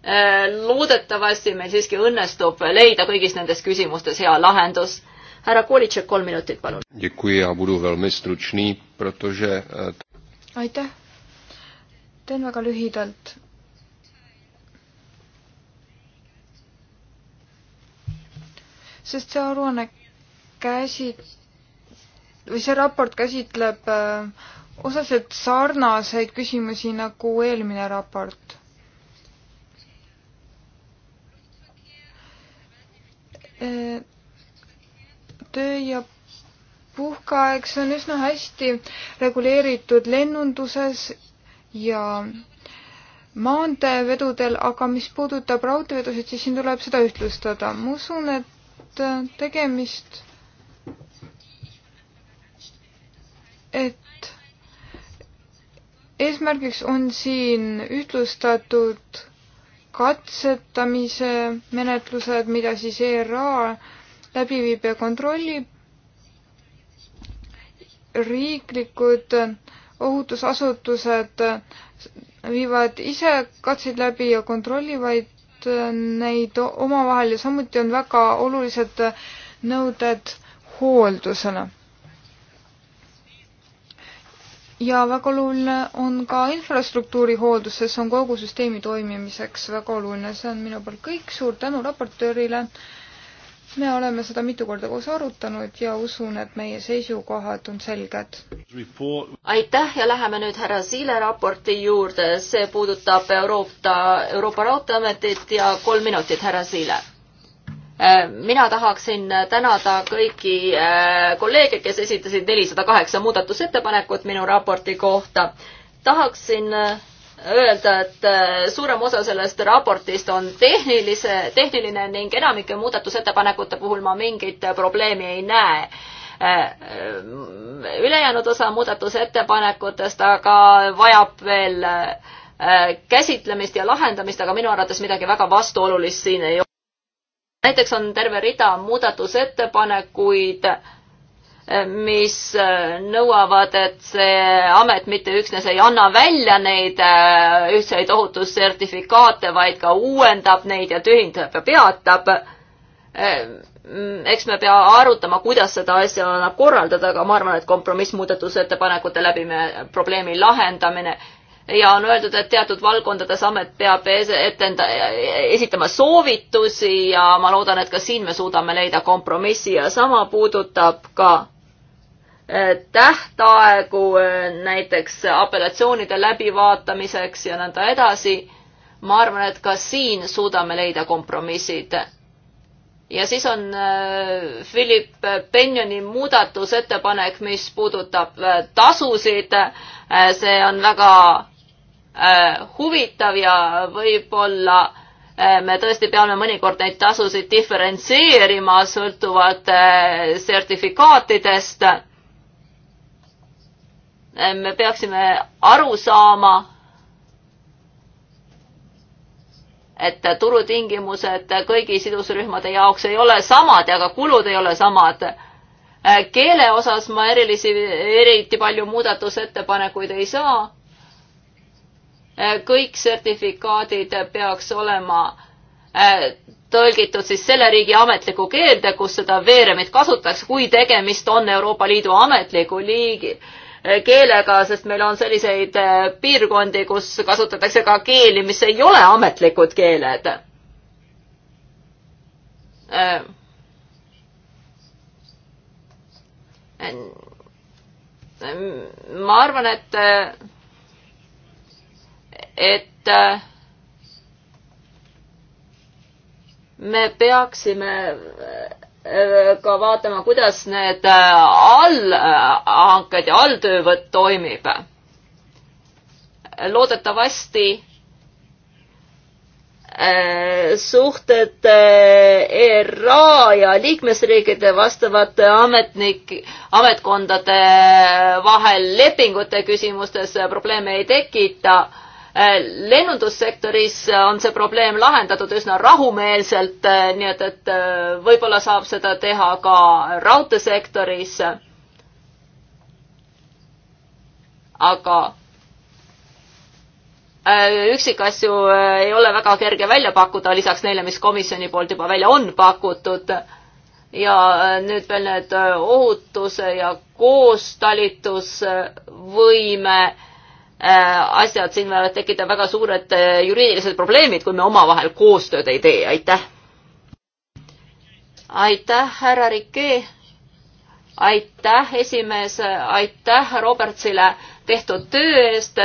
Äh, loodetavasti meil siiski õnnestub leida kõigis nendes küsimustes hea lahendus. härra Kolitšek, kolm minutit, palun. Eh, aitäh. teen väga lühidalt. sest see aruanne käsit- või see raport käsitleb eh, osaliselt sarnaseid küsimusi nagu eelmine raport Äh, töö ja puhkaaeg, see on üsna hästi reguleeritud lennunduses ja maanteevedudel, aga mis puudutab raudteevedusid, siis siin tuleb seda ühtlustada. ma usun, et äh, tegemist, et eesmärgiks on siin ühtlustatud katsetamise menetlused, mida siis ERA läbi viib ja kontrollib. riiklikud ohutusasutused viivad ise katseid läbi ja kontrollivad neid omavahel ja samuti on väga olulised nõuded hooldusele ja väga oluline on ka infrastruktuuri hooldus, sest see on kogu süsteemi toimimiseks väga oluline. see on minu poolt kõik, suur tänu raportöörile. me oleme seda mitu korda koos arutanud ja usun, et meie seisukohad on selged. aitäh ja läheme nüüd härra Siile raporti juurde. see puudutab Euroopa, Euroopa Raudteeametit ja kolm minutit, härra Siile Äh, mina tahaksin tänada kõiki äh, kolleege, kes esitasid nelisada kaheksa muudatusettepanekut minu raporti kohta. tahaksin äh, öelda, et suurem osa sellest raportist on tehnilise, tehniline ning enamike muudatusettepanekute puhul ma mingit probleemi ei näe ülejäänud osa muudatusettepanekutest aga vajab veel käsitlemist ja lahendamist, aga minu arvates midagi väga vastuolulist siin ei ole näiteks on terve rida muudatusettepanekuid, eh, mis eh, nõuavad, et see amet mitte üksnes ei anna välja neid eh, ühtseid ohutussertifikaate, vaid ka uuendab neid ja tühindab ja peatab. Mm, eks me pea arutama, kuidas seda asja annab korraldada, aga ma arvan, et kompromissmuudatusettepanekute läbi me probleemi lahendamine ja on öeldud, et teatud valdkondades amet peab etenda, esitama soovitusi ja ma loodan, et ka siin me suudame leida kompromissi ja sama puudutab ka eh, tähtaegu eh, näiteks apellatsioonide läbivaatamiseks ja nõnda edasi. ma arvan, et ka siin suudame leida kompromissid ja siis on eh, Philip Benjoni muudatusettepanek, mis puudutab tasusid. see on väga Äh, huvitav ja võib-olla äh, me tõesti peame mõnikord neid tasusid diferentseerima sõltuvalt äh, sertifikaatidest. me peaksime aru saama, et turutingimused kõigi sidusrühmade jaoks ei ole samad ja ka kulud ei ole samad. keele osas ma erilisi, eriti palju muudatusettepanekuid ei saa kõik sertifikaadid peaks olema äh, tõlgitud siis selle riigi ametlikku keelde, kus seda veeremit kasutatakse, kui tegemist on Euroopa Liidu ametliku liigi äh, keelega, sest meil on selliseid äh, piirkondi, kus kasutatakse ka keeli, mis ei ole ametlikud keeled. ma arvan, et et äh, me peaksime äh, ka vaatama, kuidas need äh, allhanked ja alltöövõtt toimib. loodetavasti suhted ERA ja liikmesriikide vastavate ametnik, ametkondade vahel lepingute küsimustes probleeme ei tekita Äh, lennundussektoris äh, on see probleem lahendatud üsna rahumeelselt, äh, nii et, et võib-olla saab seda teha ka raudteesektoris. aga üksikasju ei ole väga kerge välja pakkuda, lisaks neile, mis komisjoni poolt juba välja on pakutud. ja nüüd veel need ohutuse ja koostalitusvõime Äh, asjad, siin võivad tekkida väga suured äh, juriidilised probleemid, kui me omavahel koostööd ei tee, aitäh. aitäh, härra Rikee. aitäh, esimees, aitäh Robertsile tehtud töö eest.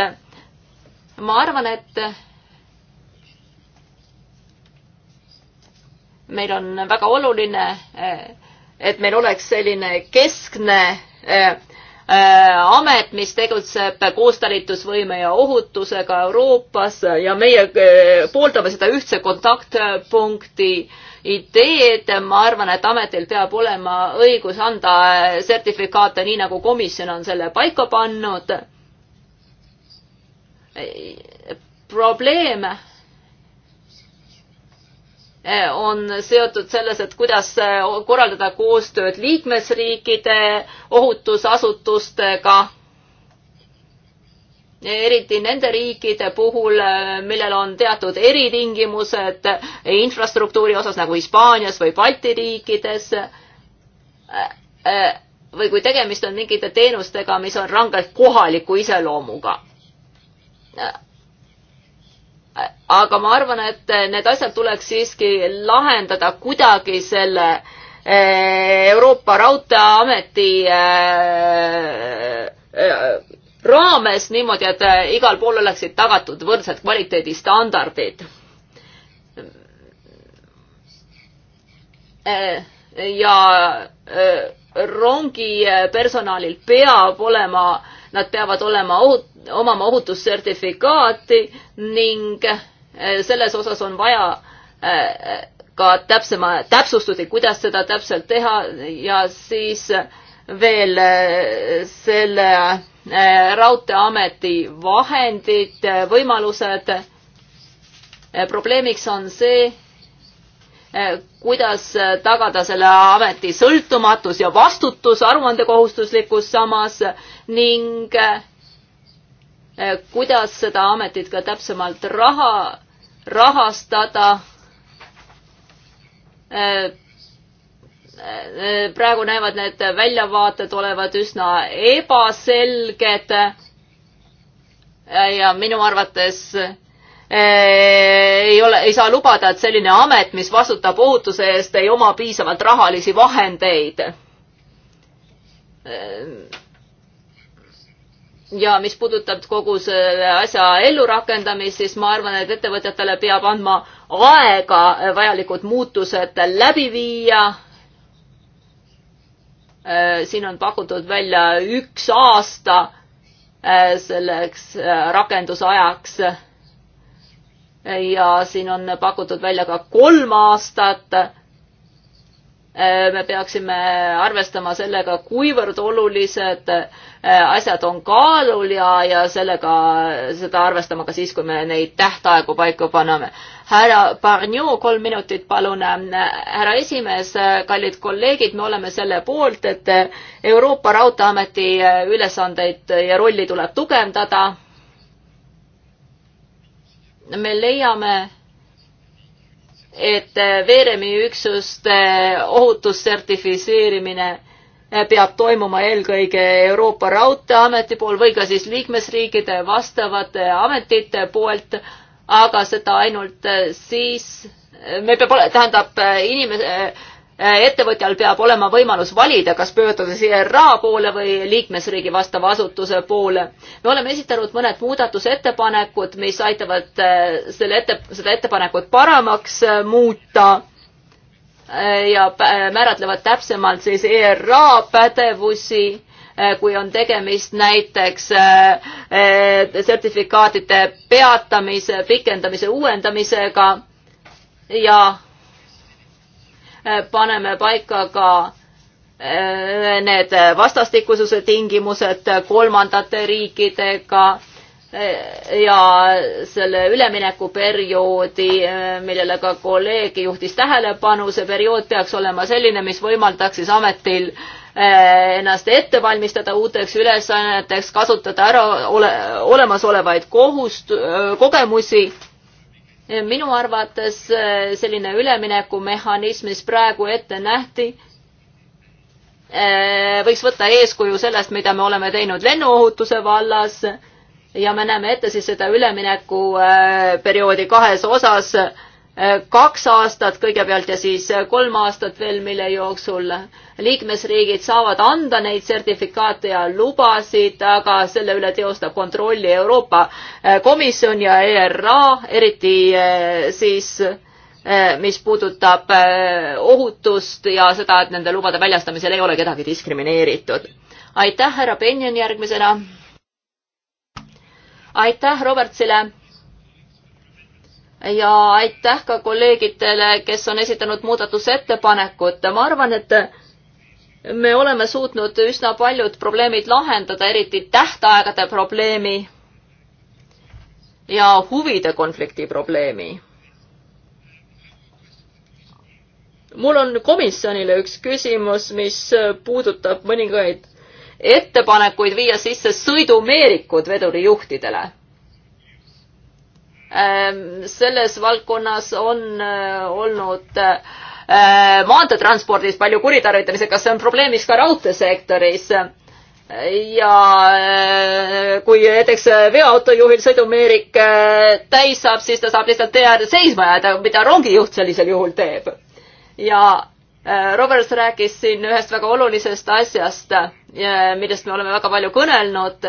ma arvan, et meil on väga oluline, äh, et meil oleks selline keskne Äh, amet, mis tegutseb koostalitusvõime ja ohutusega Euroopas ja meie äh, pooldame seda ühtse kontaktpunkti ideed. ma arvan, et ametil peab olema õigus anda äh, sertifikaate, nii nagu komisjon on selle paika pannud. probleem on seotud selles, et kuidas eh, korraldada koostööd liikmesriikide ohutusasutustega, eriti nende riikide puhul, eh, millel on teatud eritingimused infrastruktuuri osas nagu Hispaanias või Balti riikides eh, või kui tegemist on mingite teenustega, mis on rangelt kohaliku iseloomuga aga ma arvan, et need asjad tuleks siiski lahendada kuidagi selle eh, Euroopa Raudteeameti eh, eh, raames niimoodi, et igal pool oleksid tagatud võrdsed kvaliteedistandardid. ja rongi personalil peab olema, nad peavad olema ohut-, omama ohutussertifikaati ning eh, selles osas on vaja eh, ka täpsema täpsustusi, kuidas seda täpselt teha ja siis veel eh, selle raudteeameti vahendid, võimalused. probleemiks on see, kuidas tagada selle ameti sõltumatus ja vastutus, aruandekohustuslikkus samas ning Eh, kuidas seda ametit ka täpsemalt raha, rahastada. Eh, eh, praegu näevad need väljavaated olevat üsna ebaselged. ja minu arvates ei ole, ei saa lubada, et selline amet, mis vastutab ohutuse eest, ei oma piisavalt rahalisi vahendeid ja mis puudutab kogu selle asja ellurakendamist, siis ma arvan, et ettevõtjatele peab andma aega vajalikud muutused läbi viia. Äh, siin on pakutud välja üks aasta äh, selleks äh, rakendusajaks. ja siin on pakutud välja ka kolm aastat Äh, me peaksime arvestama sellega, kuivõrd olulised äh, asjad on kaalul ja, ja sellega, seda arvestama ka siis, kui me neid tähtaegu paika paneme. härra Barnjou, kolm minutit, palun. Äh, härra esimees, kallid kolleegid, me oleme selle poolt, et Euroopa Raudteeameti ülesandeid ja rolli tuleb tugevdada. me leiame et äh, veeremi üksuste äh, ohutussertifitseerimine äh, peab toimuma eelkõige Euroopa Raudteeameti pool või ka siis liikmesriikide vastavate ametite poolt, aga seda ainult siis, me peab, tähendab inimese, Äh, ettevõtjal peab olema võimalus valida, kas pöörduda CRA poole või liikmesriigi vastava asutuse poole. me oleme esitanud mõned muudatusettepanekud, mis aitavad äh, selle ette, seda ettepanekut paremaks äh, muuta ja määratlevad täpsemalt siis ERA pädevusi, kui on tegemist näiteks sertifikaatide peatamise, pikendamise, uuendamisega ja Äh, paneme paika ka äh, need vastastikususe tingimused kolmandate riikidega äh, ja selle üleminekuperioodi, millele ka kolleeg juhtis tähelepanu, see periood peaks olema selline, mis võimaldaks siis ametil ennast ette valmistada uuteks ülesanneteks, kasutada ära ole, olemasolevaid kohust-, kogemusi minu arvates eh, selline üleminekumehhanism, mis praegu ette nähti, eh, võiks võtta eeskuju sellest, mida me oleme teinud lennuohutuse vallas ja me näeme ette siis seda üleminekuperioodi eh, kahes osas kaks aastat kõigepealt ja siis kolm aastat veel, mille jooksul liikmesriigid saavad anda neid sertifikaate ja lubasid, aga selle üle teostab kontrolli Euroopa eh, Komisjon ja ERA, eriti eh, siis eh, mis puudutab ohutust ja seda, et nende lubade väljastamisel ei ole kedagi diskrimineeritud. aitäh, härra Benjan järgmisena. aitäh Robertsile ja aitäh ka kolleegidele, kes on esitanud muudatusettepanekut. ma arvan, et me oleme suutnud üsna paljud probleemid lahendada, eriti tähtaegade probleemi ja huvide konflikti probleemi. mul on komisjonile üks küsimus, mis puudutab mõningaid ettepanekuid viia sisse sõidumeerikud vedurijuhtidele Ähm, selles valdkonnas on äh, olnud äh, maanteetranspordis palju kuritarvitamisega, see on probleemiks ka raudteesektoris ja äh, kui näiteks veoautojuhil sõidumeerik täis saab, siis ta saab lihtsalt tee äärde seisma jääda, mida rongijuht sellisel juhul teeb. ja Roberts rääkis siin ühest väga olulisest asjast, millest me oleme väga palju kõnelnud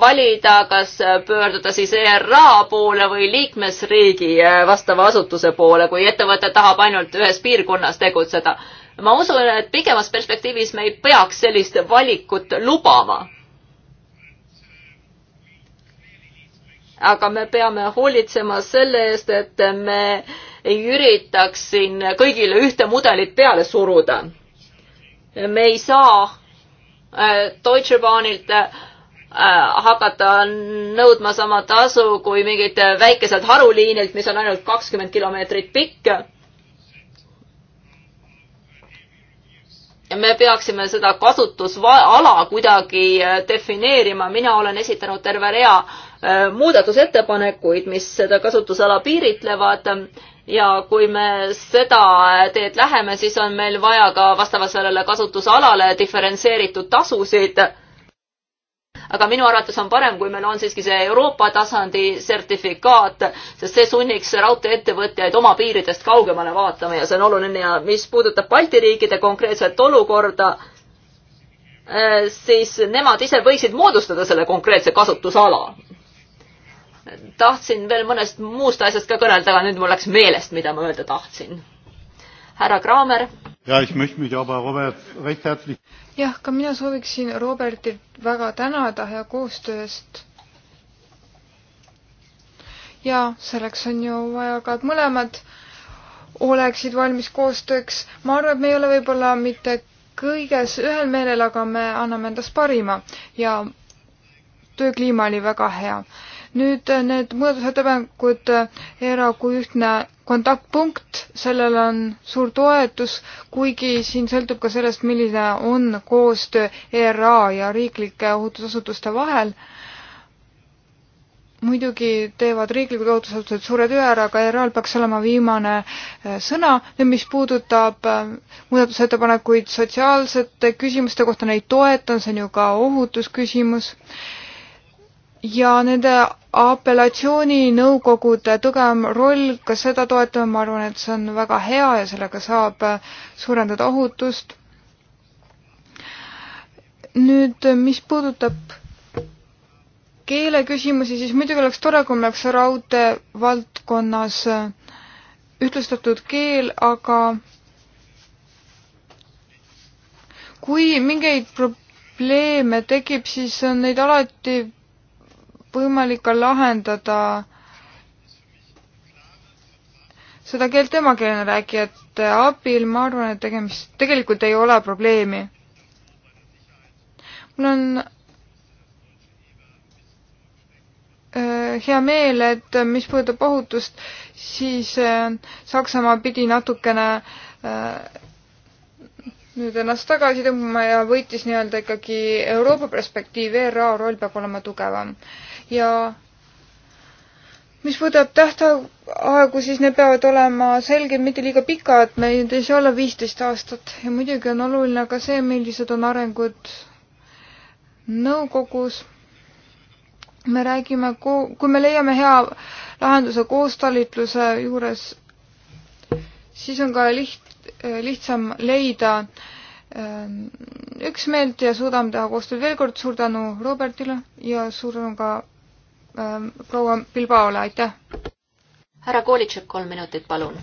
valida, kas pöörduda siis ERA poole või liikmesriigi äh, vastava asutuse poole, kui ettevõte tahab ainult ühes piirkonnas tegutseda. ma usun, et pikemas perspektiivis me ei peaks sellist valikut lubama. aga me peame hoolitsema selle eest, et me ei üritaks siin kõigile ühte mudelit peale suruda. me ei saa äh, Deutsche Bahnilt äh, Äh, hakata nõudma sama tasu kui mingilt väikeselt haruliinilt, mis on ainult kakskümmend kilomeetrit pikk. me peaksime seda kasutusala kuidagi äh, defineerima, mina olen esitanud terve rea äh, muudatusettepanekuid, mis seda kasutusala piiritlevad ja kui me seda teed läheme, siis on meil vaja ka vastavalt sellele kasutusalale diferentseeritud tasusid aga minu arvates on parem, kui meil on siiski see Euroopa tasandi sertifikaat, sest see sunniks raudteeettevõtjaid oma piiridest kaugemale vaatama ja see on oluline ja mis puudutab Balti riikide konkreetset olukorda, eh, siis nemad ise võiksid moodustada selle konkreetse kasutusala. tahtsin veel mõnest muust asjast ka kõnelda, aga nüüd mul läks meelest, mida ma öelda tahtsin. härra Kraamer jah, ka mina sooviksin Robertit väga tänada hea koostöö eest. ja selleks on ju vaja ka, et mõlemad oleksid valmis koostööks. ma arvan, et me ei ole võib-olla mitte kõiges ühel meelel, aga me anname endast parima ja töökliima oli väga hea nüüd äh, need muudatusettepanekud äh, ERA kui ühtne kontaktpunkt, sellel on suur toetus, kuigi siin sõltub ka sellest, milline on koostöö ERA ja riiklike ohutusasutuste vahel. muidugi teevad riiklikud ohutusasutused suure töö ära, aga ERA-l peaks olema viimane äh, sõna. nüüd, mis puudutab muudatusettepanekuid sotsiaalsete küsimuste kohta, neid toetan, see on ju ka ohutusküsimus ja nende apellatsiooninõukogude tugevam roll, ka seda toetame, ma arvan, et see on väga hea ja sellega saab äh, suurendada ohutust. nüüd, äh, mis puudutab keeleküsimusi, siis muidugi oleks tore, kui meil oleks raudtee valdkonnas äh, ühtlustatud keel, aga kui mingeid probleeme tekib, siis on neid alati võimalik ka lahendada seda keelt emakeelena rääkijate abil, ma arvan, et tegemist, tegelikult ei ole probleemi. mul on äh, hea meel, et mis puudutab ohutust, siis äh, Saksamaa pidi natukene äh, nüüd ennast tagasi tõmbama ja võitis nii-öelda ikkagi Euroopa perspektiiv, ERA roll peab olema tugevam ja mis puudutab tähtaegu, siis need peavad olema selged, mitte liiga pikad, meil ei saa olla viisteist aastat ja muidugi on oluline ka see, millised on arengud nõukogus. me räägime, kui me leiame hea lahenduse koostalitluse juures, siis on ka liht-, lihtsam leida ähm, üksmeelt ja suudame teha koostööd. veel kord suur tänu Robertile ja suur tänu ka Ähm, proua Bilbaole, aitäh! härra Kolitšev, kolm minutit, palun.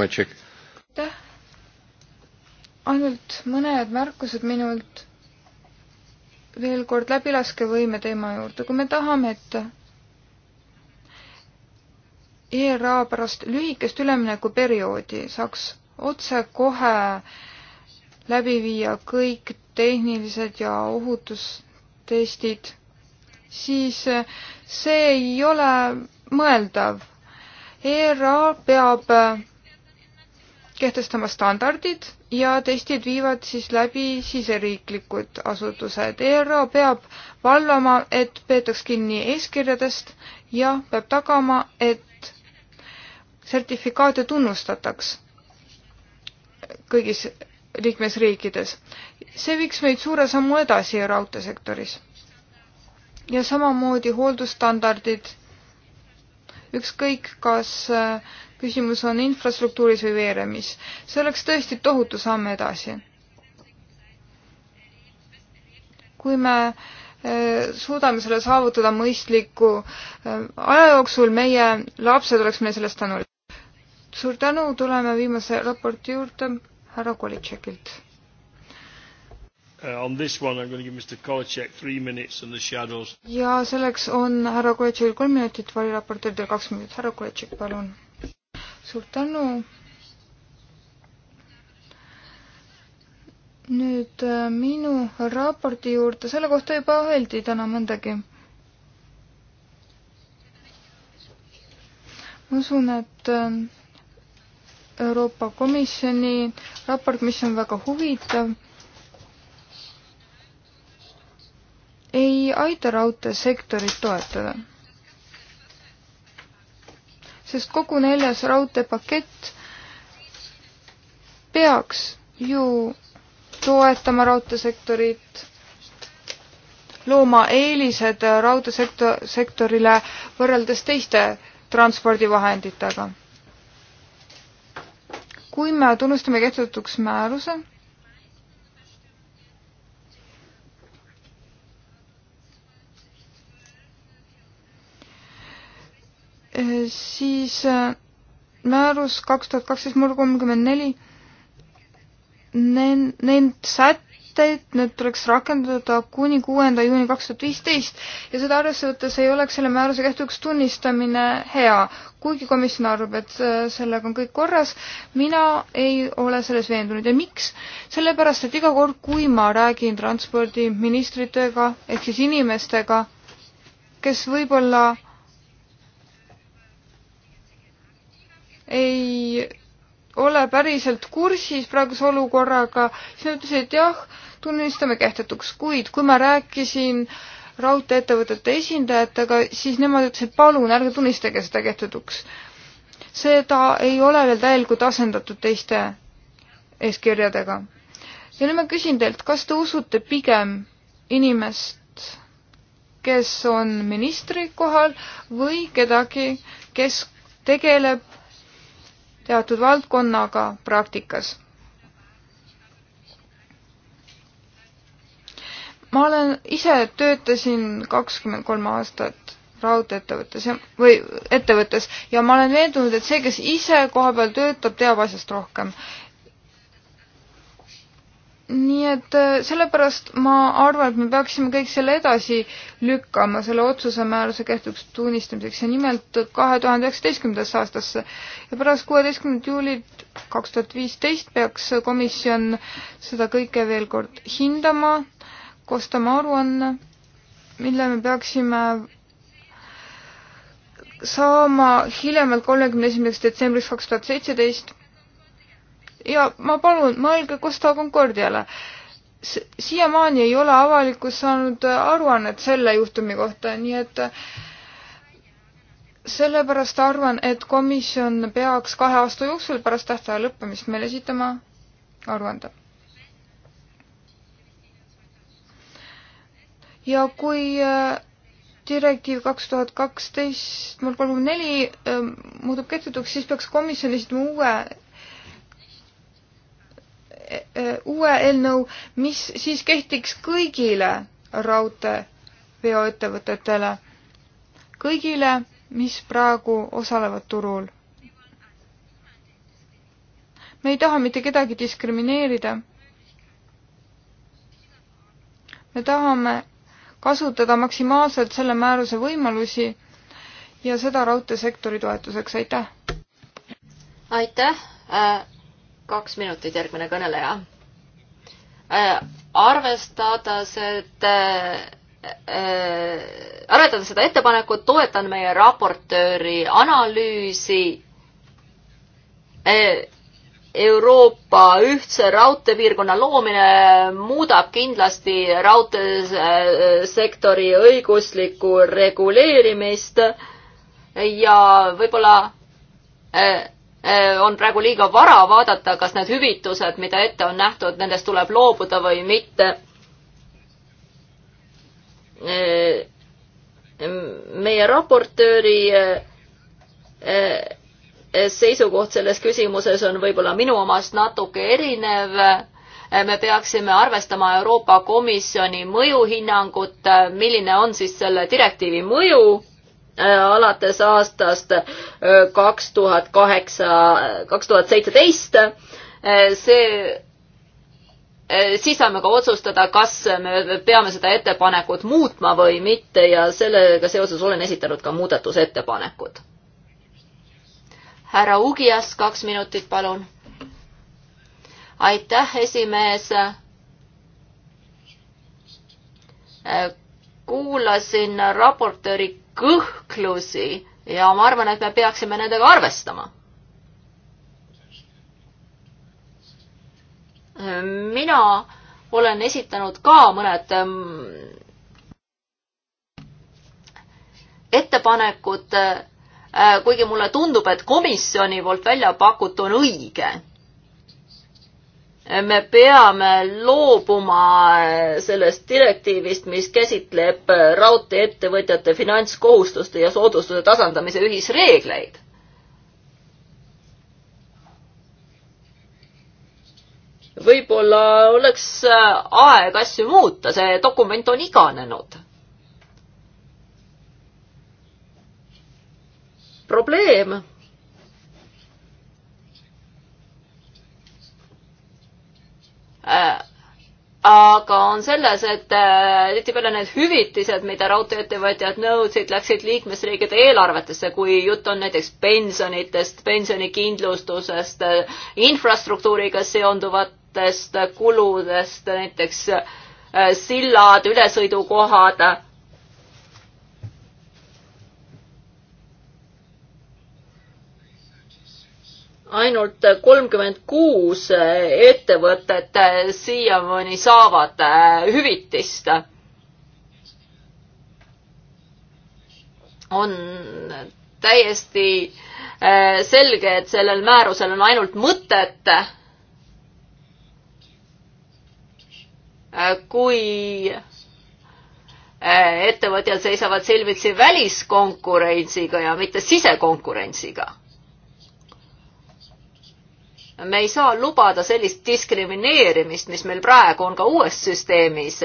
aitäh! ainult mõned märkused minult veel kord läbilaskevõime teema juurde, kui me tahame, et ERA pärast lühikest üleminekuperioodi saaks otsekohe läbi viia kõik tehnilised ja ohutustestid siis eh, see ei ole mõeldav. ERA peab eh, kehtestama standardid ja testid viivad siis läbi siseriiklikud asutused. ERA peab valvama, et peetaks kinni eeskirjadest ja peab tagama, et sertifikaate tunnustataks kõigis liikmesriikides. see viiks meid suure sammu edasi raudteesektoris ja samamoodi hooldusstandardid, ükskõik, kas äh, küsimus on infrastruktuuris või veeremis. see oleks tõesti tohutu samm edasi. kui me äh, suudame selle saavutada mõistliku äh, aja jooksul, meie lapsed oleks meile sellest tänulikud. suur tänu, tuleme viimase raporti juurde härra Kolitšekilt Uh, ja selleks on härra Koletšil kolm minutit, variraportööridel kaks minutit. härra Koletšik, palun. suur tänu. nüüd äh, minu raporti juurde, selle kohta juba öeldi täna mõndagi. ma usun, et äh, Euroopa Komisjoni raport, mis on väga huvitav ei aita raudteesektorit toetada. sest kogu neljas raudteepakett peaks ju toetama raudteesektorit, looma eelised raudteesektorile võrreldes teiste transpordivahenditega. kui me tunnustame kehtetuks määruse, siis äh, määrus kaks tuhat kaksteist murd kolmkümmend neli, need sätteid, need tuleks rakendada kuni kuuenda juuni kaks tuhat viisteist ja seda arvesse võttes ei oleks selle määruse kehtivaks tunnistamine hea, kuigi komisjon arvab, et äh, sellega on kõik korras, mina ei ole selles veendunud ja miks? sellepärast, et iga kord, kui ma räägin transpordiministritega ehk siis inimestega, kes võib-olla ei ole päriselt kursis praeguse olukorraga, siis nad ütlesid, et jah, tunnistame kehtetuks, kuid kui ma rääkisin raudteeettevõtete esindajatega, siis nemad ütlesid, palun ärge tunnistage seda kehtetuks. seda ei ole veel täielikult asendatud teiste eeskirjadega. ja nüüd ma küsin teilt, kas te usute pigem inimest, kes on ministri kohal või kedagi, kes tegeleb teatud valdkonnaga praktikas. ma olen, ise töötasin kakskümmend kolm aastat raudtee-ettevõttes ja, või ettevõttes ja ma olen veendunud, et see, kes ise kohapeal töötab, teab asjast rohkem nii et äh, sellepärast ma arvan, et me peaksime kõik selle edasi lükkama, selle otsuse määruse kehtuks tunnistamiseks ja nimelt kahe tuhande üheksateistkümnendasse aastasse. ja pärast kuueteistkümnendat juulit kaks tuhat viisteist peaks komisjon seda kõike veel kord hindama, koostama aruanne, mille me peaksime saama hiljemalt kolmekümne esimeseks detsembriks kaks tuhat seitseteist ja ma palun, mõelge Costa Concordiale. siiamaani ei ole avalikkus saanud äh, aruannet selle juhtumi kohta, nii et äh, sellepärast arvan, et komisjon peaks kahe aasta jooksul pärast tähtaja lõppemist meile esitama aruande. ja kui äh, direktiiv kaks tuhat kaksteist null kolmkümmend neli muutub kehtetuks, siis peaks komisjon esitama uue E, uue eelnõu, mis siis kehtiks kõigile raudteeveoettevõtetele, kõigile, mis praegu osalevad turul. me ei taha mitte kedagi diskrimineerida. me tahame kasutada maksimaalselt selle määruse võimalusi ja seda raudteesektori toetuseks, aitäh! aitäh äh,! kaks minutit, järgmine kõneleja. Äh, arvestades, et äh, äh, arvestades seda ettepanekut, toetan meie raportööri analüüsi Euroopa ühtse raudteepiirkonna loomine muudab kindlasti raudteesektori õiguslikku reguleerimist ja võib-olla Äh, on praegu liiga vara vaadata, kas need hüvitused, mida ette on nähtud, nendest tuleb loobuda või mitte. Äh, meie raportööri äh, seisukoht selles küsimuses on võib-olla minu omast natuke erinev. me peaksime arvestama Euroopa Komisjoni mõjuhinnangut, milline on siis selle direktiivi mõju Äh, alates aastast äh, kaks tuhat kaheksa, kaks tuhat seitseteist. Äh, see, siis saame ka otsustada, kas me peame seda ettepanekut muutma või mitte ja sellega seoses olen esitanud ka muudatusettepanekud. härra Ugias, kaks minutit, palun. aitäh, esimees kuulasin raportööri kõhklusi ja ma arvan, et me peaksime nendega arvestama. mina olen esitanud ka mõned ähm, ettepanekud, äh, kuigi mulle tundub, et komisjoni poolt välja pakutu on õige me peame loobuma sellest direktiivist, mis käsitleb raudteeettevõtjate finantskohustuste ja soodustuse tasandamise ühisreegleid. võib-olla oleks aeg asju muuta, see dokument on iganenud. probleem Äh, aga on selles, et äh, tihtipeale need hüvitised, mida raudteeettevõtjad nõudsid, läksid liikmesriikide eelarvetesse, kui jutt on näiteks pensionitest, pensionikindlustusest, äh, infrastruktuuriga seonduvatest kuludest, näiteks sillad, ülesõidukohad ainult kolmkümmend kuus ettevõtet siiamaani saavad äh, hüvitist. on täiesti äh, selge, et sellel määrusel on ainult mõtet. Äh, kui ettevõtjad seisavad silmitsi väliskonkurentsiga ja mitte sisekonkurentsiga me ei saa lubada sellist diskrimineerimist, mis meil praegu on ka uues süsteemis.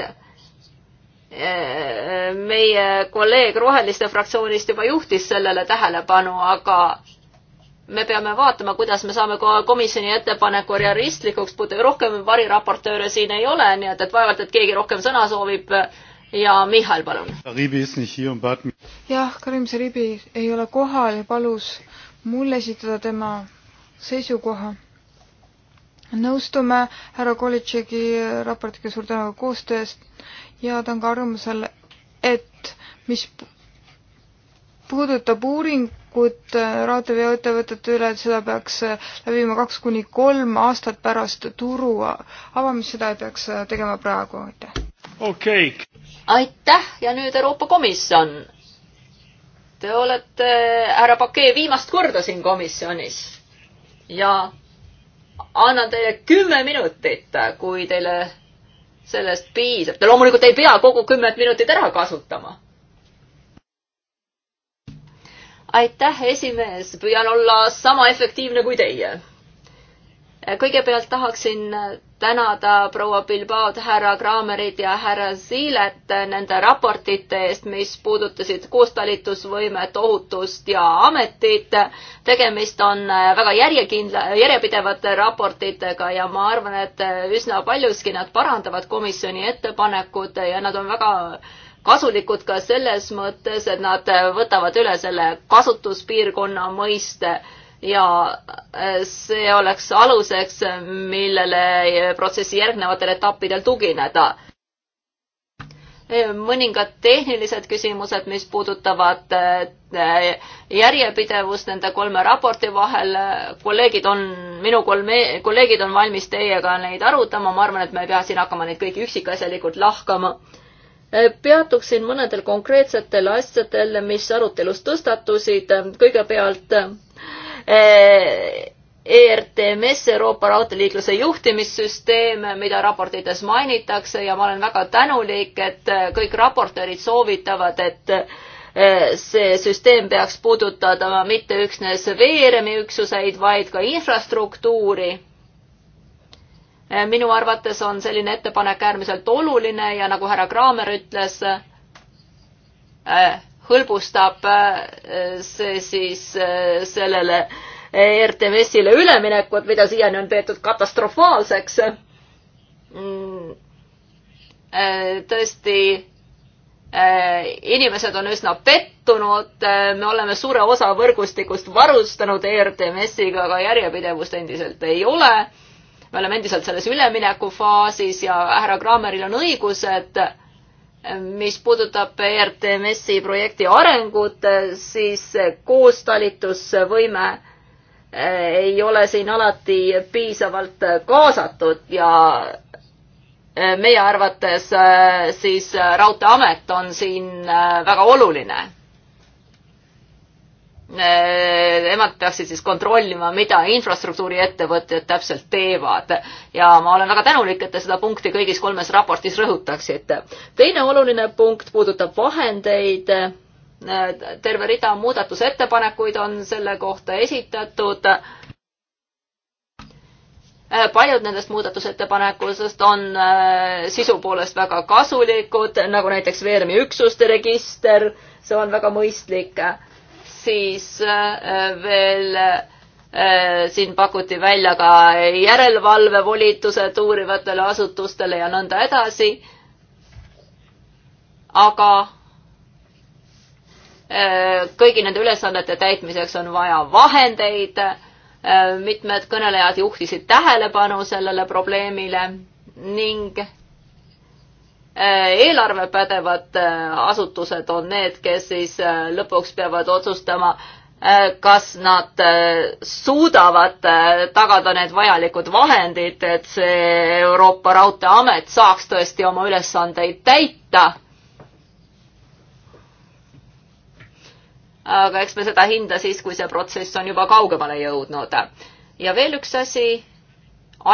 meie kolleeg Roheliste fraktsioonist juba juhtis sellele tähelepanu, aga me peame vaatama, kuidas me saame ka komisjoni ettepaneku realistlikuks, rohkem variraportööre siin ei ole, nii et, et vaevalt, et keegi rohkem sõna soovib ja Mihhail, palun. jah, Karim Zaribi ei ole kohal ja palus mul esitada tema seisukoha nõustume härra Kolitšegi raportiga, suur tänu koostöö eest ja ta on ka arvamusel, et mis puudutab uuringut raadioveoettevõtete üle, et seda peaks läbima kaks kuni kolm aastat pärast turu avamist, seda ei peaks tegema praegu, aitäh. okei okay.. aitäh ja nüüd Euroopa Komisjon. Te olete, härra Pakee, viimast korda siin komisjonis ja annan teile kümme minutit, kui teile sellest piisab. Te loomulikult ei pea kogu kümmet minutit ära kasutama. aitäh, esimees, püüan olla sama efektiivne kui teie. kõigepealt tahaksin tänada proua Bilbaod, härra Kraamerit ja härra Siilet nende raportite eest, mis puudutasid koostalitusvõimet, ohutust ja ametit. tegemist on äh, väga järjekindla, järjepidevate raportitega ja ma arvan, et äh, üsna paljuski nad parandavad komisjoni ettepanekud ja nad on väga kasulikud ka selles mõttes, et nad äh, võtavad üle selle kasutuspiirkonna mõiste ja äh, see oleks aluseks, millele äh, protsessi järgnevatel etappidel tugineda. Äh, mõningad tehnilised küsimused, mis puudutavad järjepidevust nende kolme raporti vahel. kolleegid on, minu kolme, kolleegid on valmis teiega neid arutama, ma arvan, et me ei pea siin hakkama neid kõiki üksikasjalikult lahkama peatuksin mõnedel konkreetsetel asjadel, mis arutelus tõstatusid. kõigepealt ERTMS, eh, e Euroopa raudteeliikluse juhtimissüsteem, mida raportites mainitakse ja ma olen väga tänulik, et eh, kõik raportöörid soovitavad, et eh, see süsteem peaks puudutama mitte üksnes veeremi üksuseid, vaid ka infrastruktuuri. minu arvates on selline ettepanek äärmiselt oluline ja nagu härra Kraamer ütles, hõlbustab äh, see siis äh, sellele äh, RTMS-ile üleminekut, mida siiani on peetud katastrofaalseks. Mm. tõesti, inimesed on üsna pettunud, me oleme suure osa võrgustikust varustanud ERTMS-iga, aga järjepidevust endiselt ei ole. me oleme endiselt selles üleminekufaasis ja härra Krammeril on õigus, et mis puudutab ERTMS-i projekti arengut, siis koostalitusvõime eh, ei ole siin alati piisavalt kaasatud ja eh, meie arvates eh, siis Raudteeamet on siin väga oluline nemad äh, peaksid siis kontrollima, mida infrastruktuuriettevõtted täpselt teevad. ja ma olen väga tänulik, et te seda punkti kõigis kolmes raportis rõhutaksite. teine oluline punkt puudutab vahendeid. Äh, terve rida muudatusettepanekuid on selle kohta esitatud. Äh, paljud nendest muudatusettepanekutest on sisu poolest väga kasulikud, nagu näiteks Veermi üksuste register, see on väga mõistlik siis äh, veel äh, siin pakuti välja ka järelevalvevolitused uurivatele asutustele ja nõnda edasi. aga äh, kõigi nende ülesannete täitmiseks on vaja vahendeid. mitmed kõnelejad juhtisid tähelepanu sellele probleemile ning Äh, eelarvepädevad äh, asutused on need, kes siis äh, lõpuks peavad otsustama, kas nad suudavad tagada need vajalikud vahendid, et see Euroopa Raudteeamet saaks tõesti oma ülesandeid täita. aga eks me seda hinda siis, kui see protsess on juba kaugemale jõudnud. ja veel üks asi,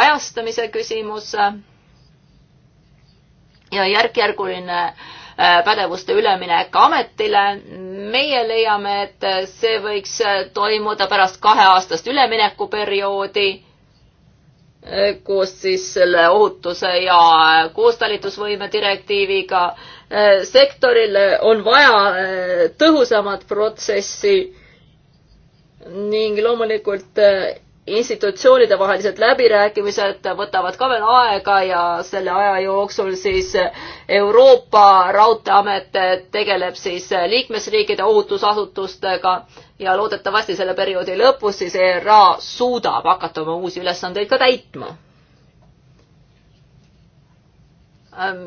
ajastamise küsimus ja järk-järguline äh, pädevuste üleminek ametile. meie leiame, et see võiks toimuda pärast kaheaastast üleminekuperioodi, äh, koos siis selle ohutuse ja koostalitusvõime direktiiviga. Äh, sektorile on vaja tõhusamat protsessi ning loomulikult institutsioonide vahelised läbirääkimised võtavad ka veel aega ja selle aja jooksul siis Euroopa Raudteeamet tegeleb siis liikmesriikide ohutusasutustega ja loodetavasti selle perioodi lõpus siis ERA suudab hakata oma uusi ülesandeid ka täitma. Ehm,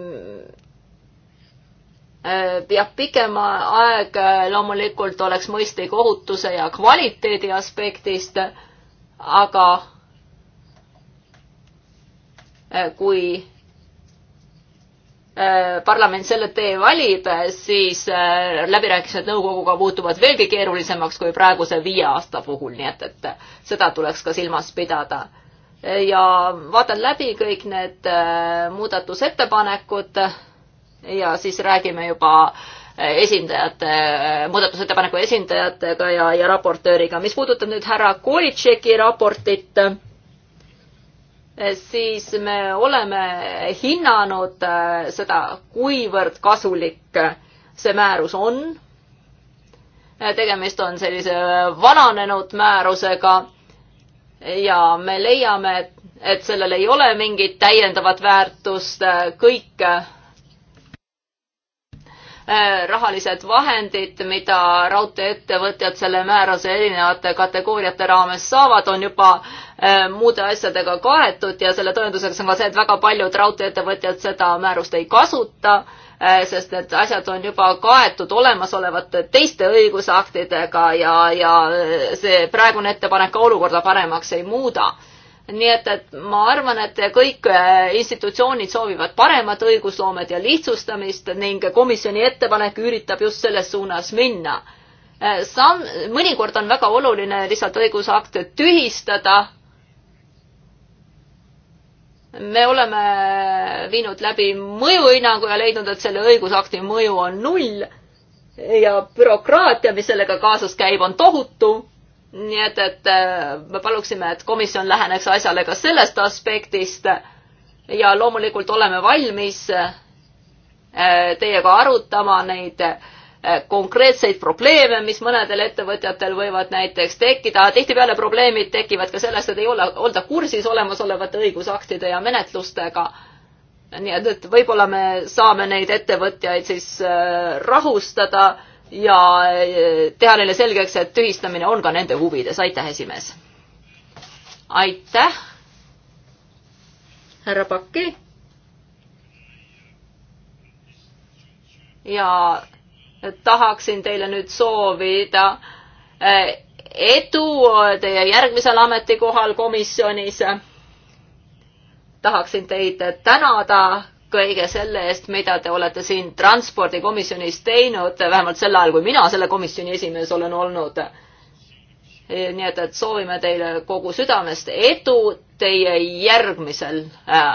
ehm, jah, pikema aeg loomulikult oleks mõistlik ohutuse ja kvaliteedi aspektist aga äh, kui äh, parlament selle tee valib, siis äh, läbirääkimised nõukoguga muutuvad veelgi keerulisemaks kui praeguse viie aasta puhul, nii et, et seda tuleks ka silmas pidada. ja vaatan läbi kõik need muudatusettepanekud ja siis räägime juba äh, esindajate, muudatusettepaneku esindajatega ja, ja raportööriga. mis puudutab nüüd härra Kolitšeki raportit, siis me oleme hinnanud äh, seda, kuivõrd kasulik see määrus on. Äh, tegemist on sellise vananenud määrusega ja me leiame, et, et sellel ei ole mingit täiendavat väärtust, äh, kõik Äh, rahalised vahendid, mida raudteeettevõtjad selle määruse erinevate kategooriate raames saavad, on juba äh, muude asjadega kaetud ja selle tõenduseks on ka see, et väga paljud raudteeettevõtjad seda määrust ei kasuta, äh, sest need asjad on juba kaetud olemasolevate teiste õigusaktidega ja, ja see praegune ettepanek olukorda paremaks ei muuda nii et, et ma arvan, et kõik äh, institutsioonid soovivad paremat õigusloomet ja lihtsustamist ning komisjoni ettepanek üritab just selles suunas minna. Äh, sam-, mõnikord on väga oluline lihtsalt õigusakte tühistada. me oleme viinud läbi mõjuhinnangu ja leidnud, et selle õigusakti mõju on null ja bürokraatia, mis sellega kaasas käib, on tohutu nii et, et äh, me paluksime, et komisjon läheneks asjale ka sellest aspektist ja loomulikult oleme valmis äh, teiega arutama neid äh, konkreetseid probleeme, mis mõnedel ettevõtjatel võivad näiteks tekkida. tihtipeale probleemid tekivad ka sellest, et ei ole, olda kursis olemasolevate õigusaktide ja menetlustega. nii et, et võib-olla me saame neid ettevõtjaid siis rahustada ja e, teha neile selgeks, et tühistamine on ka nende huvides. aitäh, esimees! aitäh, härra Pakki! ja tahaksin teile nüüd soovida e, edu teie järgmisel ametikohal komisjonis. tahaksin teid tänada kõige selle eest, mida te olete siin transpordikomisjonis teinud, vähemalt sel ajal, kui mina selle komisjoni esimees olen olnud. E, nii et, et soovime teile kogu südamest edu teie järgmisel äh,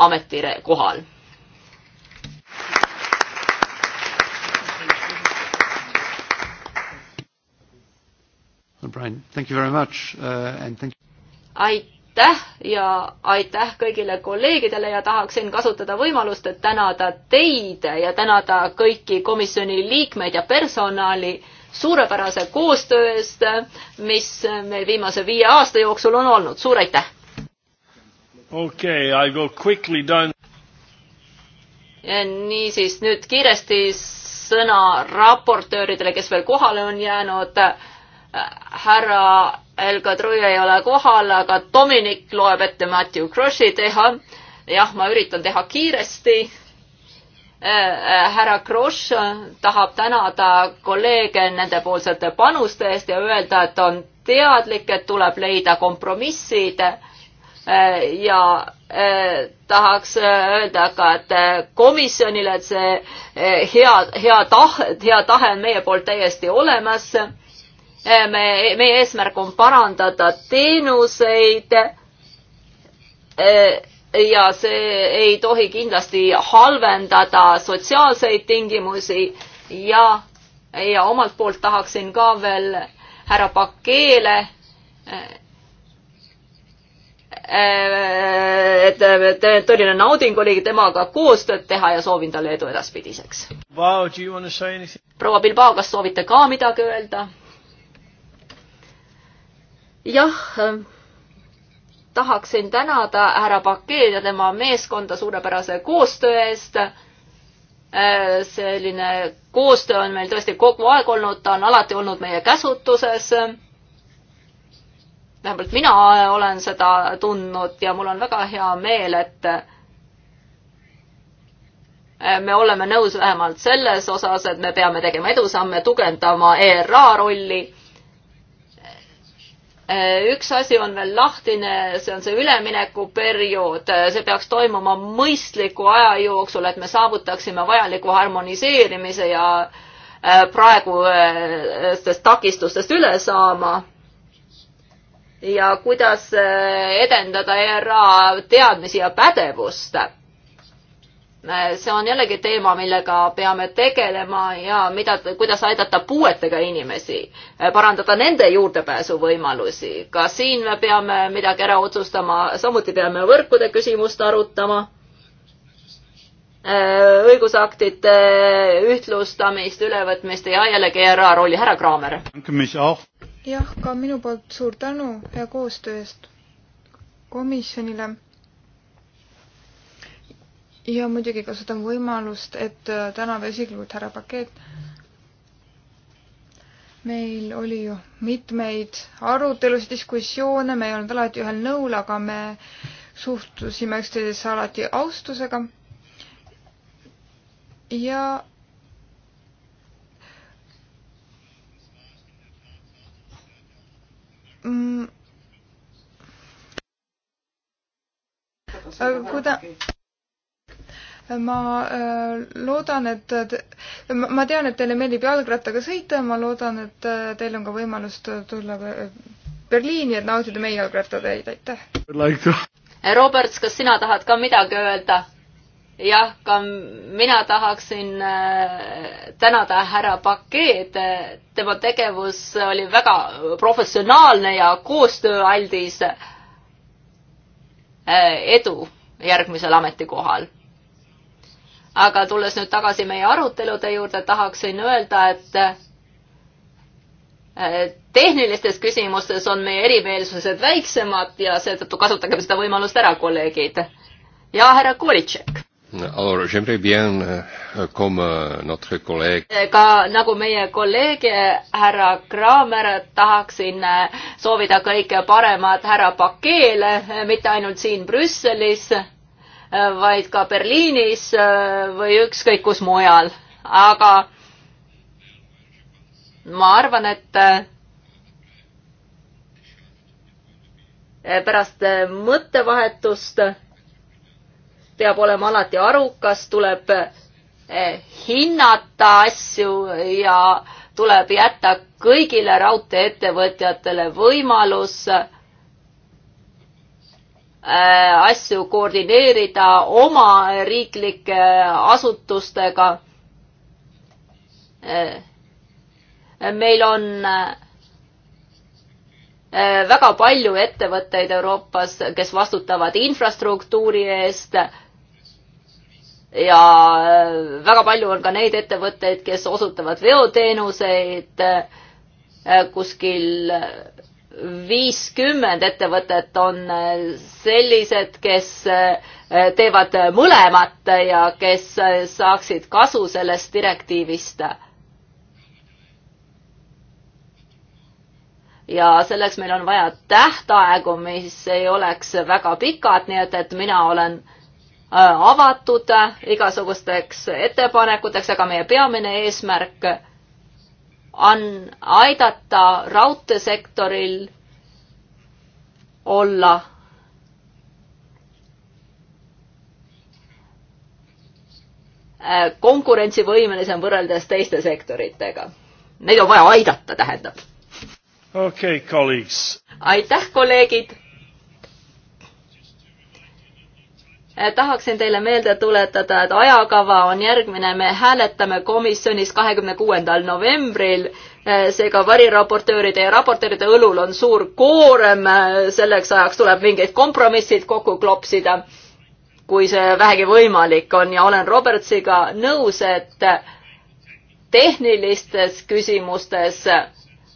ametikohal. Brian, thank you very much uh, and thank you. aitäh aitäh ja aitäh kõigile kolleegidele ja tahaksin kasutada võimalust, et tänada teid ja tänada kõiki komisjoni liikmeid ja personali suurepärase koostöö eest, mis meil viimase viie aasta jooksul on olnud. suur aitäh! okei okay,, I go quickly down. niisiis nüüd kiiresti sõna raportööridele, kes veel kohale on jäänud härra Helga Truia ei ole kohal, aga Dominic loeb ette Matthew Croshi teha. jah, ma üritan teha kiiresti. Äh, äh, härra Krosh tahab tänada kolleege nendepoolsete panuste eest ja öelda, et on teadlik, et tuleb leida kompromissid äh, ja tahaks öelda ka, et komisjonile, et see hea, hea tahe, hea tahe on meie poolt täiesti olemas me, meie eesmärk on parandada teenuseid eh, ja see ei tohi kindlasti halvendada sotsiaalseid tingimusi ja, ja omalt poolt tahaksin ka veel härra Pakeele eh, et tõeline nauding oligi temaga koostööd teha ja soovin talle edu edaspidiseks wow,. proua Bilbao, kas soovite ka midagi öelda? jah, ähm, tahaksin tänada härra Pakeed ja tema meeskonda suurepärase koostöö eest. Äh, selline koostöö on meil tõesti kogu aeg olnud, ta on alati olnud meie käsutuses. vähemalt mina olen seda tundnud ja mul on väga hea meel, et äh, me oleme nõus vähemalt selles osas, et me peame tegema edusamme, tugevdama ERA rolli Äh, üks asi on veel lahtine, see on see üleminekuperiood, äh, see peaks toimuma mõistliku aja jooksul, et me saavutaksime vajaliku harmoniseerimise ja äh, praegustest takistustest üle saama. ja kuidas edendada ERA teadmisi ja pädevust see on jällegi teema, millega peame tegelema ja mida, kuidas aidata puuetega inimesi, parandada nende juurdepääsuvõimalusi. ka siin me peame midagi ära otsustama, samuti peame võrkude küsimust arutama, äh, õigusaktide ühtlustamist, ülevõtmist ja jällegi ERA rolli. härra Kraamer. jah, ka minu poolt suur tänu hea koostöö eest komisjonile ja muidugi kasutan võimalust, et äh, tänada isiklikult härra Pakett. meil oli ju mitmeid arutelusid, diskussioone, me ei olnud alati ühel nõul, aga me suhtusime üksteisesse alati austusega. ja mm, kui ta ma äh, loodan, et ma tean, et teile meeldib jalgrattaga sõita ja ma loodan, et äh, teil on ka võimalus tulla äh, Berliini, et nautida meie jalgrattateid, aitäh like! Roberts, kas sina tahad ka midagi öelda? jah, ka mina tahaksin tänada härra Pakeed, tema tegevus oli väga professionaalne ja koostööaldis. edu järgmisel ametikohal aga tulles nüüd tagasi meie arutelude juurde, tahaksin öelda, et eh, tehnilistes küsimustes on meie erimeelsused väiksemad ja seetõttu kasutagem seda võimalust ära, kolleegid. ja härra Kolitšek. Alors j'aimerais bien, euh, comme euh, notre collègue eh, ka nagu meie kolleeg härra Kraamer, tahaksin eh, soovida kõike paremat härra Pakeele, mitte ainult siin Brüsselis vaid ka Berliinis äh, või ükskõik kus mujal. aga ma arvan, et äh, pärast äh, mõttevahetust peab olema alati arukas, tuleb hinnata asju ja tuleb jätta kõigile raudteeettevõtjatele võimalus äh, Äh, asju koordineerida oma riiklike äh, asutustega. Äh, meil on väga palju ettevõtteid Euroopas, kes vastutavad infrastruktuuri eest ja väga palju on ka neid ettevõtteid, kes osutavad veoteenuseid kuskil viiskümmend ettevõtet on äh, sellised, kes äh, teevad mõlemat ja kes äh, saaksid kasu sellest direktiivist. ja selleks meil on vaja tähtaegu, mis ei oleks väga pikad, nii et, et mina olen avatud igasugusteks ettepanekuteks, aga meie peamine eesmärk on aidata raudteesektoril olla konkurentsivõimelisem võrreldes teiste sektoritega. Neid on vaja aidata, tähendab. okei okay,, kolleegid. aitäh, kolleegid Eh, tahaksin teile meelde tuletada, et ajakava on järgmine, me hääletame komisjonis kahekümne kuuendal novembril, eh, seega variraportööride ja raportööride õlul on suur koorem, eh, selleks ajaks tuleb mingeid kompromissid kokku klopsida, kui see vähegi võimalik on ja olen Robertsiga nõus, et tehnilistes küsimustes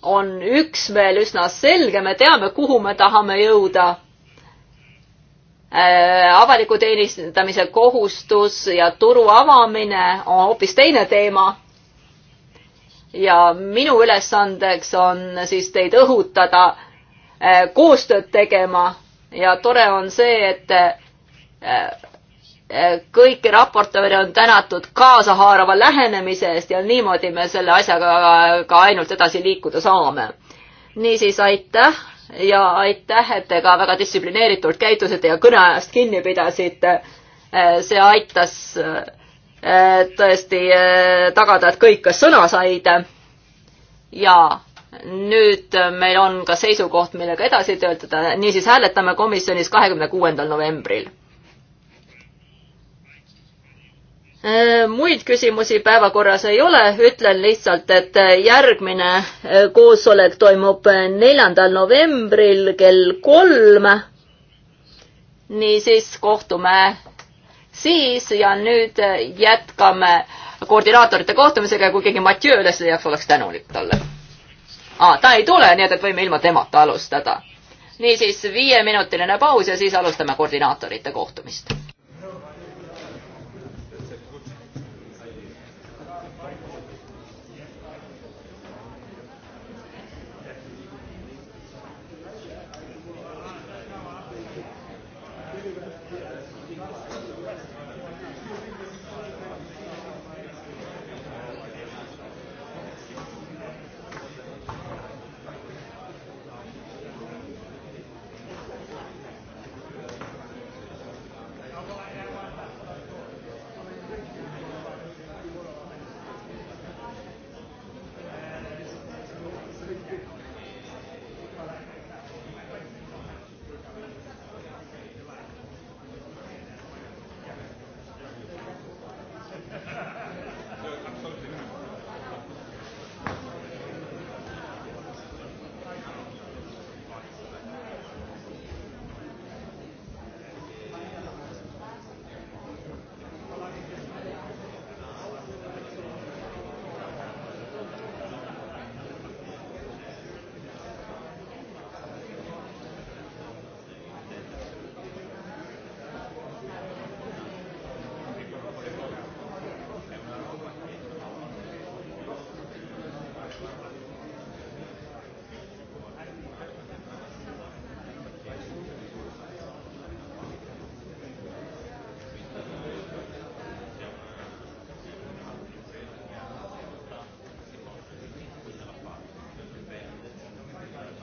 on üksmeel üsna selge, me teame, kuhu me tahame jõuda Äh, avaliku teenistamise kohustus ja turu avamine on hoopis teine teema. ja minu ülesandeks on siis teid õhutada äh, koostööd tegema ja tore on see, et äh, kõik raportööre on tänatud kaasahaarava lähenemise eest ja niimoodi me selle asjaga ka ainult edasi liikuda saame. niisiis, aitäh ja aitäh, et te ka väga distsiplineeritult käitusite ja kõneajast kinni pidasite. Eh, see aitas eh, tõesti eh, tagada, et kõik ka sõna said. ja nüüd meil on ka seisukoht, millega edasi töötada, niisiis hääletame komisjonis kahekümne kuuendal novembril Äh, muid küsimusi päevakorras ei ole, ütlen lihtsalt, et äh, järgmine äh, koosolek toimub neljandal novembril kell kolm. niisiis kohtume siis ja nüüd jätkame koordinaatorite kohtumisega, kui keegi Mathieu üles leiaks, oleks tänulik talle ah,. ta ei tule, nii et, et võime ilma temata alustada. niisiis viieminutiline paus ja siis alustame koordinaatorite kohtumist